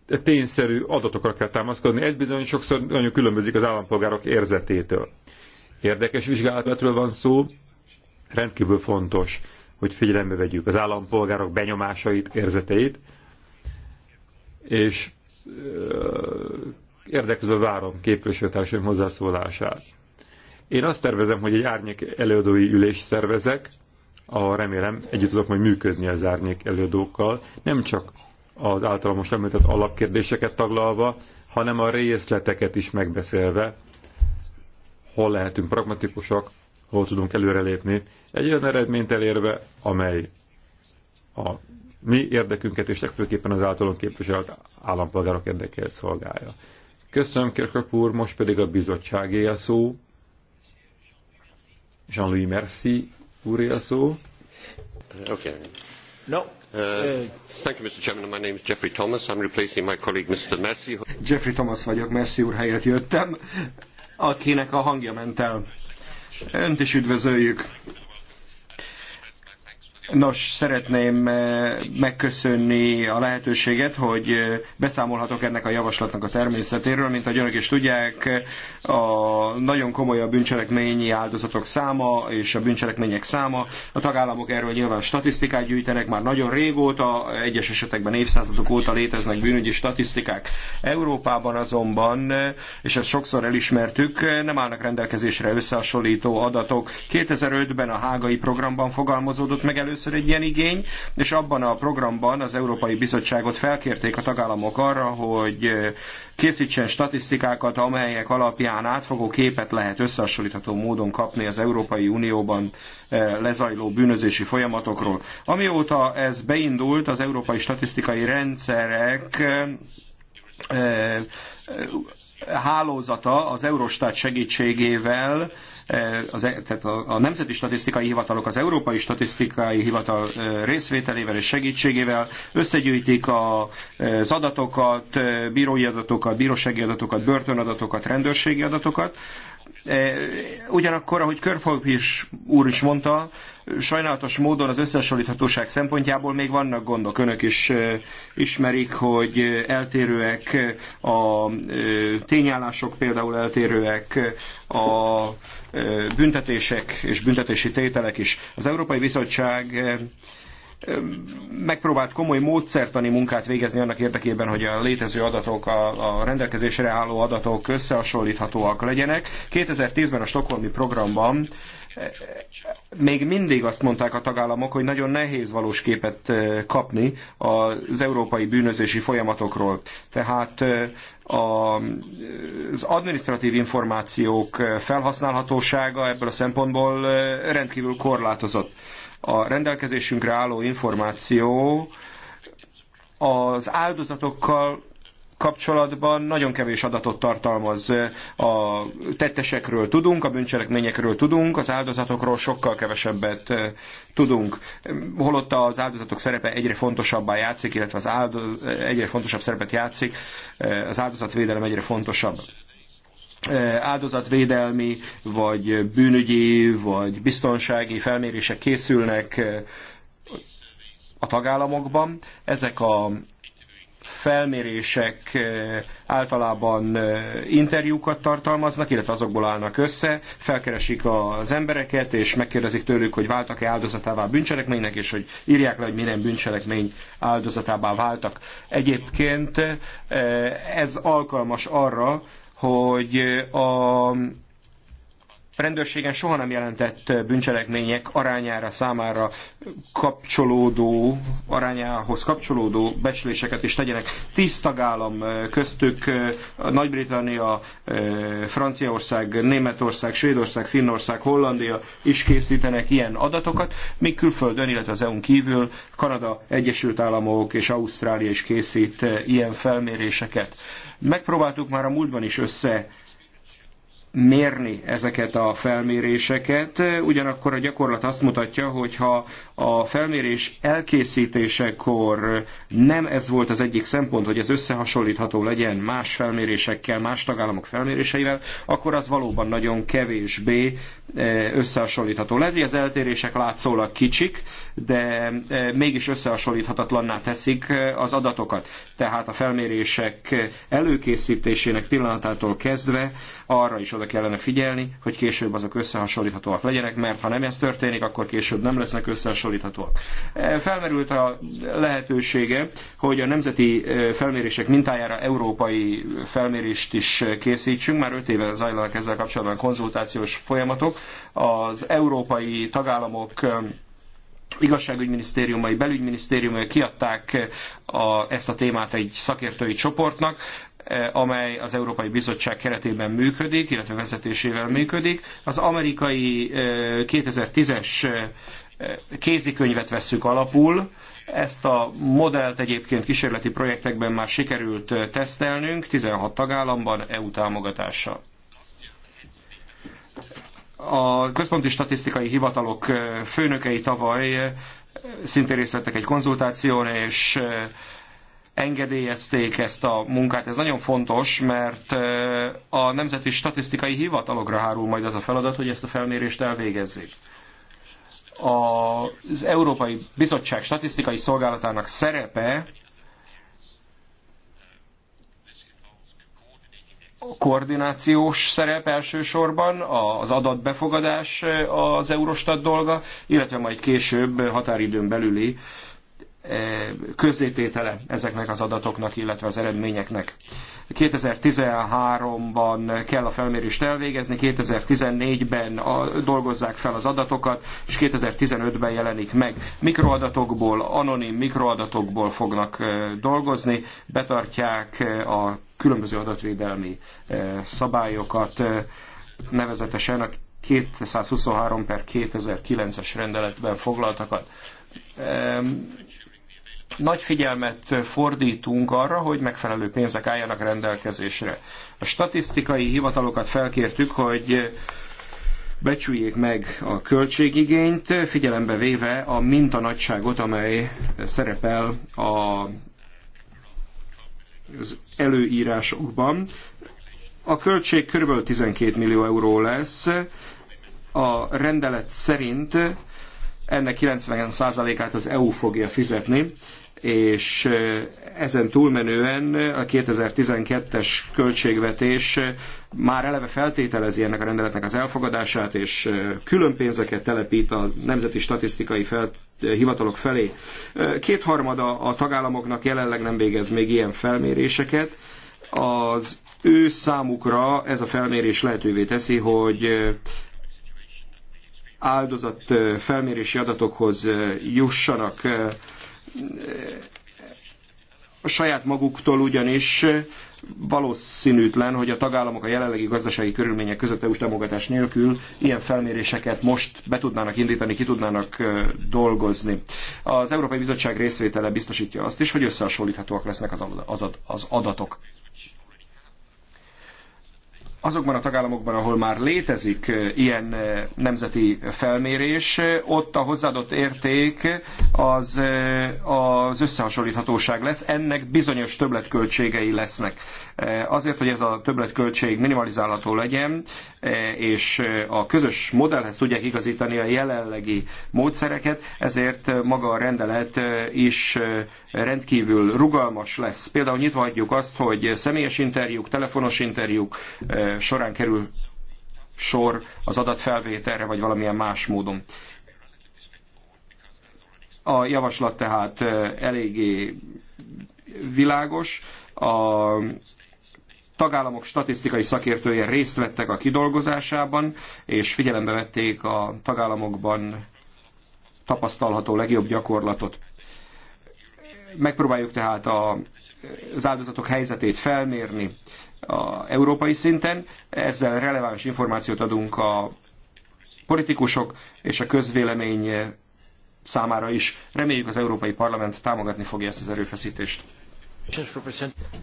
a tényszerű adatokra kell támaszkodni. Ez bizony sokszor nagyon különbözik az állampolgárok érzetétől. Érdekes vizsgálatról van szó, rendkívül fontos, hogy figyelembe vegyük az állampolgárok benyomásait, érzeteit, és érdeklődve várom képviselőtársaim hozzászólását. Én azt tervezem, hogy egy árnyék előadói ülés szervezek, a remélem együtt tudok majd működni az árnyék előadókkal, nem csak az általam most említett alapkérdéseket taglalva, hanem a részleteket is megbeszélve, hol lehetünk pragmatikusak, hol tudunk előrelépni, egy olyan eredményt elérve, amely a mi érdekünket és legfőképpen az általunk képviselt állampolgárok érdekét szolgálja. Köszönöm, Kirkök úr, most pedig a bizottságé a szó. Jean-Louis Merci úré a szó. Okay. No. Uh, thank you, Mr. Chairman. My name is Jeffrey Thomas. I'm replacing my colleague, Mr. Merci. Jeffrey Thomas vagyok, Merci úr helyett jöttem, akinek a hangja ment el. Önt is üdvözöljük. Nos, szeretném eh, megköszönni a lehetőséget, hogy eh, beszámolhatok ennek a javaslatnak a természetéről. Mint ahogy önök is tudják, a nagyon komoly a bűncselekményi áldozatok száma és a bűncselekmények száma. A tagállamok erről nyilván statisztikát gyűjtenek már nagyon régóta, egyes esetekben évszázadok óta léteznek bűnügyi statisztikák. Európában azonban, eh, és ezt sokszor elismertük, nem állnak rendelkezésre összehasonlító adatok. 2005-ben a hágai programban fogalmazódott meg először, először egy ilyen igény, és abban a programban az Európai Bizottságot felkérték a tagállamok arra, hogy készítsen statisztikákat, amelyek alapján átfogó képet lehet összehasonlítható módon kapni az Európai Unióban lezajló bűnözési folyamatokról. Amióta ez beindult, az európai statisztikai rendszerek hálózata az Eurostat segítségével, eh, az, e- tehát a, a Nemzeti Statisztikai Hivatalok az Európai Statisztikai Hivatal eh, részvételével és segítségével összegyűjtik a, eh, az adatokat, bírói adatokat, bírósági adatokat, börtönadatokat, rendőrségi adatokat, E, ugyanakkor, ahogy Körphop is úr is mondta, sajnálatos módon az összehasonlíthatóság szempontjából még vannak gondok. Önök is e, ismerik, hogy eltérőek a e, tényállások, például eltérőek a büntetések és büntetési tételek is. Az Európai Bizottság megpróbált komoly módszertani munkát végezni annak érdekében, hogy a létező adatok, a, a rendelkezésre álló adatok összehasonlíthatóak legyenek. 2010-ben a Stockholmi programban e, még mindig azt mondták a tagállamok, hogy nagyon nehéz valós képet e, kapni az európai bűnözési folyamatokról. Tehát e, az administratív információk felhasználhatósága ebből a szempontból rendkívül korlátozott. A rendelkezésünkre álló információ az áldozatokkal kapcsolatban nagyon kevés adatot tartalmaz. A tettesekről tudunk, a bűncselekményekről tudunk, az áldozatokról sokkal kevesebbet eh, tudunk. Holott az áldozatok szerepe egyre fontosabbá játszik, illetve az áldoz, eh, egyre fontosabb szerepet játszik, eh, az áldozatvédelem egyre fontosabb áldozatvédelmi, vagy bűnügyi, vagy biztonsági felmérések készülnek a tagállamokban. Ezek a felmérések általában interjúkat tartalmaznak, illetve azokból állnak össze, felkeresik az embereket, és megkérdezik tőlük, hogy váltak-e áldozatává bűncselekménynek, és hogy írják le, hogy minden bűncselekmény áldozatává váltak. Egyébként ez alkalmas arra, hogy a rendőrségen soha nem jelentett bűncselekmények arányára, számára kapcsolódó, arányához kapcsolódó becsléseket is tegyenek. Tíz tagállam köztük Nagy-Britannia, Franciaország, Németország, Svédország, Finnország, Hollandia is készítenek ilyen adatokat, míg külföldön, illetve az EU-n kívül Kanada, Egyesült Államok és Ausztrália is készít ilyen felméréseket. Megpróbáltuk már a múltban is össze mérni ezeket a felméréseket, ugyanakkor a gyakorlat azt mutatja, hogy ha a felmérés elkészítésekor nem ez volt az egyik szempont, hogy ez összehasonlítható legyen más felmérésekkel, más tagállamok felméréseivel, akkor az valóban nagyon kevésbé eh, összehasonlítható. Lehet, hogy az eltérések látszólag kicsik, de eh, mégis összehasonlíthatatlanná teszik eh, az adatokat. Tehát a felmérések előkészítésének pillanatától kezdve arra is oda kellene figyelni, hogy később azok összehasonlíthatóak legyenek, mert ha nem ez történik, akkor később nem lesznek összehasonlíthatóak összehasonlíthatóak. E, felmerült a lehetősége, hogy a nemzeti e, felmérések mintájára európai felmérést is készítsünk. Már öt éve zajlanak ezzel kapcsolatban konzultációs folyamatok. Az európai tagállamok e, igazságügyminisztériumai, belügyminisztériumai kiadták a, ezt a témát egy szakértői csoportnak, amely az Európai Bizottság keretében működik, illetve vezetésével működik. Az amerikai 2010-es kézikönyvet vesszük alapul. Ezt a modellt egyébként kísérleti projektekben már sikerült tesztelnünk 16 tagállamban EU támogatással. A központi statisztikai hivatalok főnökei tavaly szintén részt vettek egy konzultáción, és engedélyezték ezt a munkát. Ez nagyon fontos, mert a Nemzeti Statisztikai Hivatalokra hárul majd az a feladat, hogy ezt a felmérést elvégezzék az Európai Bizottság statisztikai szolgálatának szerepe koordinációs szerep elsősorban, az adatbefogadás az Eurostat dolga, illetve majd később határidőn belüli közzététele ezeknek az adatoknak, illetve az eredményeknek. 2013-ban kell a felmérést elvégezni, 2014-ben dolgozzák fel az adatokat, és 2015-ben jelenik meg. Mikroadatokból, anonim mikroadatokból fognak dolgozni, betartják a különböző adatvédelmi szabályokat, nevezetesen a 223 per 2009-es rendeletben foglaltakat nagy figyelmet fordítunk arra, hogy megfelelő pénzek álljanak rendelkezésre. A statisztikai hivatalokat felkértük, hogy becsüljék meg a költségigényt, figyelembe véve a mintanagyságot, amely szerepel a, az előírásokban. A költség kb. 12 millió euró lesz. A rendelet szerint ennek 90%-át az EU fogja fizetni, és ezen túlmenően a 2012-es költségvetés már eleve feltételezi ennek a rendeletnek az elfogadását, és külön pénzeket telepít a nemzeti statisztikai fel, hivatalok felé. Kétharmada a tagállamoknak jelenleg nem végez még ilyen felméréseket. Az ő számukra ez a felmérés lehetővé teszi, hogy áldozat felmérési adatokhoz jussanak a saját maguktól ugyanis valószínűtlen, hogy a tagállamok a jelenlegi gazdasági körülmények között EU-s támogatás nélkül ilyen felméréseket most be tudnának indítani, ki tudnának dolgozni. Az Európai Bizottság részvétele biztosítja azt is, hogy összehasonlíthatóak lesznek az, az, az adatok azokban a tagállamokban, ahol már létezik ilyen nemzeti felmérés, ott a hozzáadott érték az, az összehasonlíthatóság lesz, ennek bizonyos többletköltségei lesznek. Azért, hogy ez a többletköltség minimalizálható legyen, és a közös modellhez tudják igazítani a jelenlegi módszereket, ezért maga a rendelet is rendkívül rugalmas lesz. Például nyitva hagyjuk azt, hogy személyes interjúk, telefonos interjúk eh, során kerül sor az adatfelvételre, vagy valamilyen más módon. A javaslat tehát eh, eléggé világos. A tagállamok statisztikai szakértője részt vettek a kidolgozásában, és figyelembe vették a tagállamokban tapasztalható legjobb gyakorlatot. Megpróbáljuk tehát a, az áldozatok helyzetét felmérni a európai szinten, ezzel releváns információt adunk a politikusok és a közvélemény számára is. Reméljük az Európai Parlament támogatni fogja ezt az erőfeszítést.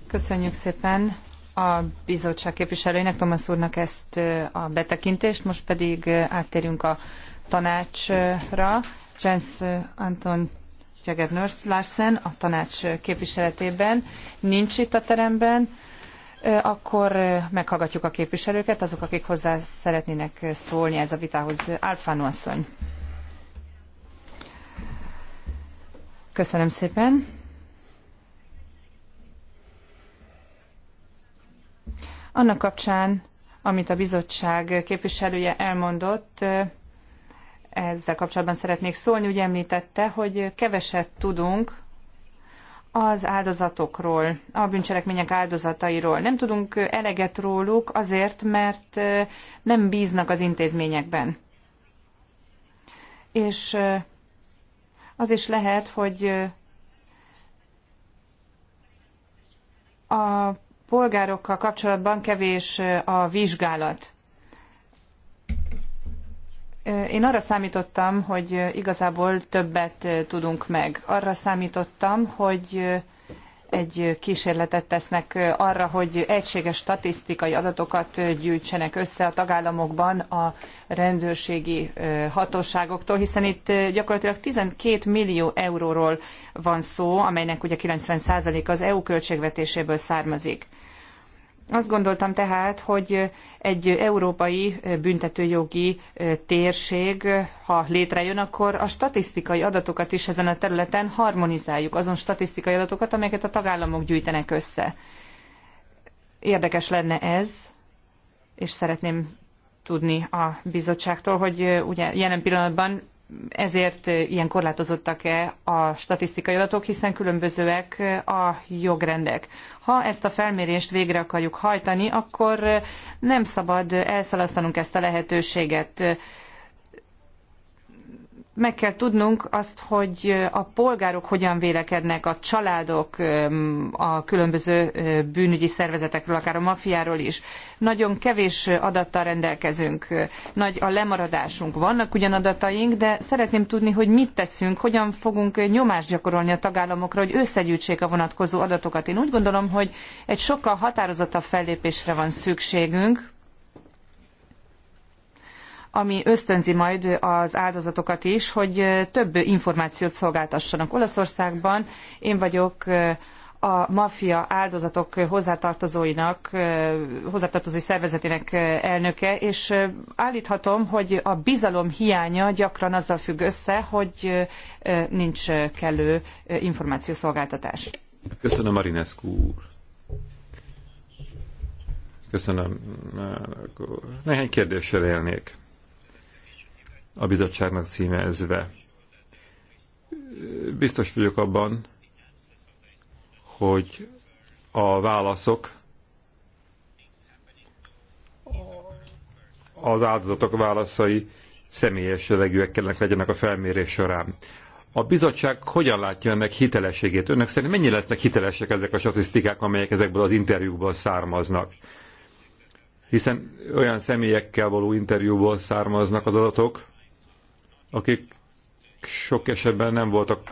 Köszönjük szépen a bizottság képviselőinek, Thomas úrnak ezt a betekintést, most pedig áttérünk a tanácsra. Jens Anton Jagger Larsen a tanács képviseletében nincs itt a teremben, akkor meghallgatjuk a képviselőket, azok, akik hozzá szeretnének szólni ez a vitához. Alfánó asszony. Köszönöm szépen. Annak kapcsán, amit a bizottság képviselője elmondott, ezzel kapcsolatban szeretnék szólni. Úgy említette, hogy keveset tudunk az áldozatokról, a bűncselekmények áldozatairól. Nem tudunk eleget róluk azért, mert nem bíznak az intézményekben. És az is lehet, hogy a polgárokkal kapcsolatban kevés a vizsgálat. Én arra számítottam, hogy igazából többet tudunk meg. Arra számítottam, hogy egy kísérletet tesznek arra, hogy egységes statisztikai adatokat gyűjtsenek össze a tagállamokban a rendőrségi hatóságoktól, hiszen itt gyakorlatilag 12 millió euróról van szó, amelynek ugye 90% az EU költségvetéséből származik. Azt gondoltam tehát, hogy egy európai büntetőjogi térség, ha létrejön, akkor a statisztikai adatokat is ezen a területen harmonizáljuk, azon statisztikai adatokat, amelyeket a tagállamok gyűjtenek össze. Érdekes lenne ez, és szeretném tudni a bizottságtól, hogy ugye jelen pillanatban ezért ilyen korlátozottak-e a statisztikai adatok, hiszen különbözőek a jogrendek. Ha ezt a felmérést végre akarjuk hajtani, akkor nem szabad elszalasztanunk ezt a lehetőséget meg kell tudnunk azt, hogy a polgárok hogyan vélekednek, a családok, a különböző bűnügyi szervezetekről, akár a mafiáról is. Nagyon kevés adattal rendelkezünk, nagy a lemaradásunk. Vannak ugyan adataink, de szeretném tudni, hogy mit teszünk, hogyan fogunk nyomást gyakorolni a tagállamokra, hogy összegyűjtsék a vonatkozó adatokat. Én úgy gondolom, hogy egy sokkal határozottabb fellépésre van szükségünk, ami ösztönzi majd az áldozatokat is, hogy több információt szolgáltassanak. Olaszországban én vagyok a maffia áldozatok hozzátartozóinak, hozzátartozói szervezetének elnöke, és állíthatom, hogy a bizalom hiánya gyakran azzal függ össze, hogy nincs kellő információszolgáltatás. Köszönöm, Marinescu úr. Köszönöm. Néhány kérdéssel élnék a bizottságnak címezve. Biztos vagyok abban, hogy a válaszok, az áldozatok válaszai személyes jellegűek kellene legyenek a felmérés során. A bizottság hogyan látja ennek hitelességét? Önök szerint mennyi lesznek hitelesek ezek a statisztikák, amelyek ezekből az interjúkból származnak? Hiszen olyan személyekkel való interjúból származnak az adatok, akik sok esetben nem voltak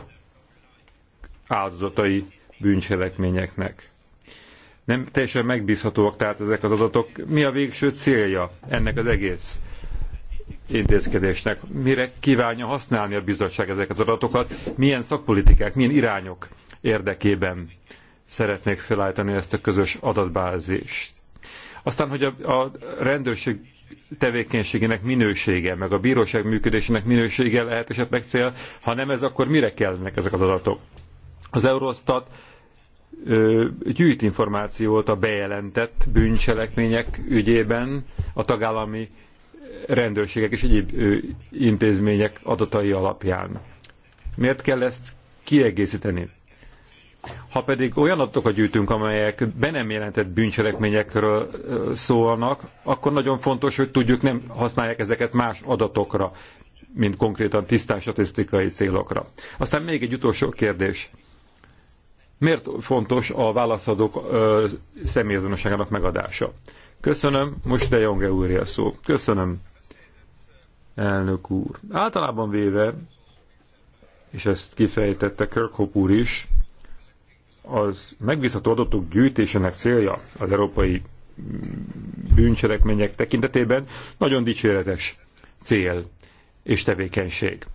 áldozatai bűncselekményeknek. Nem teljesen megbízhatóak tehát ezek az adatok. Mi a végső célja ennek az egész intézkedésnek? Mire kívánja használni a bizottság ezeket az adatokat? Milyen szakpolitikák, milyen irányok érdekében szeretnék felállítani ezt a közös adatbázist? Aztán, hogy a, a rendőrség tevékenységének minősége, meg a bíróság működésének minősége lehet esetleg cél, ha nem ez, akkor mire kellnek ezek az adatok? Az Eurostat ö, gyűjt információt a bejelentett bűncselekmények ügyében a tagállami rendőrségek és egyéb ö, intézmények adatai alapján. Miért kell ezt kiegészíteni? Ha pedig olyan adatokat gyűjtünk, amelyek be nem jelentett bűncselekményekről szólnak, akkor nagyon fontos, hogy tudjuk, nem használják ezeket más adatokra, mint konkrétan tisztán statisztikai célokra. Aztán még egy utolsó kérdés. Miért fontos a válaszadók személyazonosságának megadása? Köszönöm, most de Jonge úr a szó. Köszönöm, elnök úr. Általában véve, és ezt kifejtette Kirkhope úr is, az megbízható adatok gyűjtésének célja az európai bűncselekmények tekintetében nagyon dicséretes cél és tevékenység.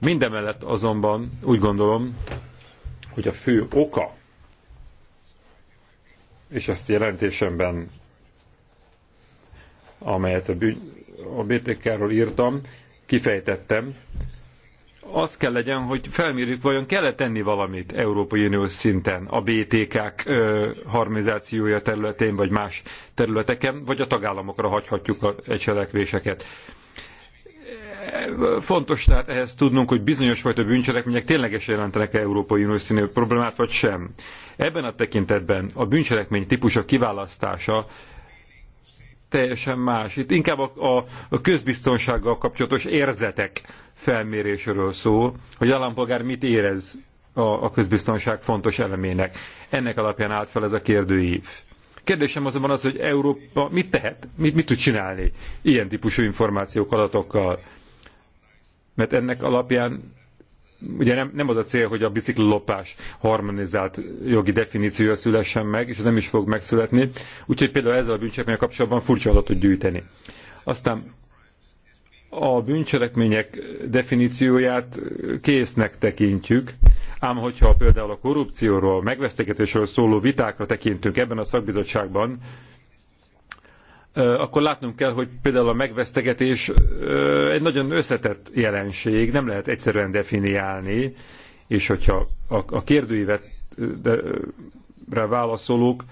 Mindemellett azonban úgy gondolom, hogy a fő oka, és ezt jelentésemben, amelyet a, bűn, a BTK-ról írtam, kifejtettem, az kell legyen, hogy felmérjük, vajon kell-e tenni valamit Európai Unió szinten a BTK-k harmonizációja területén, vagy más területeken, vagy a tagállamokra hagyhatjuk a cselekvéseket. Fontos tehát ehhez tudnunk, hogy bizonyos fajta bűncselekmények ténylegesen jelentenek -e Európai Unió színű problémát, vagy sem. Ebben a tekintetben a bűncselekmény típusa kiválasztása teljesen más. Itt inkább a, a, a közbiztonsággal kapcsolatos érzetek felmérésről szól, hogy állampolgár mit érez a, a közbiztonság fontos elemének. Ennek alapján állt fel ez a kérdőív. Kérdésem azonban az, hogy Európa mit tehet, mit, mit tud csinálni ilyen típusú információk, adatokkal? Mert ennek alapján ugye nem, nem az a cél, hogy a biciklilopás harmonizált jogi definíciója szülessen meg, és nem is fog megszületni. Úgyhogy például ezzel a bűncselekménnyel kapcsolatban furcsa adatot gyűjteni. Aztán a bűncselekmények definícióját késznek tekintjük, ám hogyha például a korrupcióról, megvesztegetésről szóló vitákra tekintünk ebben a szakbizottságban, akkor látnunk kell, hogy például a megvesztegetés egy nagyon összetett jelenség, nem lehet egyszerűen definiálni, és hogyha a kérdőívetre válaszolók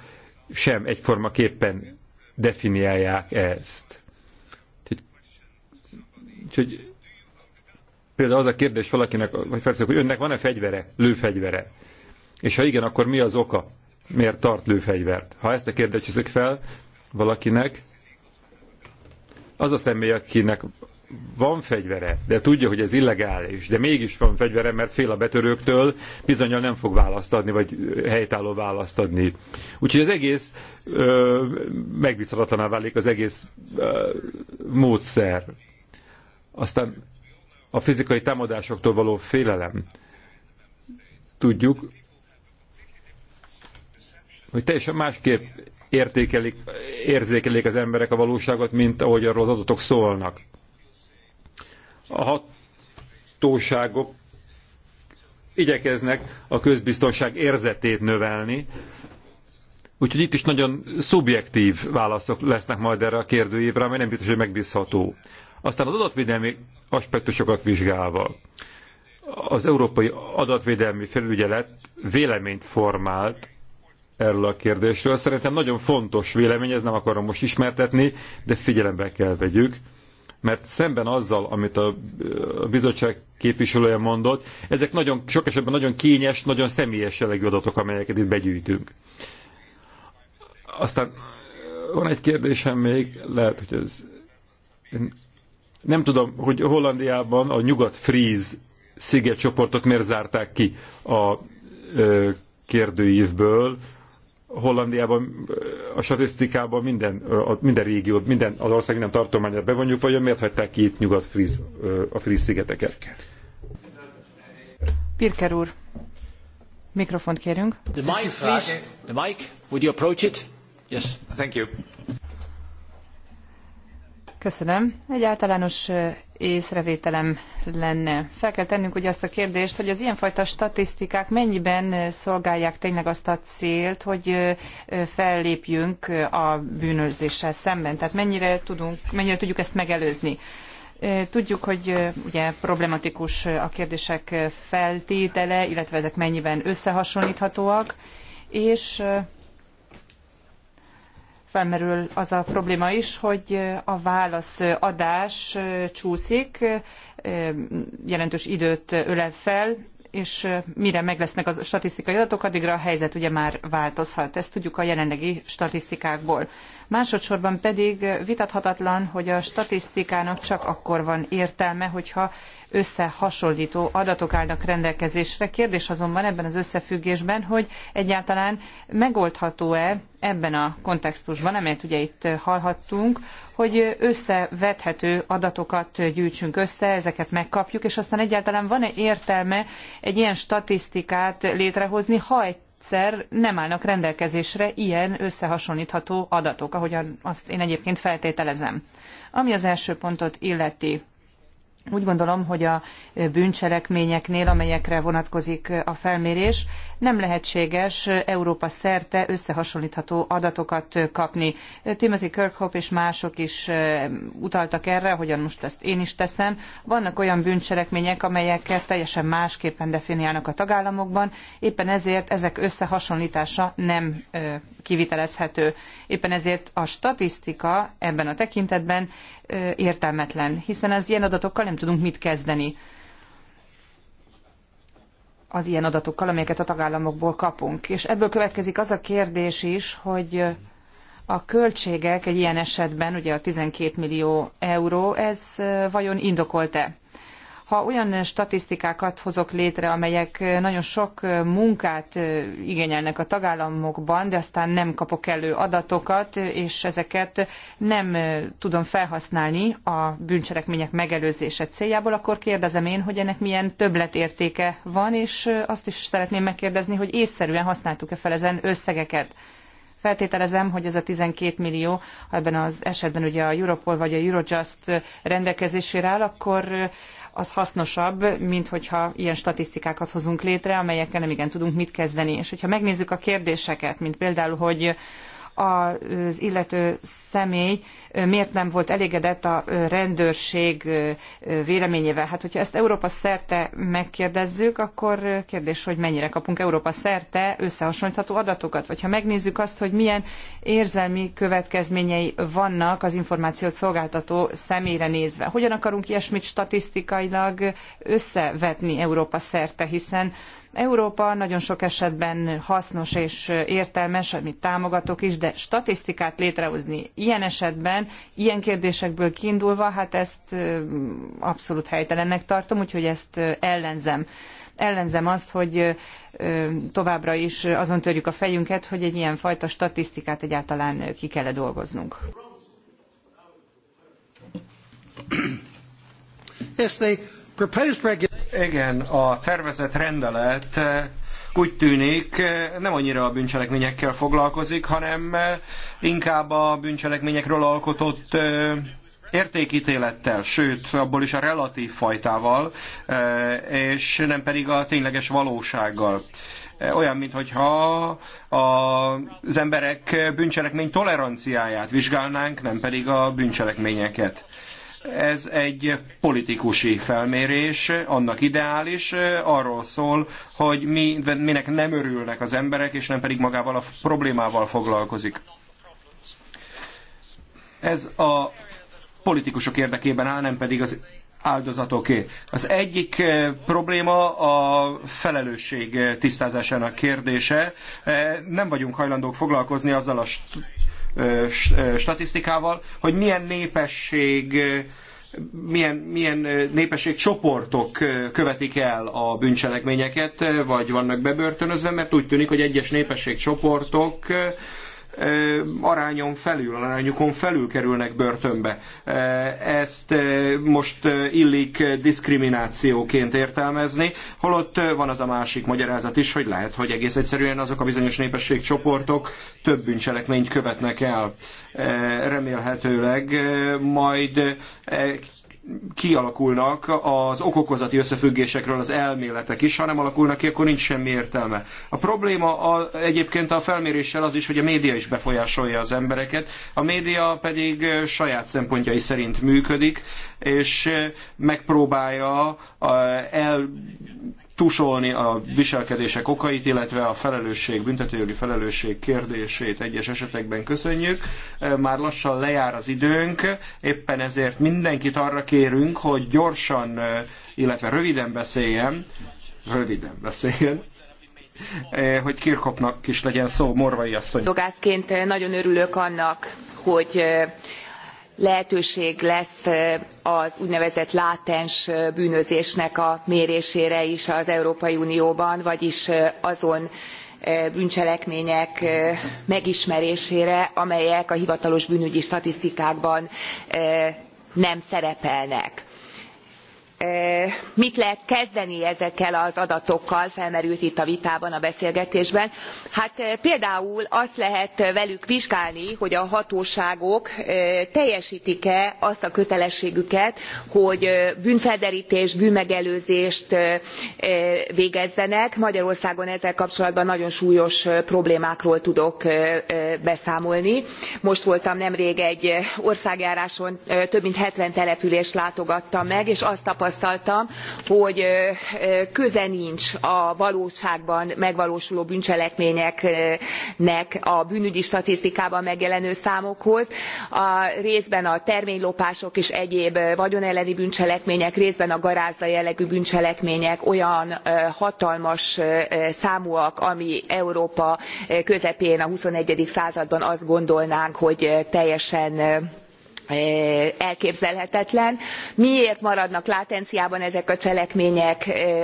sem egyforma képpen definiálják ezt. Úgyhogy például az a kérdés valakinek, vagy felszik, hogy önnek van-e fegyvere, lőfegyvere? És ha igen, akkor mi az oka? Miért tart lőfegyvert? Ha ezt a kérdést hiszik fel valakinek, az a személy, akinek van fegyvere, de tudja, hogy ez illegális, de mégis van fegyvere, mert fél a betörőktől, bizonyal nem fog választ adni, vagy helytálló választ adni. Úgyhogy az egész megbízhatatlaná válik az egész ö, módszer. Aztán a fizikai támadásoktól való félelem. Tudjuk, hogy teljesen másképp értékelik, érzékelik az emberek a valóságot, mint ahogy arról az adatok szólnak. A hatóságok igyekeznek a közbiztonság érzetét növelni, úgyhogy itt is nagyon szubjektív válaszok lesznek majd erre a kérdőívre, ami nem biztos, hogy megbízható. Aztán az adatvédelmi aspektusokat vizsgálva, az Európai Adatvédelmi Felügyelet véleményt formált erről a kérdésről. Szerintem nagyon fontos vélemény, ez nem akarom most ismertetni, de figyelembe kell vegyük, mert szemben azzal, amit a bizottság képviselője mondott, ezek nagyon, sok esetben nagyon kényes, nagyon személyes jellegű adatok, amelyeket itt begyűjtünk. Aztán van egy kérdésem még, lehet, hogy ez nem tudom, hogy Hollandiában a nyugat-fríz szigetcsoportot miért zárták ki a ö, kérdőívből. Hollandiában a statisztikában minden, a, minden régió, minden, az ország minden tartományra bevonjuk, vagy miért hagyták ki itt nyugat fríz, a fríz szigeteket? Pirker úr, mikrofont kérünk. The mic, please. The mic, would you approach it? Yes, thank you. Köszönöm. Egy általános észrevételem lenne. Fel kell tennünk ugye azt a kérdést, hogy az ilyenfajta statisztikák mennyiben szolgálják tényleg azt a célt, hogy fellépjünk a bűnözéssel szemben. Tehát mennyire, tudunk, mennyire tudjuk ezt megelőzni. Tudjuk, hogy ugye problematikus a kérdések feltétele, illetve ezek mennyiben összehasonlíthatóak, és felmerül az a probléma is, hogy a válaszadás csúszik, jelentős időt ölel fel, és mire meglesznek a statisztikai adatok, addigra a helyzet ugye már változhat. Ezt tudjuk a jelenlegi statisztikákból. Másodszorban pedig vitathatatlan, hogy a statisztikának csak akkor van értelme, hogyha összehasonlító adatok állnak rendelkezésre. Kérdés azonban ebben az összefüggésben, hogy egyáltalán megoldható-e ebben a kontextusban, amelyet ugye itt hallhatszunk, hogy összevethető adatokat gyűjtsünk össze, ezeket megkapjuk, és aztán egyáltalán van-e értelme egy ilyen statisztikát létrehozni, ha egy egyszer nem állnak rendelkezésre ilyen összehasonlítható adatok, ahogyan azt én egyébként feltételezem. Ami az első pontot illeti, úgy gondolom, hogy a bűncselekményeknél, amelyekre vonatkozik a felmérés, nem lehetséges Európa szerte összehasonlítható adatokat kapni. Timothy Kirkhope és mások is eh, utaltak erre, hogyan most ezt én is teszem. Vannak olyan bűncselekmények, amelyeket teljesen másképpen definiálnak a tagállamokban, éppen ezért ezek összehasonlítása nem eh, kivitelezhető. Éppen ezért a statisztika ebben a tekintetben értelmetlen, hiszen az ilyen adatokkal nem tudunk mit kezdeni. Az ilyen adatokkal, amelyeket a tagállamokból kapunk. És ebből következik az a kérdés is, hogy a költségek egy ilyen esetben, ugye a 12 millió euró, ez vajon indokolt-e? Ha olyan statisztikákat hozok létre, amelyek nagyon sok munkát igényelnek a tagállamokban, de aztán nem kapok elő adatokat, és ezeket nem tudom felhasználni a bűncselekmények megelőzése céljából, akkor kérdezem én, hogy ennek milyen többletértéke van, és azt is szeretném megkérdezni, hogy észszerűen használtuk-e fel ezen összegeket. Feltételezem, hogy ez a 12 millió, ha ebben az esetben ugye a Europol vagy a Eurojust rendelkezésére áll, akkor eh, az hasznosabb, mint hogyha ilyen statisztikákat hozunk létre, amelyekkel nem igen tudunk mit kezdeni. És hogyha megnézzük a kérdéseket, mint például, hogy az illető személy miért nem volt elégedett a rendőrség véleményével. Hát, hogyha ezt Európa szerte megkérdezzük, akkor kérdés, hogy mennyire kapunk Európa szerte összehasonlítható adatokat, vagy ha megnézzük azt, hogy milyen érzelmi következményei vannak az információt szolgáltató személyre nézve. Hogyan akarunk ilyesmit statisztikailag összevetni Európa szerte, hiszen Európa nagyon sok esetben hasznos és értelmes, amit támogatok is, de statisztikát létrehozni ilyen esetben, ilyen kérdésekből kiindulva, hát ezt abszolút helytelennek tartom, úgyhogy ezt ellenzem. Ellenzem azt, hogy továbbra is azon törjük a fejünket, hogy egy ilyen fajta statisztikát egyáltalán ki kell -e dolgoznunk. Yes, the proposed regulation igen, a tervezett rendelet eh, úgy tűnik eh, nem annyira a bűncselekményekkel foglalkozik, hanem eh, inkább a bűncselekményekről alkotott értékítélettel, sőt, abból is a relatív fajtával, és nem pedig a tényleges valósággal. Olyan, mintha az emberek bűncselekmény toleranciáját vizsgálnánk, nem pedig a bűncselekményeket. Ez egy politikusi felmérés, annak ideális, arról szól, hogy mi, minek nem örülnek az emberek, és nem pedig magával a problémával foglalkozik. Ez a politikusok érdekében áll, nem pedig az áldozatoké. Az egyik eh, probléma a felelősség eh, tisztázásának kérdése. Eh, nem vagyunk hajlandók foglalkozni azzal a statisztikával, hogy milyen népesség milyen, milyen népességcsoportok követik el a bűncselekményeket, vagy vannak bebörtönözve, mert úgy tűnik, hogy egyes népességcsoportok arányon felül, arányukon felül kerülnek börtönbe. Ezt most illik diszkriminációként értelmezni, holott van az a másik magyarázat is, hogy lehet, hogy egész egyszerűen azok a bizonyos népességcsoportok több bűncselekményt követnek el. Remélhetőleg majd kialakulnak az okokozati összefüggésekről az elméletek is, ha nem alakulnak ki, akkor nincs semmi értelme. A probléma a, egyébként a felméréssel az is, hogy a média is befolyásolja az embereket, a média pedig saját szempontjai szerint működik, és megpróbálja el tusolni a viselkedések okait, illetve a felelősség, büntetőjogi felelősség kérdését egyes esetekben köszönjük. Már lassan lejár az időnk, éppen ezért mindenkit arra kérünk, hogy gyorsan, illetve röviden beszéljen, röviden beszéljen, hogy Kirkopnak is legyen szó, Morvai asszony. Jogászként nagyon örülök annak, hogy lehetőség lesz az úgynevezett látens bűnözésnek a mérésére is az európai unióban vagyis azon bűncselekmények megismerésére amelyek a hivatalos bűnügyi statisztikákban nem szerepelnek mit lehet kezdeni ezekkel az adatokkal felmerült itt a vitában a beszélgetésben hát például azt lehet velük vizsgálni hogy a hatóságok teljestik e azt a kötelességüket hogy bűnfeldertést bűnmegelőzést végezzenek magyarországon ezzel kapcsolatban nagyon súlyos problémákról tudok beszámolni most voltam nemrég egy országjáráson több mint seventy települést látogattam meg és azt tapasztaltam hogy köze nincs a valóságban megvalósuló bűncselekményeknek a bűnügyi statisztikában megjelenő számokhoz a részben a terménylopások és egyéb vagyonelleni bűncselekmények részben a garázda jellegű bűncselekmények olyan hatalmas számúak ami európa közepén a xxi. században azt gondolnánk hogy teljesen elképzelhetetlen. miért maradnak látenciában ezek a cselekmények?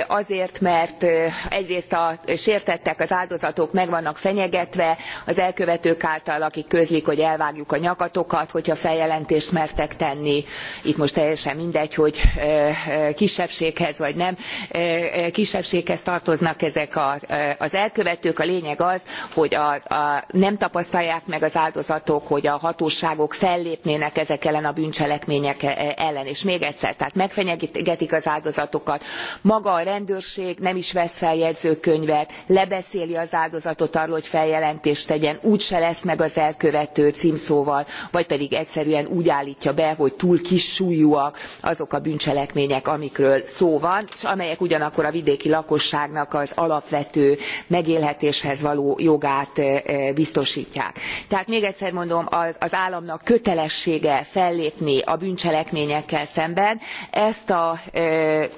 azért mert egyrészt a sértettek az áldozatok meg vannak fenyegetve az elkövetők által akik közlik hogy elvágjuk a nyakatokat hogyha feljelentést mertek tenni itt most teljesen mindegy hogy kisebbséghez vagy nem kisebbséghez tartoznak ezek az elkövetők a lényeg az hogy a, nem tapasztalják meg az áldozatok hogy a hatóságok fellépnének ezek ellen a bűncselekmények e, ellen. és még egyszer tehát megfenyegetik az áldozatokat maga a rendőrség nem is vesz fel jegyzőkönyvet lebeszéli az áldozatot arról hogy feljelentést tegyen úgyse lesz meg az elkövető címszóval vagy pedig egyszerűen úgy álltja be hogy túl kis súlyúak azok a bűncselekmények amikről szó van és amelyek ugyanakkor a vidéki lakosságnak az alapvető megélhetéshez való jogát e, e, biztostják. tehát még egyszer mondom az, az államnak kötelessége fellépni a bűncselekményekkel szemben ezt a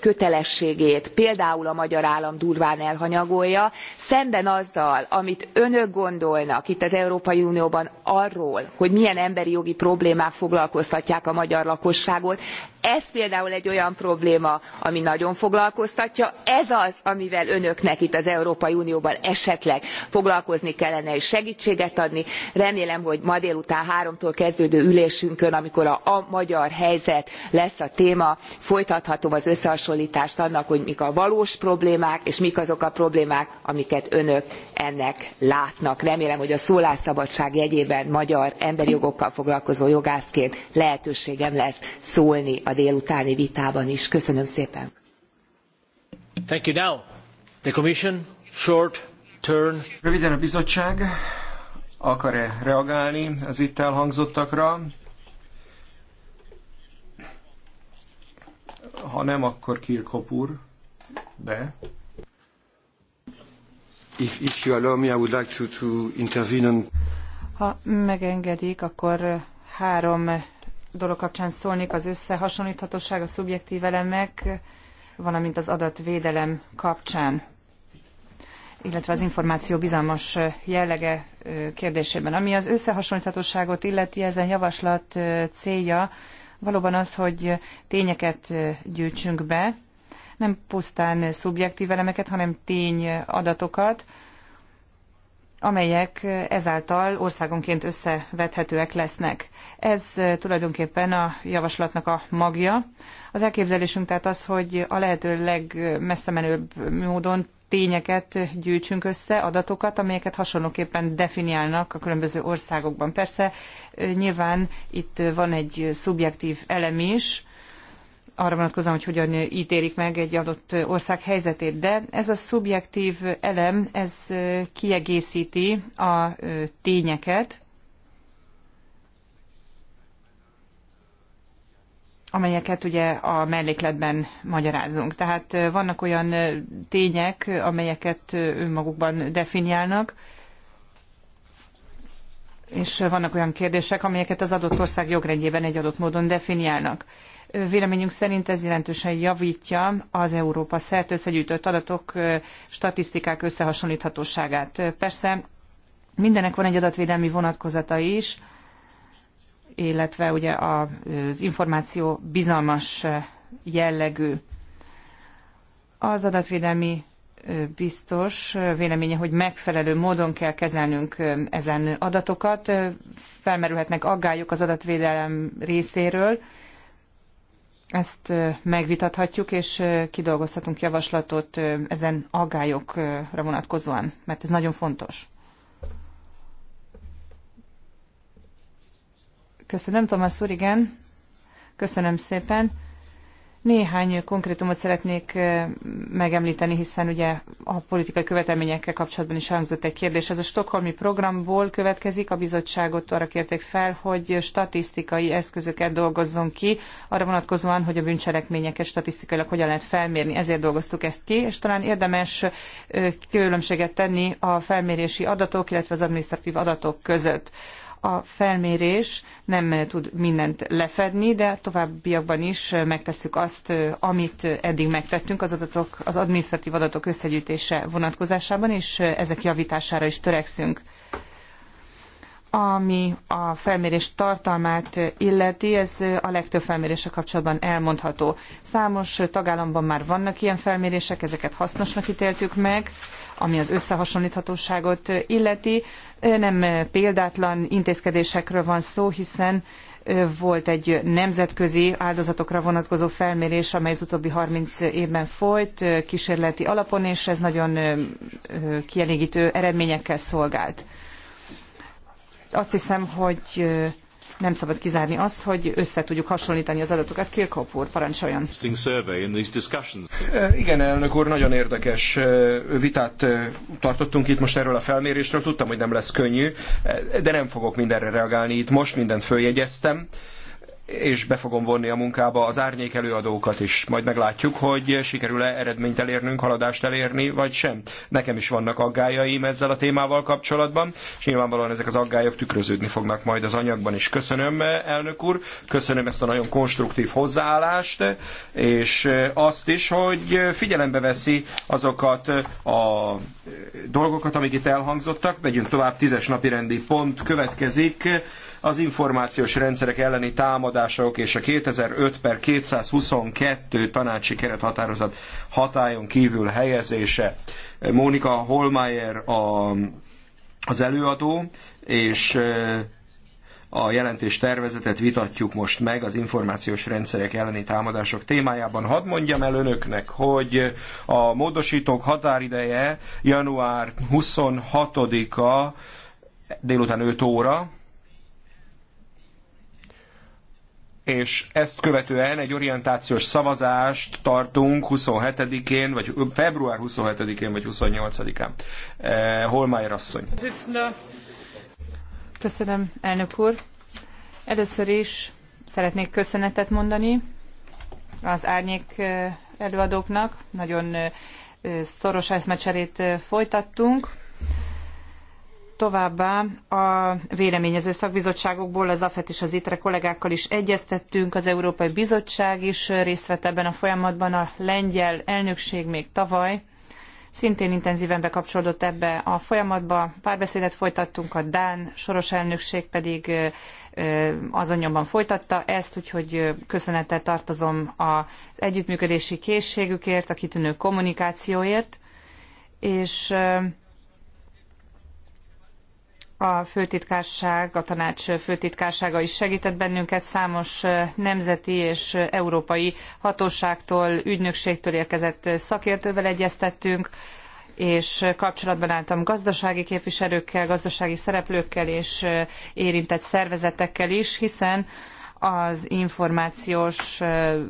kötelességét például a magyar állam durván elhanyagolja szemben azzal amit önök gondolnak itt az európai unióban arról hogy milyen emberi jogi problémák foglalkoztatják a magyar lakosságot ez például egy olyan probléma ami nagyon foglalkoztatja ez az amivel önöknek itt az európai unióban esetleg foglalkozni kellene és segtséget adni. remélem hogy ma délután háromtól kezdődő ülésünkön amikor a, a magyar helyzet lesz a téma folytathatom az összehasonltást annak hogy mik a valós problémák és mik azok a problémák amiket önök ennek látnak. remélem hogy a szólásszabadság jegyében magyar emberi jogokkal foglalkozó jogászként lehetőségem lesz szólni délutáni vitában is. Köszönöm szépen. Thank you now. The commission, short turn. Röviden a bizottság akar-e reagálni az itt elhangzottakra? Ha nem, akkor Kirkhop úr, de... If, if you allow me, I would like to, to intervene on... Ha megengedik, akkor három dolog kapcsán szólnék, az összehasonlíthatóság, a szubjektív elemek, valamint az adatvédelem kapcsán illetve az információ bizalmas jellege kérdésében. Ami az összehasonlíthatóságot illeti, ezen javaslat célja valóban az, hogy tényeket gyűjtsünk be, nem pusztán szubjektív elemeket, hanem tény adatokat, amelyek ezáltal országonként összevethetőek lesznek. Ez eh, tulajdonképpen a javaslatnak a magja. Az elképzelésünk tehát az, hogy a lehető legmesszemenőbb módon tényeket gyűjtsünk össze, adatokat, amelyeket hasonlóképpen definiálnak a különböző országokban. Persze eh, nyilván itt van egy szubjektív elem is, arra vonatkozóan, hogy hogyan ítélik meg egy adott ország helyzetét, de ez a szubjektív elem, ez kiegészíti a tényeket, amelyeket ugye a mellékletben magyarázunk. Tehát vannak olyan tények, amelyeket önmagukban definiálnak, és vannak olyan kérdések, amelyeket az adott ország jogrendjében egy adott módon definiálnak. Véleményünk szerint ez jelentősen javítja az Európa szerte összegyűjtött adatok, statisztikák összehasonlíthatóságát. Persze mindenek van egy adatvédelmi vonatkozata is, illetve ugye az információ bizalmas jellegű. Az adatvédelmi biztos véleménye, hogy megfelelő módon kell kezelnünk ezen adatokat. Felmerülhetnek aggályok az adatvédelem részéről, ezt megvitathatjuk, és kidolgozhatunk javaslatot ezen aggályokra vonatkozóan, mert ez nagyon fontos. Köszönöm, Tomasz úr, igen. Köszönöm szépen. Néhány konkrétumot szeretnék megemlíteni, hiszen ugye a politikai követelményekkel kapcsolatban is hangzott egy kérdés. Ez a stokholmi programból következik, a bizottságot arra kérték fel, hogy statisztikai eszközöket dolgozzon ki, arra vonatkozóan, hogy a bűncselekményeket statisztikailag hogyan lehet felmérni. Ezért dolgoztuk ezt ki, és talán érdemes különbséget tenni a felmérési adatok, illetve az adminisztratív adatok között a felmérés nem tud mindent lefedni, de továbbiakban is megtesszük azt, amit eddig megtettünk az adatok, az adminisztratív adatok összegyűjtése vonatkozásában, és ezek javítására is törekszünk. Ami a felmérés tartalmát illeti, ez a legtöbb felmérése kapcsolatban elmondható. Számos tagállamban már vannak ilyen felmérések, ezeket hasznosnak ítéltük meg, ami az összehasonlíthatóságot illeti. Nem példátlan intézkedésekről van szó, hiszen volt egy nemzetközi áldozatokra vonatkozó felmérés, amely az utóbbi 30 évben folyt kísérleti alapon, és ez nagyon kielégítő eredményekkel szolgált. Azt hiszem, hogy nem szabad kizárni azt, hogy össze tudjuk hasonlítani az adatokat. Kirkhope úr, parancsoljon. Igen, elnök úr, nagyon érdekes vitát tartottunk itt most erről a felmérésről. Tudtam, hogy nem lesz könnyű, de nem fogok mindenre reagálni itt most, mindent följegyeztem és be fogom vonni a munkába az árnyék előadókat is. Majd meglátjuk, hogy sikerül-e eredményt elérnünk, haladást elérni, vagy sem. Nekem is vannak aggájaim ezzel a témával kapcsolatban, és nyilvánvalóan ezek az aggályok tükröződni fognak majd az anyagban is. Köszönöm, elnök úr, köszönöm ezt a nagyon konstruktív hozzáállást, és azt is, hogy figyelembe veszi azokat a dolgokat, amik itt elhangzottak. Megyünk tovább, tízes napi rendi pont következik az információs rendszerek elleni támadások és a 2005 per 222 tanácsi kerethatározat hatályon kívül helyezése. Mónika Holmeier a, az előadó, és a jelentés tervezetet vitatjuk most meg az információs rendszerek elleni támadások témájában. Hadd mondjam el önöknek, hogy a módosítók határideje január 26-a délután 5 óra, és ezt követően egy orientációs szavazást tartunk 27-én, vagy február 27-én, vagy 28-án. Eh, Holmájer asszony. Köszönöm, elnök úr. Először is szeretnék köszönetet mondani az árnyék eh, előadóknak. Nagyon eh, szoros eszmecserét folytattunk Továbbá a véleményező szakbizottságokból az AFET és az ITRE kollégákkal is egyeztettünk, az Európai Bizottság is részt vett ebben a folyamatban, a lengyel elnökség még tavaly szintén intenzíven bekapcsolódott ebbe a folyamatba. Párbeszédet folytattunk, a Dán soros elnökség pedig azon nyomban folytatta ezt, úgyhogy köszönettel tartozom az együttműködési készségükért, a kitűnő kommunikációért, és a főtitkárság, a tanács főtitkársága is segített bennünket, számos nemzeti és európai hatóságtól, ügynökségtől érkezett szakértővel egyeztettünk, és kapcsolatban álltam gazdasági képviselőkkel, gazdasági szereplőkkel és érintett szervezetekkel is, hiszen az információs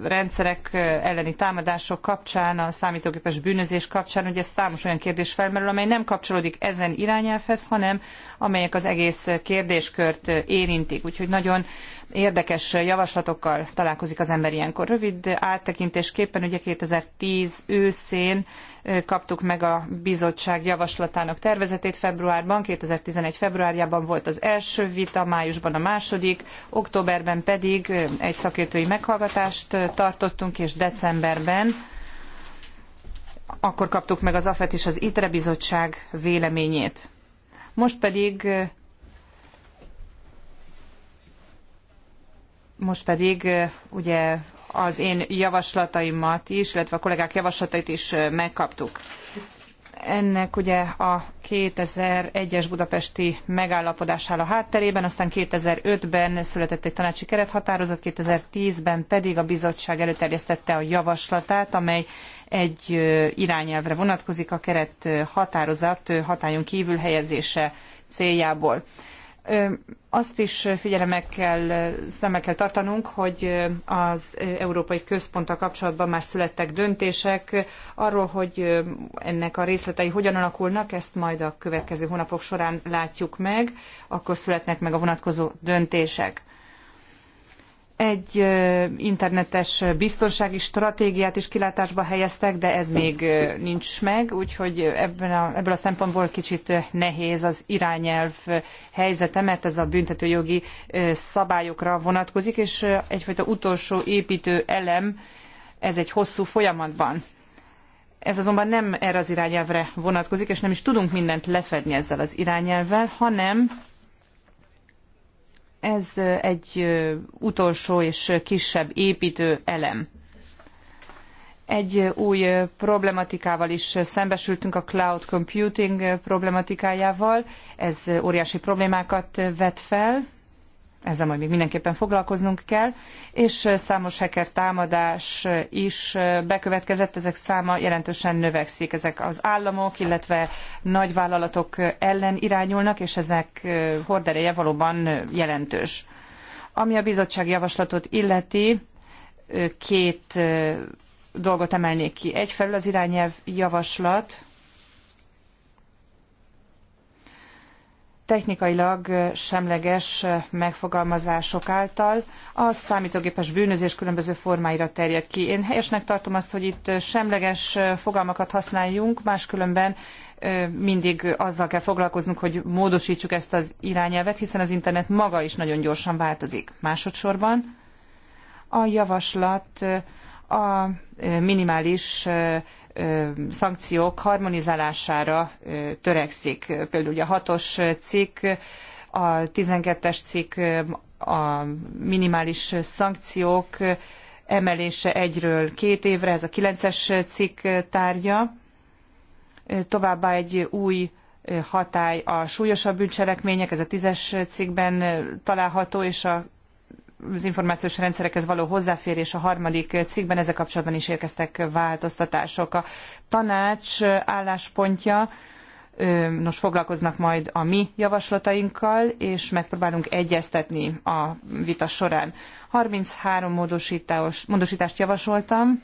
rendszerek elleni támadások kapcsán, a számítógépes bűnözés kapcsán, ugye számos olyan kérdés felmerül, amely nem kapcsolódik ezen irányelvhez, hanem amelyek az egész kérdéskört érintik. Úgyhogy nagyon érdekes javaslatokkal találkozik az ember ilyenkor. Rövid áttekintésképpen ugye 2010 őszén kaptuk meg a bizottság javaslatának tervezetét februárban, 2011 februárjában volt az első vita, májusban a második, októberben pedig egy szakértői meghallgatást tartottunk, és decemberben akkor kaptuk meg az AFET és az ITRE bizottság véleményét. Most pedig Most pedig ugye az én javaslataimat is, illetve a kollégák javaslatait is megkaptuk. Ennek ugye a 2001-es budapesti megállapodás áll a hátterében, aztán 2005-ben született egy tanácsi kerethatározat, 2010-ben pedig a bizottság előterjesztette a javaslatát, amely egy irányelvre vonatkozik a keret határozat hatályon kívül helyezése céljából azt is figyelemmel kell, szemmel kell tartanunk, hogy az Európai Központtal kapcsolatban már születtek döntések arról, hogy ennek a részletei hogyan alakulnak, ezt majd a következő hónapok során látjuk meg, akkor születnek meg a vonatkozó döntések. Egy internetes biztonsági stratégiát is kilátásba helyeztek, de ez még nincs meg, úgyhogy ebben a, ebből a szempontból kicsit nehéz az irányelv helyzete, mert ez a büntetőjogi szabályokra vonatkozik, és egyfajta utolsó építő elem, ez egy hosszú folyamatban. Ez azonban nem erre az irányelvre vonatkozik, és nem is tudunk mindent lefedni ezzel az irányelvvel, hanem ez egy utolsó és kisebb építő elem. Egy új problematikával is szembesültünk, a cloud computing problematikájával. Ez óriási problémákat vet fel, ezzel majd még mindenképpen foglalkoznunk kell, és számos hacker támadás is bekövetkezett, ezek száma jelentősen növekszik, ezek az államok, illetve nagyvállalatok ellen irányulnak, és ezek hordereje valóban jelentős. Ami a bizottság javaslatot illeti, két dolgot emelnék ki. Egyfelől az irányelv javaslat, technikailag semleges megfogalmazások által a számítógépes bűnözés különböző formáira terjed ki. Én helyesnek tartom azt, hogy itt semleges fogalmakat használjunk, máskülönben mindig azzal kell foglalkoznunk, hogy módosítsuk ezt az irányelvet, hiszen az internet maga is nagyon gyorsan változik. Másodszorban a javaslat a minimális szankciók harmonizálására törekszik. Például ugye a hatos cikk, a 12-es cikk, a minimális szankciók emelése egyről két évre, ez a 9-es cikk tárgya. Továbbá egy új hatály a súlyosabb bűncselekmények, ez a 10-es cikkben található, és a az információs rendszerekhez való hozzáférés a harmadik cikkben, ezzel kapcsolatban is érkeztek változtatások. A tanács álláspontja, nos foglalkoznak majd a mi javaslatainkkal, és megpróbálunk egyeztetni a vita során. 33 módosítás, módosítást javasoltam,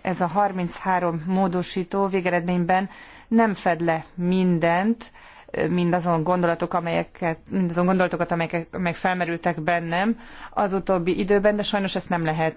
ez a 33 módosító végeredményben nem fed le mindent, mindazon gondolatok, amelyeket, mindazon gondolatokat, amelyek, meg felmerültek bennem az utóbbi időben, de sajnos ezt nem lehet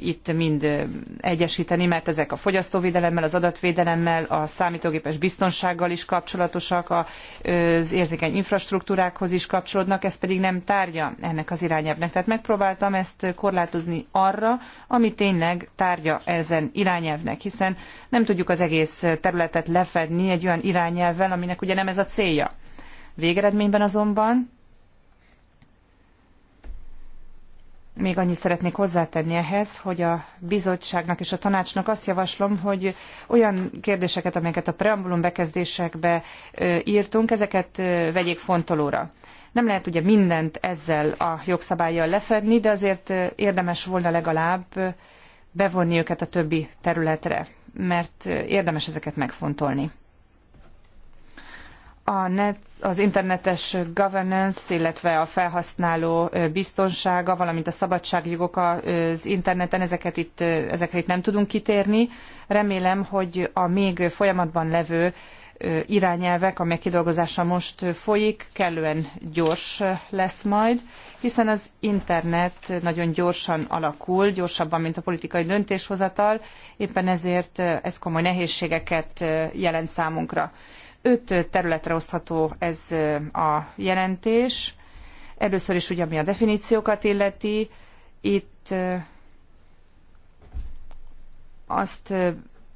itt mind egyesíteni, mert ezek a fogyasztóvédelemmel, az adatvédelemmel, a számítógépes biztonsággal is kapcsolatosak, az érzékeny infrastruktúrákhoz is kapcsolódnak, ez pedig nem tárgya ennek az irányelvnek. Tehát megpróbáltam ezt korlátozni arra, ami tényleg tárgya ezen irányelvnek, hiszen nem tudjuk az egész területet lefedni egy olyan irányelvvel, aminek ugye nem ez a cél célja. Végeredményben azonban még annyit szeretnék hozzátenni ehhez, hogy a bizottságnak és a tanácsnak azt javaslom, hogy olyan kérdéseket, amelyeket a preambulum bekezdésekbe írtunk, ezeket vegyék fontolóra. Nem lehet ugye mindent ezzel a jogszabályjal lefedni, de azért érdemes volna legalább bevonni őket a többi területre, mert érdemes ezeket megfontolni a net, az internetes governance, illetve a felhasználó biztonsága, valamint a szabadságjogok az interneten, ezeket itt, ezekre itt nem tudunk kitérni. Remélem, hogy a még folyamatban levő irányelvek, amelyek kidolgozása most folyik, kellően gyors lesz majd, hiszen az internet nagyon gyorsan alakul, gyorsabban, mint a politikai döntéshozatal, éppen ezért ez komoly nehézségeket jelent számunkra. Öt területre osztható ez a jelentés. Először is ugye, ami a definíciókat illeti, itt azt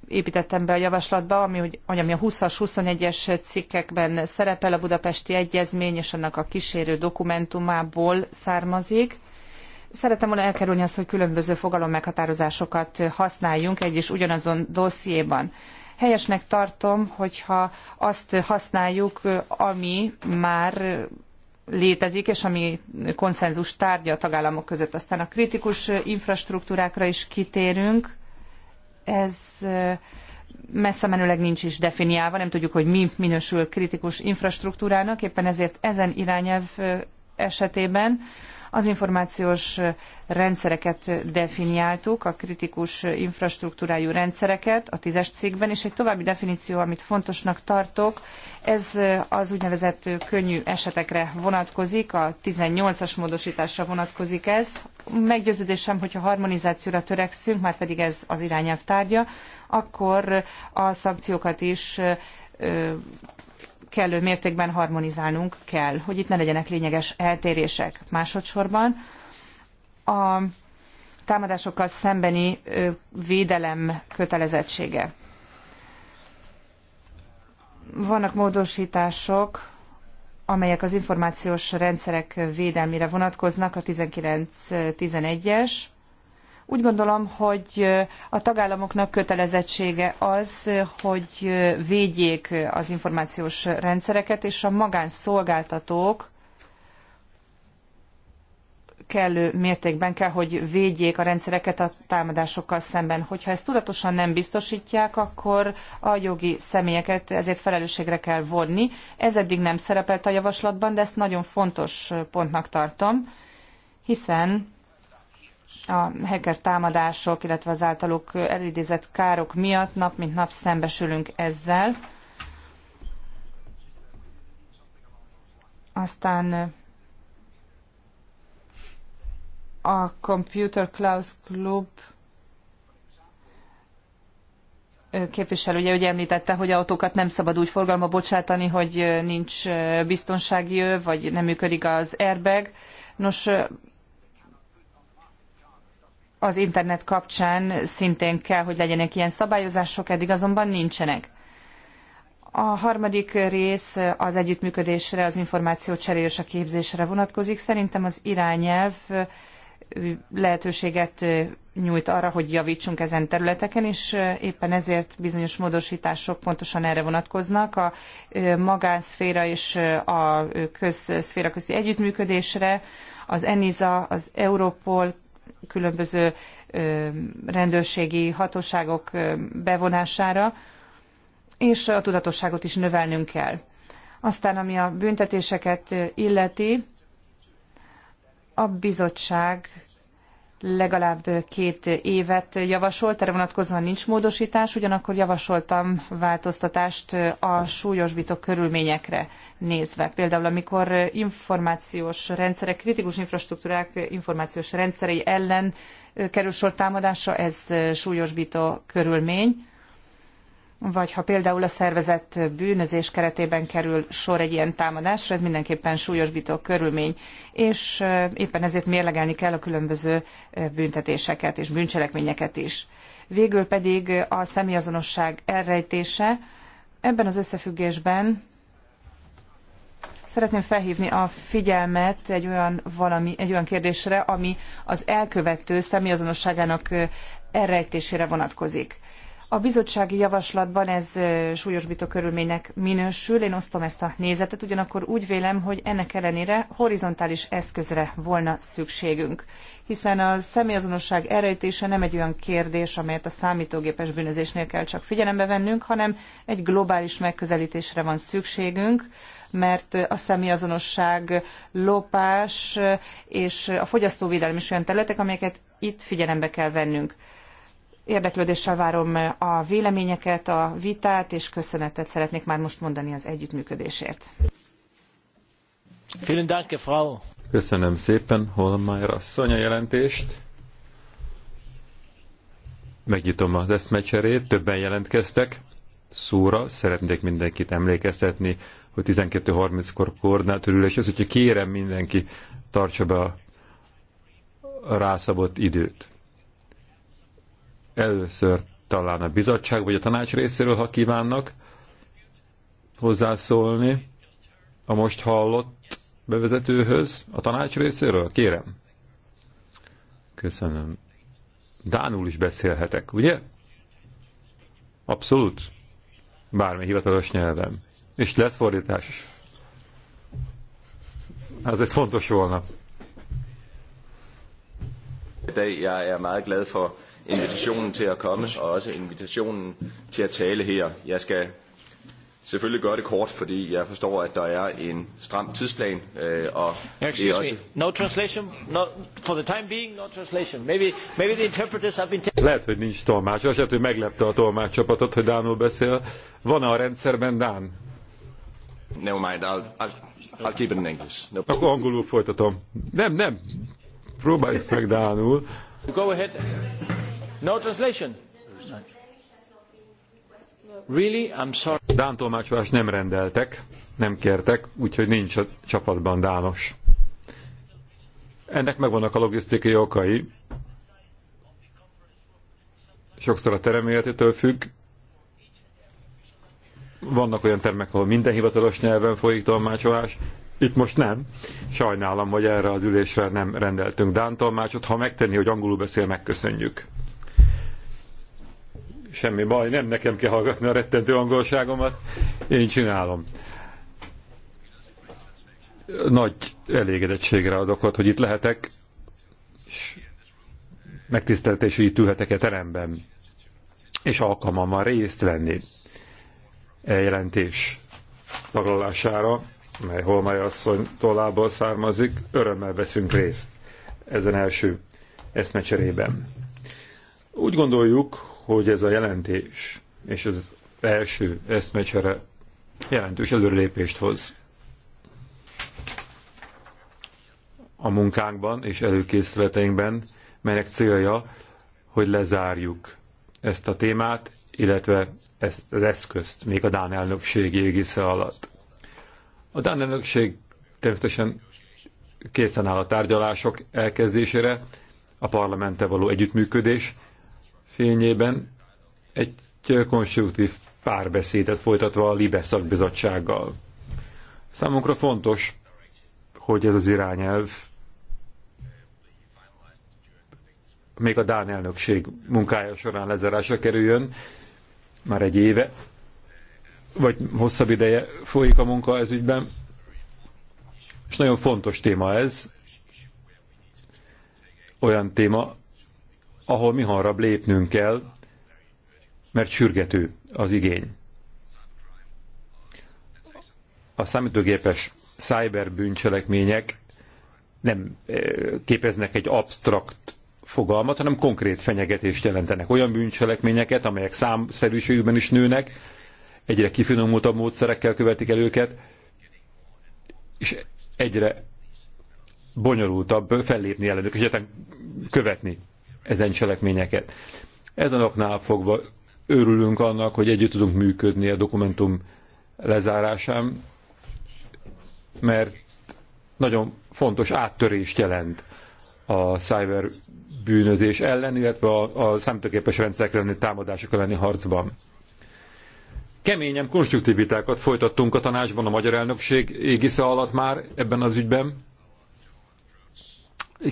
építettem be a javaslatba, ami, hogy, ami a 20-as, 21-es cikkekben szerepel a budapesti egyezmény, és annak a kísérő dokumentumából származik. Szeretem volna elkerülni azt, hogy különböző fogalommeghatározásokat használjunk egy és ugyanazon dossziéban. Helyesnek tartom, hogyha azt használjuk, ami már létezik, és ami konszenzus tárgya a tagállamok között. Aztán a kritikus infrastruktúrákra is kitérünk. Ez messze menőleg nincs is definiálva, nem tudjuk, hogy mi minősül kritikus infrastruktúrának, éppen ezért ezen irányelv esetében az információs rendszereket definiáltuk, a kritikus infrastruktúrájú rendszereket a tízes cégben, és egy további definíció, amit fontosnak tartok, ez az úgynevezett könnyű esetekre vonatkozik, a 18-as módosításra vonatkozik ez. Meggyőződésem, hogyha harmonizációra törekszünk, már pedig ez az irányelv tárgya, akkor a szankciókat is kellő mértékben harmonizálnunk kell, hogy itt ne legyenek lényeges eltérések. Másodszorban a támadásokkal szembeni védelem kötelezettsége. Vannak módosítások, amelyek az információs rendszerek védelmére vonatkoznak, a 19-11-es, úgy gondolom, hogy a tagállamoknak kötelezettsége az, hogy védjék az információs rendszereket, és a magánszolgáltatók kellő mértékben kell, hogy védjék a rendszereket a támadásokkal szemben. Hogyha ezt tudatosan nem biztosítják, akkor a jogi személyeket ezért felelősségre kell vonni. Ez eddig nem szerepelt a javaslatban, de ezt nagyon fontos pontnak tartom, hiszen a hacker támadások, illetve az általuk elidézett károk miatt nap mint nap szembesülünk ezzel. Aztán eh, a Computer Klaus Club eh, képviselő ugye, ugye említette, hogy autókat nem szabad úgy forgalma bocsátani, hogy eh, nincs biztonsági öv, vagy nem működik az airbag. Nos, az internet kapcsán szintén kell, hogy legyenek ilyen szabályozások, eddig azonban nincsenek. A harmadik rész az együttműködésre, az információ cserélés a képzésre vonatkozik. Szerintem az irányelv lehetőséget nyújt arra, hogy javítsunk ezen területeken, és éppen ezért bizonyos módosítások pontosan erre vonatkoznak. A magánszféra és a közszféra közti együttműködésre, az ENISA, az Europol különböző rendőrségi hatóságok bevonására, és a tudatosságot is növelnünk kell. Aztán, ami a büntetéseket illeti, a bizottság legalább két évet javasolt, erre vonatkozóan nincs módosítás, ugyanakkor javasoltam változtatást a súlyosbitok körülményekre nézve. Például amikor információs rendszerek, kritikus infrastruktúrák információs rendszerei ellen kerül sor támadásra, ez súlyosbító körülmény vagy ha például a szervezett bűnözés keretében kerül sor egy ilyen támadásra, ez mindenképpen súlyosbító körülmény, és éppen ezért mérlegelni kell a különböző büntetéseket és bűncselekményeket is. Végül pedig a személyazonosság elrejtése. Ebben az összefüggésben szeretném felhívni a figyelmet egy olyan, valami, egy olyan kérdésre, ami az elkövető személyazonosságának elrejtésére vonatkozik a bizottsági javaslatban ez súlyosbító körülménynek minősül, én osztom ezt a nézetet, ugyanakkor úgy vélem, hogy ennek ellenére horizontális eszközre volna szükségünk, hiszen a személyazonosság elrejtése nem egy olyan kérdés, amelyet a számítógépes bűnözésnél kell csak figyelembe vennünk, hanem egy globális megközelítésre van szükségünk, mert a személyazonosság, lopás és a fogyasztóvédelem is olyan területek, amelyeket itt figyelembe kell vennünk. Érdeklődéssel várom a véleményeket, a vitát, és köszönetet szeretnék már most mondani az együttműködésért. Köszönöm szépen Holmeyer asszony a jelentést. Megnyitom az eszmecserét, többen jelentkeztek. Szóra szeretnék mindenkit emlékeztetni, hogy 12.30-kor koordinátorülés az, úgyhogy kérem mindenki tartsa be a rászabott időt. Először talán a bizottság vagy a tanács részéről, ha kívánnak hozzászólni a most hallott bevezetőhöz, a tanács részéről? Kérem. Köszönöm. Dánul is beszélhetek, ugye? Abszolút. Bármi hivatalos nyelven. És lesz fordítás is. Ez egy fontos volna. Ja, er meget glad for invitationen til at komme, og også invitationen til at tale her. Jeg skal selvfølgelig gøre det kort, fordi jeg forstår, at der er en stram tidsplan, øh, og Excuse det er også... Me. No translation? No, for the time being, no translation. Maybe, maybe the interpreters have been... Lehet, hogy nincs tolmács, és lehet, hogy meglepte a tolmácsapatot, hogy Dánul beszél. Van -e a rendszerben Dán? Never mind, I'll, I'll, I'll keep it in English. No. Akkor angolul folytatom. Nem, nem. Próbáljuk meg Dánul. Go ahead. No translation? Really? I'm sorry. Dán tolmácsolást nem rendeltek, nem kértek, úgyhogy nincs a csapatban Dános. Ennek megvannak a logisztikai okai. Sokszor a terem függ. Vannak olyan termek, ahol minden hivatalos nyelven folyik tolmácsolás, itt most nem. Sajnálom, hogy erre az ülésre nem rendeltünk Dán tolmácsot. Ha megtenni, hogy angolul beszél, megköszönjük. Semmi baj, nem nekem kell hallgatni a rettentő angolságomat, én csinálom. Nagy elégedettségre adok ott, hogy itt lehetek, és megtiszteltetés, hogy itt ülhetek-e teremben, és alkalmam van részt venni e jelentés taglalására, mely Holmai asszony tollából származik, örömmel veszünk részt ezen első eszmecserében. Úgy gondoljuk, hogy ez a jelentés és az első eszmecsere jelentős előrelépést hoz a munkánkban és előkészületeinkben, melynek célja, hogy lezárjuk ezt a témát, illetve ezt az eszközt még a Dán elnökség égisze alatt. A Dán elnökség természetesen készen áll a tárgyalások elkezdésére, a parlamente való együttműködés fényében egy konstruktív párbeszédet folytatva a LIBE szakbizottsággal. Számunkra fontos, hogy ez az irányelv még a Dán elnökség munkája során lezárásra kerüljön, már egy éve, vagy hosszabb ideje folyik a munka ez ügyben, és nagyon fontos téma ez, olyan téma, ahol mi hamarabb lépnünk kell, mert sürgető az igény. A számítógépes cyberbűncselekmények nem eh, képeznek egy absztrakt fogalmat, hanem konkrét fenyegetést jelentenek. Olyan bűncselekményeket, amelyek számszerűségükben is nőnek, egyre kifinomultabb módszerekkel követik el őket, és egyre bonyolultabb fellépni ellenük, és követni ezen cselekményeket. Ezen oknál fogva örülünk annak, hogy együtt tudunk működni a dokumentum lezárásán, mert nagyon fontos áttörést jelent a cyber bűnözés ellen, illetve a, a számítógépes rendszerek elleni támadások elleni harcban. Keményen konstruktív vitákat folytattunk a tanácsban a magyar elnökség égisze alatt már ebben az ügyben.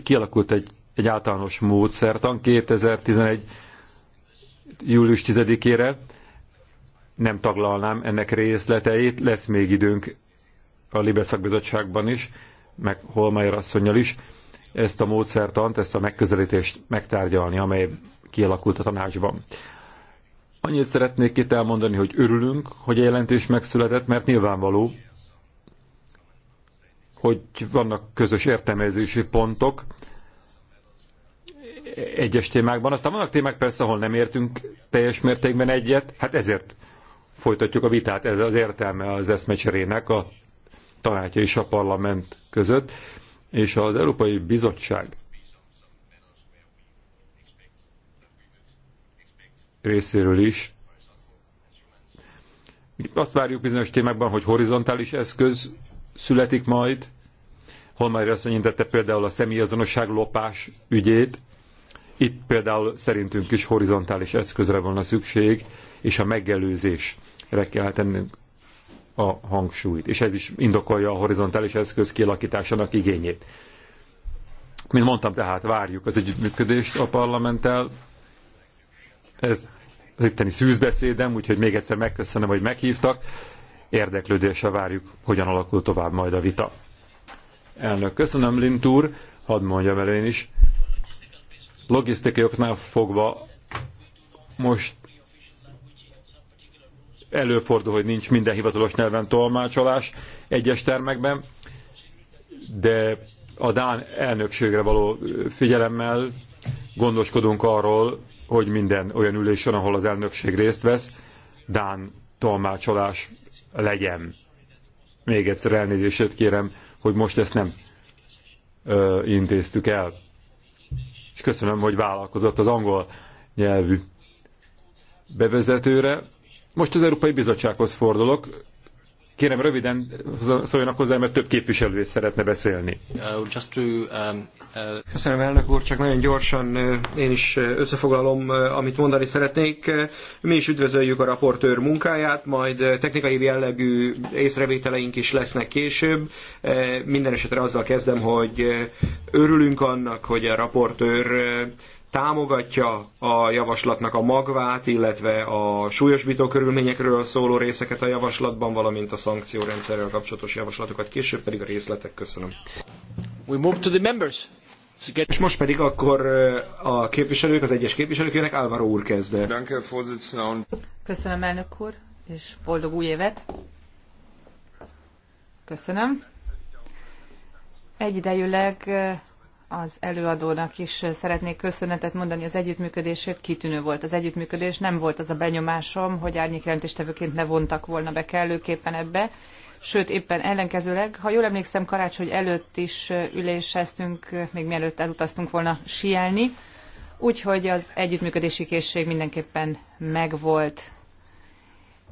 Kialakult egy egy általános módszertan 2011. július 10-ére. Nem taglalnám ennek részleteit, lesz még időnk a Libeszakbizottságban is, meg Holmaier asszonynal is ezt a módszertant, ezt a megközelítést megtárgyalni, amely kialakult a tanácsban. Annyit szeretnék itt elmondani, hogy örülünk, hogy a jelentés megszületett, mert nyilvánvaló, hogy vannak közös értelmezési pontok, egyes témákban. Aztán vannak témák persze, ahol nem értünk teljes mértékben egyet, hát ezért folytatjuk a vitát, ez az értelme az eszmecserének a tanácsa és a parlament között, és az Európai Bizottság részéről is. Azt várjuk bizonyos témákban, hogy horizontális eszköz születik majd. Holmár azt említette például a személyazonosság lopás ügyét, itt például szerintünk is horizontális eszközre van a szükség, és a megelőzésre kell tennünk a hangsúlyt. És ez is indokolja a horizontális eszköz kialakításának igényét. Mint mondtam, tehát várjuk az együttműködést a parlamenttel. Ez az itteni szűzbeszédem, úgyhogy még egyszer megköszönöm, hogy meghívtak. Érdeklődéssel várjuk, hogyan alakul tovább majd a vita. Elnök, köszönöm, Lint úr. Hadd mondjam el én is, logisztikai oknál fogva most előfordul, hogy nincs minden hivatalos nyelven tolmácsolás egyes termekben, de a Dán elnökségre való figyelemmel gondoskodunk arról, hogy minden olyan ülésen, ahol az elnökség részt vesz, Dán tolmácsolás legyen. Még egyszer elnézését kérem, hogy most ezt nem ö, intéztük el és köszönöm, hogy vállalkozott az angol nyelvű bevezetőre. Most az Európai Bizottsághoz fordulok. Kérem, röviden szóljanak hozzá, mert több képviselő is szeretne beszélni. Uh, um, uh, Köszönöm, elnök úr, csak nagyon gyorsan uh, én is összefoglalom, amit mondani szeretnék. Mi is üdvözöljük a raportőr munkáját, majd technikai jellegű észrevételeink is lesznek később. Minden esetre azzal kezdem, hogy örülünk annak, hogy a raportőr támogatja a javaslatnak a magvát, illetve a súlyosbító körülményekről szóló részeket a javaslatban, valamint a szankciórendszerrel kapcsolatos javaslatokat, később pedig a részletek. Köszönöm. We move to the members. És most pedig akkor a képviselők, az egyes jönnek, Álvaro úr kezd. Köszönöm, elnök úr, és boldog új évet. Köszönöm. Egyidejűleg az előadónak is szeretnék köszönetet mondani az együttműködésért. Kitűnő volt az együttműködés, nem volt az a benyomásom, hogy árnyékjelentéstevőként ne vontak volna be kellőképpen ebbe. Sőt, éppen ellenkezőleg, ha jól emlékszem, karácsony előtt is üléseztünk, még mielőtt elutaztunk volna sielni, úgyhogy az együttműködési készség mindenképpen megvolt.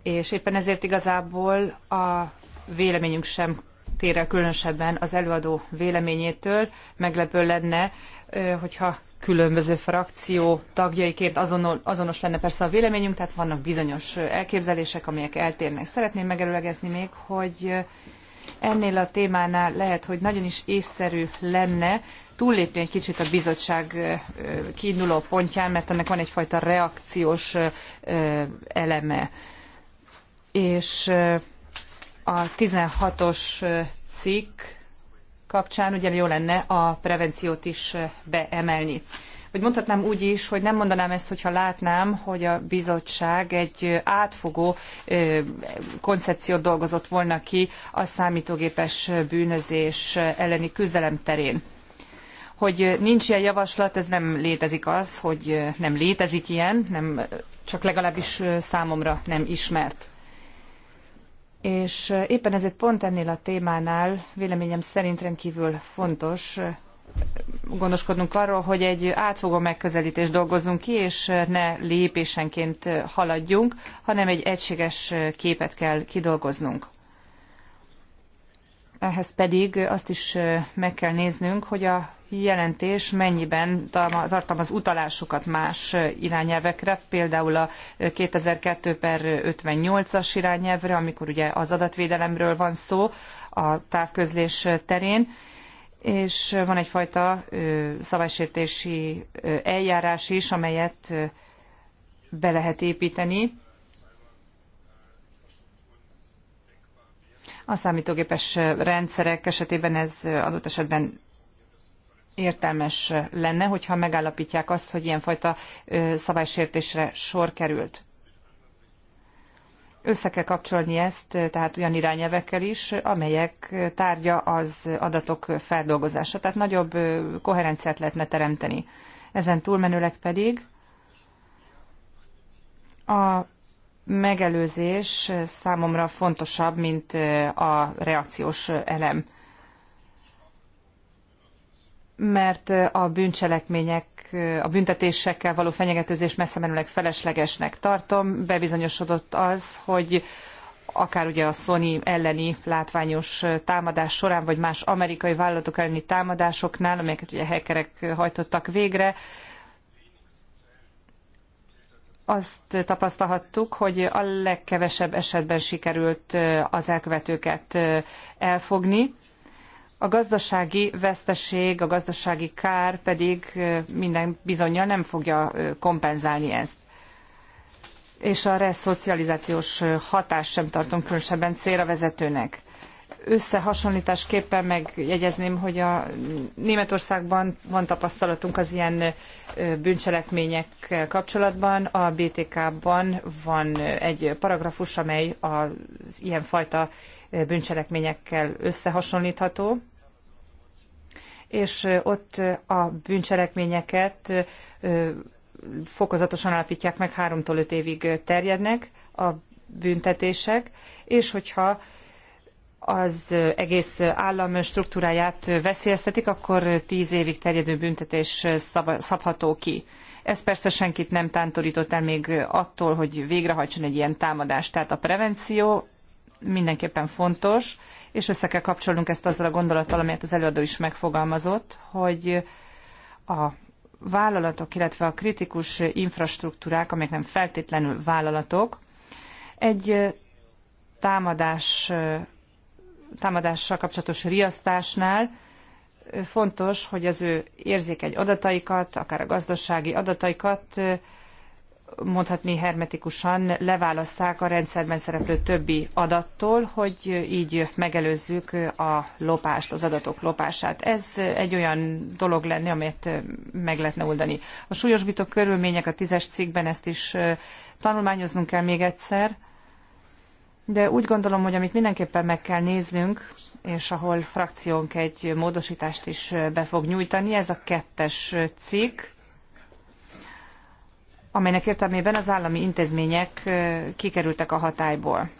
És éppen ezért igazából a véleményünk sem tér el különösebben az előadó véleményétől. Meglepő lenne, hogyha különböző frakció tagjaiként azonol, azonos lenne persze a véleményünk, tehát vannak bizonyos elképzelések, amelyek eltérnek. Szeretném megelőlegezni még, hogy ennél a témánál lehet, hogy nagyon is észszerű lenne túllépni egy kicsit a bizottság kiinduló pontján, mert ennek van egyfajta reakciós eleme. És a 16-os cikk kapcsán ugye jó lenne a prevenciót is beemelni. Vagy mondhatnám úgy is, hogy nem mondanám ezt, hogyha látnám, hogy a bizottság egy átfogó koncepciót dolgozott volna ki a számítógépes bűnözés elleni küzdelem terén. Hogy nincs ilyen javaslat, ez nem létezik az, hogy nem létezik ilyen, nem, csak legalábbis számomra nem ismert és éppen ezért pont ennél a témánál véleményem szerint rendkívül fontos gondoskodnunk arról, hogy egy átfogó megközelítés dolgozzunk ki, és ne lépésenként haladjunk, hanem egy egységes képet kell kidolgoznunk. Ehhez pedig azt is meg kell néznünk, hogy a jelentés mennyiben tartalmaz utalásokat más irányelvekre, például a 2002 per 58-as irányelvre, amikor ugye az adatvédelemről van szó a távközlés terén, és van egyfajta szabálysértési eljárás is, amelyet be lehet építeni A számítógépes rendszerek esetében ez adott esetben értelmes lenne, hogyha megállapítják azt, hogy ilyenfajta szabálysértésre sor került. Össze kell kapcsolni ezt, tehát olyan irányelvekkel is, amelyek tárgya az adatok feldolgozása, tehát nagyobb koherenciát lehetne teremteni. Ezen túlmenőleg pedig a megelőzés számomra fontosabb, mint a reakciós elem. Mert a bűncselekmények, a büntetésekkel való fenyegetőzés messze menőleg feleslegesnek tartom. Bebizonyosodott az, hogy akár ugye a Sony elleni látványos támadás során, vagy más amerikai vállalatok elleni támadásoknál, amelyeket ugye hackerek hajtottak végre, azt tapasztalhattuk, hogy a legkevesebb esetben sikerült az elkövetőket elfogni. A gazdasági veszteség, a gazdasági kár pedig minden bizonyal nem fogja kompenzálni ezt. És a reszocializációs hatást sem tartom különösebben célra vezetőnek összehasonlításképpen megjegyezném, hogy a Németországban van tapasztalatunk az ilyen bűncselekmények kapcsolatban. A BTK-ban van egy paragrafus, amely az ilyenfajta bűncselekményekkel összehasonlítható, és ott a bűncselekményeket fokozatosan alapítják meg, háromtól öt évig terjednek a büntetések, és hogyha az egész állam struktúráját veszélyeztetik, akkor tíz évig terjedő büntetés szab, szabható ki. Ez persze senkit nem tántorított el még attól, hogy végrehajtson egy ilyen támadást. Tehát a prevenció mindenképpen fontos, és össze kell kapcsolnunk ezt azzal a gondolattal, amelyet az előadó is megfogalmazott, hogy a vállalatok, illetve a kritikus infrastruktúrák, amelyek nem feltétlenül vállalatok, egy támadás támadással kapcsolatos riasztásnál fontos, hogy az ő érzékeny adataikat, akár a gazdasági adataikat mondhatni hermetikusan leválasszák a rendszerben szereplő többi adattól, hogy így megelőzzük a lopást, az adatok lopását. Ez egy olyan dolog lenne, amit meg lehetne oldani. A súlyosbító körülmények a tízes cikkben ezt is tanulmányoznunk kell még egyszer de úgy gondolom, hogy amit mindenképpen meg kell néznünk, és ahol frakciónk egy módosítást is be fog nyújtani, ez a kettes cikk, amelynek értelmében az állami intézmények kikerültek a hatályból.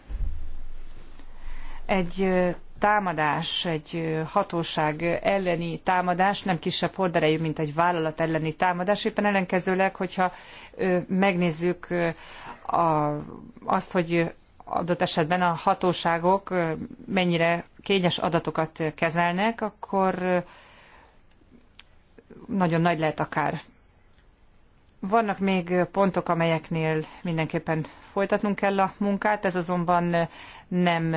Egy támadás, egy hatóság elleni támadás nem kisebb horderejű, mint egy vállalat elleni támadás. Éppen ellenkezőleg, hogyha megnézzük azt, hogy adott esetben a hatóságok mennyire kényes adatokat kezelnek, akkor nagyon nagy lehet akár. Vannak még pontok, amelyeknél mindenképpen folytatnunk kell a munkát, ez azonban nem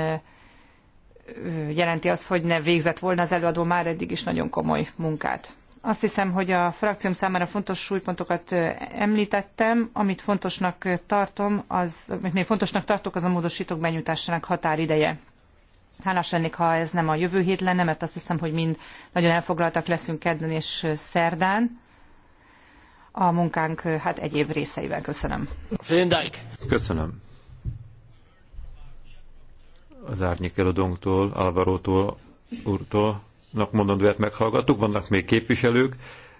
jelenti azt, hogy ne végzett volna az előadó már eddig is nagyon komoly munkát. Azt hiszem, hogy a frakcióm számára fontos súlypontokat említettem. Amit fontosnak tartom, az, amit még fontosnak tartok, az a módosítók benyújtásának határideje. Hálás lennék, ha ez nem a jövő hét lenne, mert azt hiszem, hogy mind nagyon elfoglaltak leszünk kedden és szerdán a munkánk hát egyéb részeivel. Köszönöm. Köszönöm. Az árnyék előadónktól, Álvarótól, úrtól, Nak mondandóját meghallgattuk, vannak még képviselők,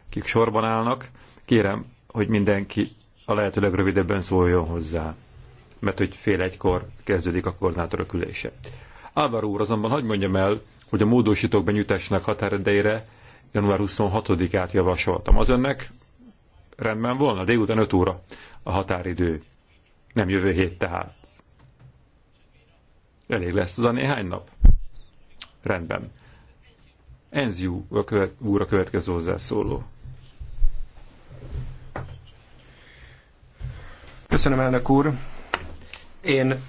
kik sorban állnak. Kérem, hogy mindenki a lehető legrövidebben szóljon hozzá, mert hogy fél egykor kezdődik a koordinátorok ülése. Álvar úr azonban hagyd mondjam el, hogy a módosítók benyújtásának határidejére január 26-át javasoltam. Az önnek rendben volna, délután 5 óra a határidő. Nem jövő hét tehát. Elég lesz az a néhány nap. Rendben. Enziu a követ, úr a következő hozzászóló. Köszönöm, elnök úr. Én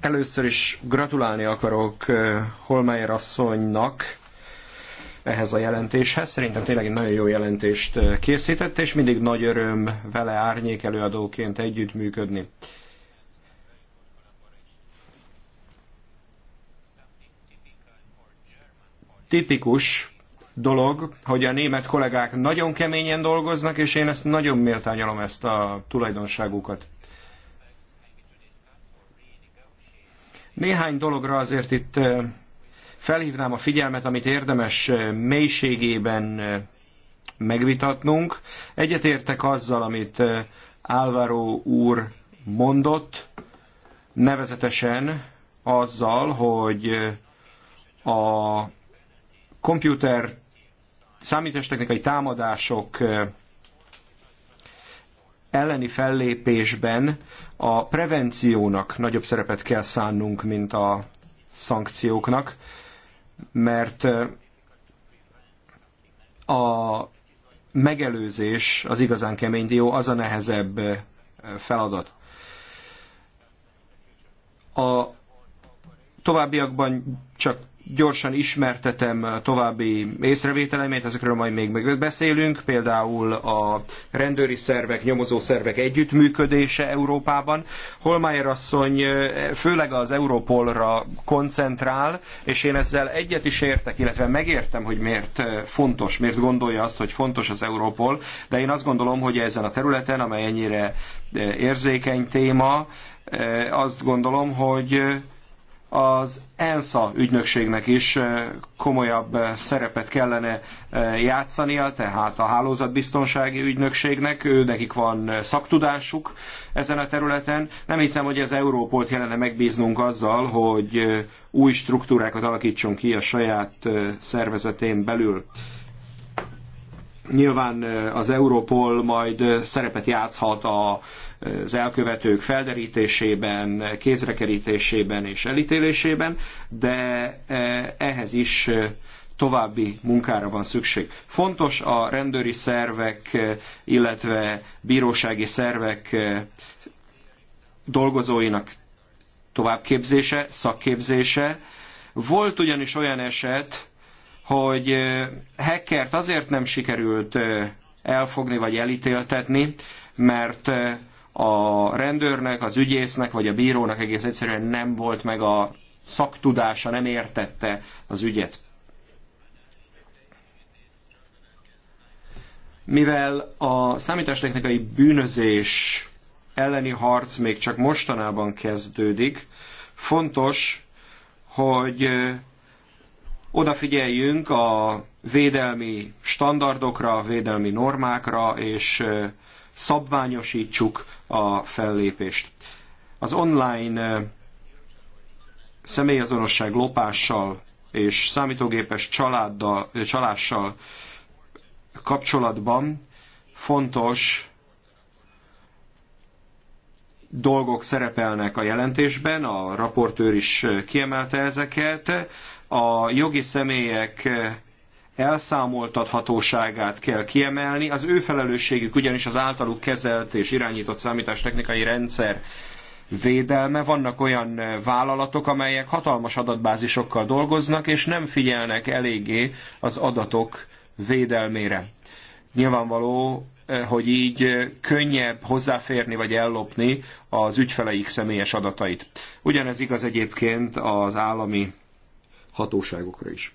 először is gratulálni akarok eh, Holmeyer asszonynak ehhez a jelentéshez. Szerintem tényleg egy nagyon jó jelentést eh, készített, és mindig nagy öröm vele árnyék előadóként együttműködni. tipikus dolog, hogy a német kollégák nagyon keményen dolgoznak, és én ezt nagyon méltányolom ezt a tulajdonságukat. Néhány dologra azért itt felhívnám a figyelmet, amit érdemes mélységében megvitatnunk. Egyetértek azzal, amit Álvaro úr mondott, nevezetesen azzal, hogy a komputer számítástechnikai támadások elleni fellépésben a prevenciónak nagyobb szerepet kell szánnunk, mint a szankcióknak, mert a megelőzés, az igazán kemény dió, az a nehezebb feladat. A továbbiakban csak Gyorsan ismertetem további észrevételemét, ezekről majd még beszélünk, például a rendőri szervek, nyomozó szervek együttműködése Európában. Holmeier asszony főleg az Europolra koncentrál, és én ezzel egyet is értek, illetve megértem, hogy miért fontos, miért gondolja azt, hogy fontos az Europol, de én azt gondolom, hogy ezen a területen, amely ennyire érzékeny téma, azt gondolom, hogy az ENSA ügynökségnek is eh, komolyabb eh, szerepet kellene eh, játszania, tehát a hálózatbiztonsági ügynökségnek, ő nekik van szaktudásuk ezen a területen. Nem hiszem, hogy az Európolt kellene megbíznunk azzal, hogy új struktúrákat alakítson ki a saját szervezetén belül. Nyilván az Europol majd szerepet játszhat a, az elkövetők felderítésében, kézrekerítésében és elítélésében, de ehhez is további munkára van szükség. Fontos a rendőri szervek, illetve bírósági szervek dolgozóinak továbbképzése, szakképzése. Volt ugyanis olyan eset, hogy hackert azért nem sikerült elfogni vagy elítéltetni, mert a rendőrnek, az ügyésznek vagy a bírónak egész egyszerűen nem volt meg a szaktudása, nem értette az ügyet. Mivel a számítástechnikai bűnözés elleni harc még csak mostanában kezdődik, fontos, hogy odafigyeljünk a védelmi standardokra, védelmi normákra, és szabványosítsuk a fellépést. Az online személyazonosság lopással és számítógépes családdal, csalással kapcsolatban fontos dolgok szerepelnek a jelentésben, a raportőr is kiemelte ezeket. A jogi személyek elszámoltathatóságát kell kiemelni, az ő felelősségük ugyanis az általuk kezelt és irányított számítástechnikai rendszer védelme. Vannak olyan vállalatok, amelyek hatalmas adatbázisokkal dolgoznak, és nem figyelnek eléggé az adatok védelmére. Nyilvánvaló, Eh, hogy így eh, könnyebb hozzáférni vagy ellopni az ügyfeleik személyes adatait. Ugyanez igaz egyébként az állami hatóságokra is.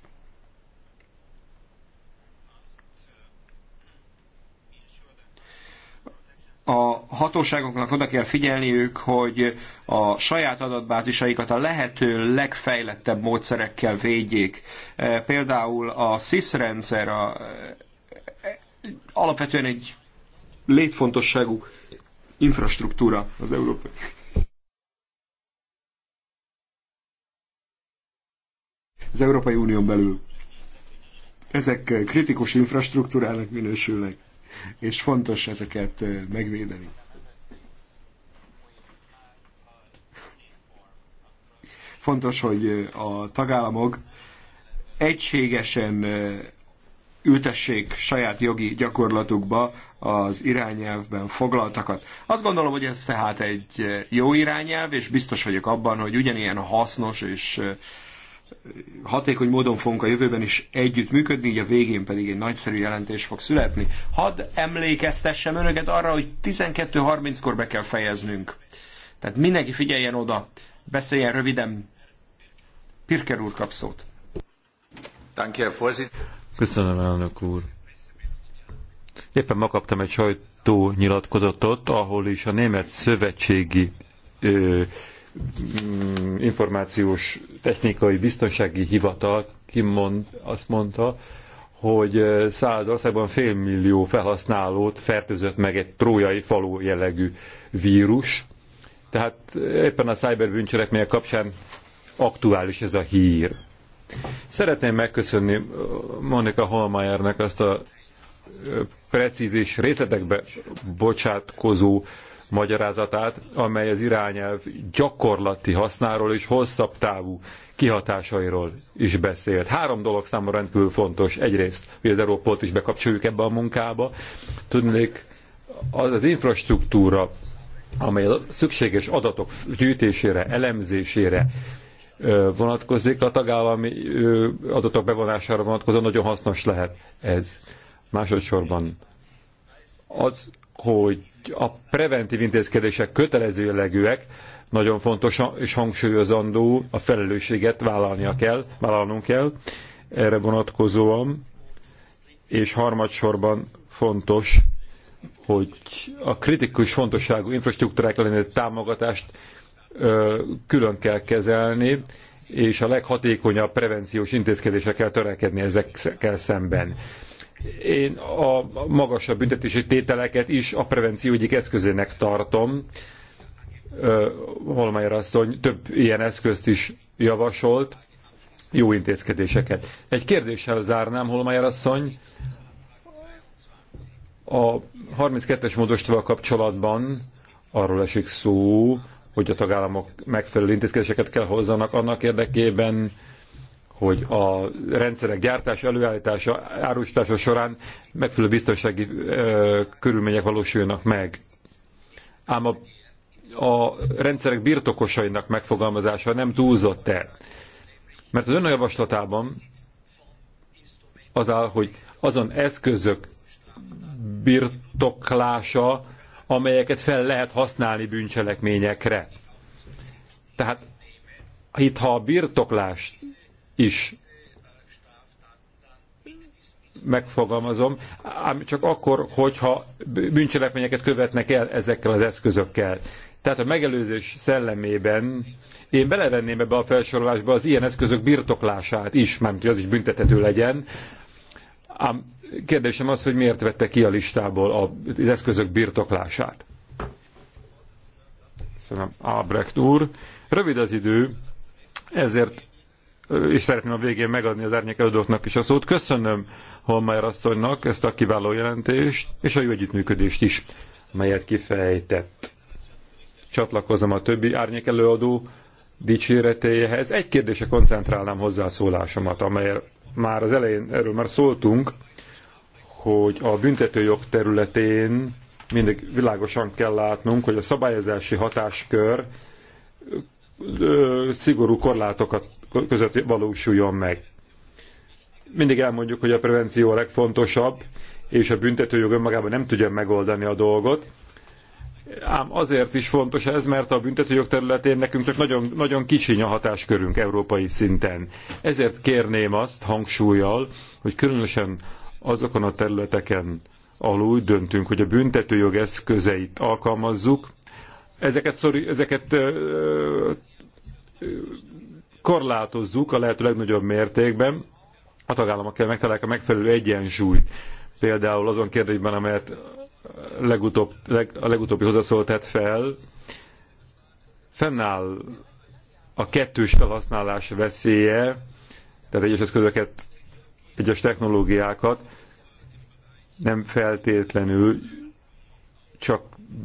a hatóságoknak oda kell figyelniük, hogy a saját adatbázisaikat a lehető legfejlettebb módszerekkel védjék. Eh, például a SIS rendszer a, alapvetően egy létfontosságú infrastruktúra az európai. Az Európai Unión belül. Ezek kritikus infrastruktúrának minősülnek, és fontos ezeket megvédeni. Fontos, hogy a tagállamok egységesen ültessék saját jogi gyakorlatukba az irányelvben foglaltakat. Azt gondolom, hogy ez tehát egy jó irányelv, és biztos vagyok abban, hogy ugyanilyen hasznos és hatékony módon fogunk a jövőben is együtt működni, így a végén pedig egy nagyszerű jelentés fog születni. Hadd emlékeztessem önöket arra, hogy 12.30-kor be kell fejeznünk. Tehát mindenki figyeljen oda, beszéljen röviden. Pirker úr kap szót. Köszönöm, elnök úr. Éppen ma kaptam egy sajtónyilatkozatot, ahol is a német szövetségi ö, mm, információs technikai biztonsági hivatal kimond, azt mondta, hogy száz országban félmillió felhasználót fertőzött meg egy trójai falu jellegű vírus. Tehát éppen a szájberbűncselekmények kapcsán aktuális ez a hír. Szeretném megköszönni Monika Holmayernek azt a precíz és részletekbe bocsátkozó magyarázatát, amely az irányelv gyakorlati hasznáról és hosszabb távú kihatásairól is beszélt. Három dolog számomra rendkívül fontos. Egyrészt, hogy az Európolt is bekapcsoljuk ebbe a munkába. Tudnék, az, az infrastruktúra, amely szükséges adatok gyűjtésére, elemzésére, vonatkozik, a tagállami adatok bevonására vonatkozóan nagyon hasznos lehet ez. Másodszorban az, hogy a preventív intézkedések kötelező nagyon fontos és hangsúlyozandó, a felelősséget vállalnia kell, vállalnunk kell erre vonatkozóan, és harmadsorban fontos, hogy a kritikus fontosságú infrastruktúrák lenni támogatást külön kell kezelni, és a leghatékonyabb prevenciós intézkedésre kell törekedni ezekkel szemben. Én a magasabb büntetési tételeket is a prevenció egyik eszközének tartom. Holmeyer asszony több ilyen eszközt is javasolt, jó intézkedéseket. Egy kérdéssel zárnám, Holmeyer asszony. A 32-es módosítva kapcsolatban arról esik szó, hogy a tagállamok megfelelő intézkedéseket kell hozzanak annak érdekében, hogy a rendszerek gyártása, előállítása, árusítása során megfelelő biztonsági ö, körülmények valósuljanak meg. Ám a, a rendszerek birtokosainak megfogalmazása nem túlzott-e? Mert az önajavaslatában az áll, hogy azon eszközök birtoklása, amelyeket fel lehet használni bűncselekményekre. Tehát itt ha a birtoklást is megfogalmazom, ám csak akkor, hogyha bűncselekményeket követnek el ezekkel az eszközökkel. Tehát a megelőzés szellemében én belevenném ebbe a felsorolásba az ilyen eszközök birtoklását is, mert hogy az is büntethető legyen, Ám kérdésem az, hogy miért vette ki a listából az eszközök birtoklását. Köszönöm, Ábrecht úr. Rövid az idő, ezért és szeretném a végén megadni az előadóknak is a szót. Köszönöm Holmeyer asszonynak ezt a kiváló jelentést, és a jó együttműködést is, melyet kifejtett. Csatlakozom a többi árnyékelőadó dicséretéhez. Egy kérdése koncentrálnám hozzászólásomat, amelyet már az elején erről már szóltunk, hogy a büntetőjog területén mindig világosan kell látnunk, hogy a szabályozási hatáskör szigorú korlátokat között valósuljon meg. Mindig elmondjuk, hogy a prevenció a legfontosabb, és a büntetőjog önmagában nem tudja megoldani a dolgot, Ám azért is fontos ez, mert a büntetőjog területén nekünk csak nagyon, nagyon kicsiny a hatáskörünk európai szinten. Ezért kérném azt hangsúlyjal, hogy különösen azokon a területeken, ahol úgy döntünk, hogy a büntetőjog eszközeit alkalmazzuk, ezeket, szori, ezeket ö, ö, korlátozzuk a lehető legnagyobb mértékben, a tagállamok kell megtalálják a megfelelő egyensúlyt. Például azon kérdésben, amelyet legutóbb, leg, a legutóbbi tett fel, fennáll a kettős felhasználás veszélye, tehát egyes eszközöket, egyes technológiákat nem feltétlenül csak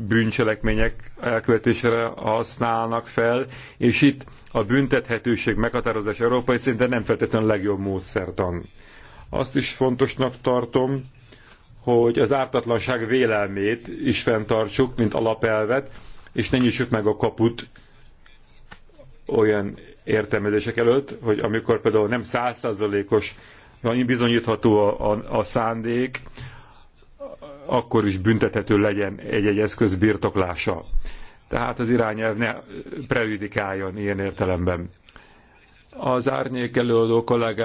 bűncselekmények elkövetésére használnak fel, és itt a büntethetőség meghatározás európai szinten nem feltétlenül a legjobb módszertan. Azt is fontosnak tartom, hogy az ártatlanság vélelmét is fenntartsuk, mint alapelvet, és ne nyissuk meg a kaput olyan értelmezések előtt, hogy amikor például nem százszázalékos, hanem bizonyítható a, a, a szándék, akkor is büntethető legyen egy-egy eszköz birtoklása. Tehát az irányelv ne prejudikáljon ilyen értelemben. Az árnyék előadó kollégák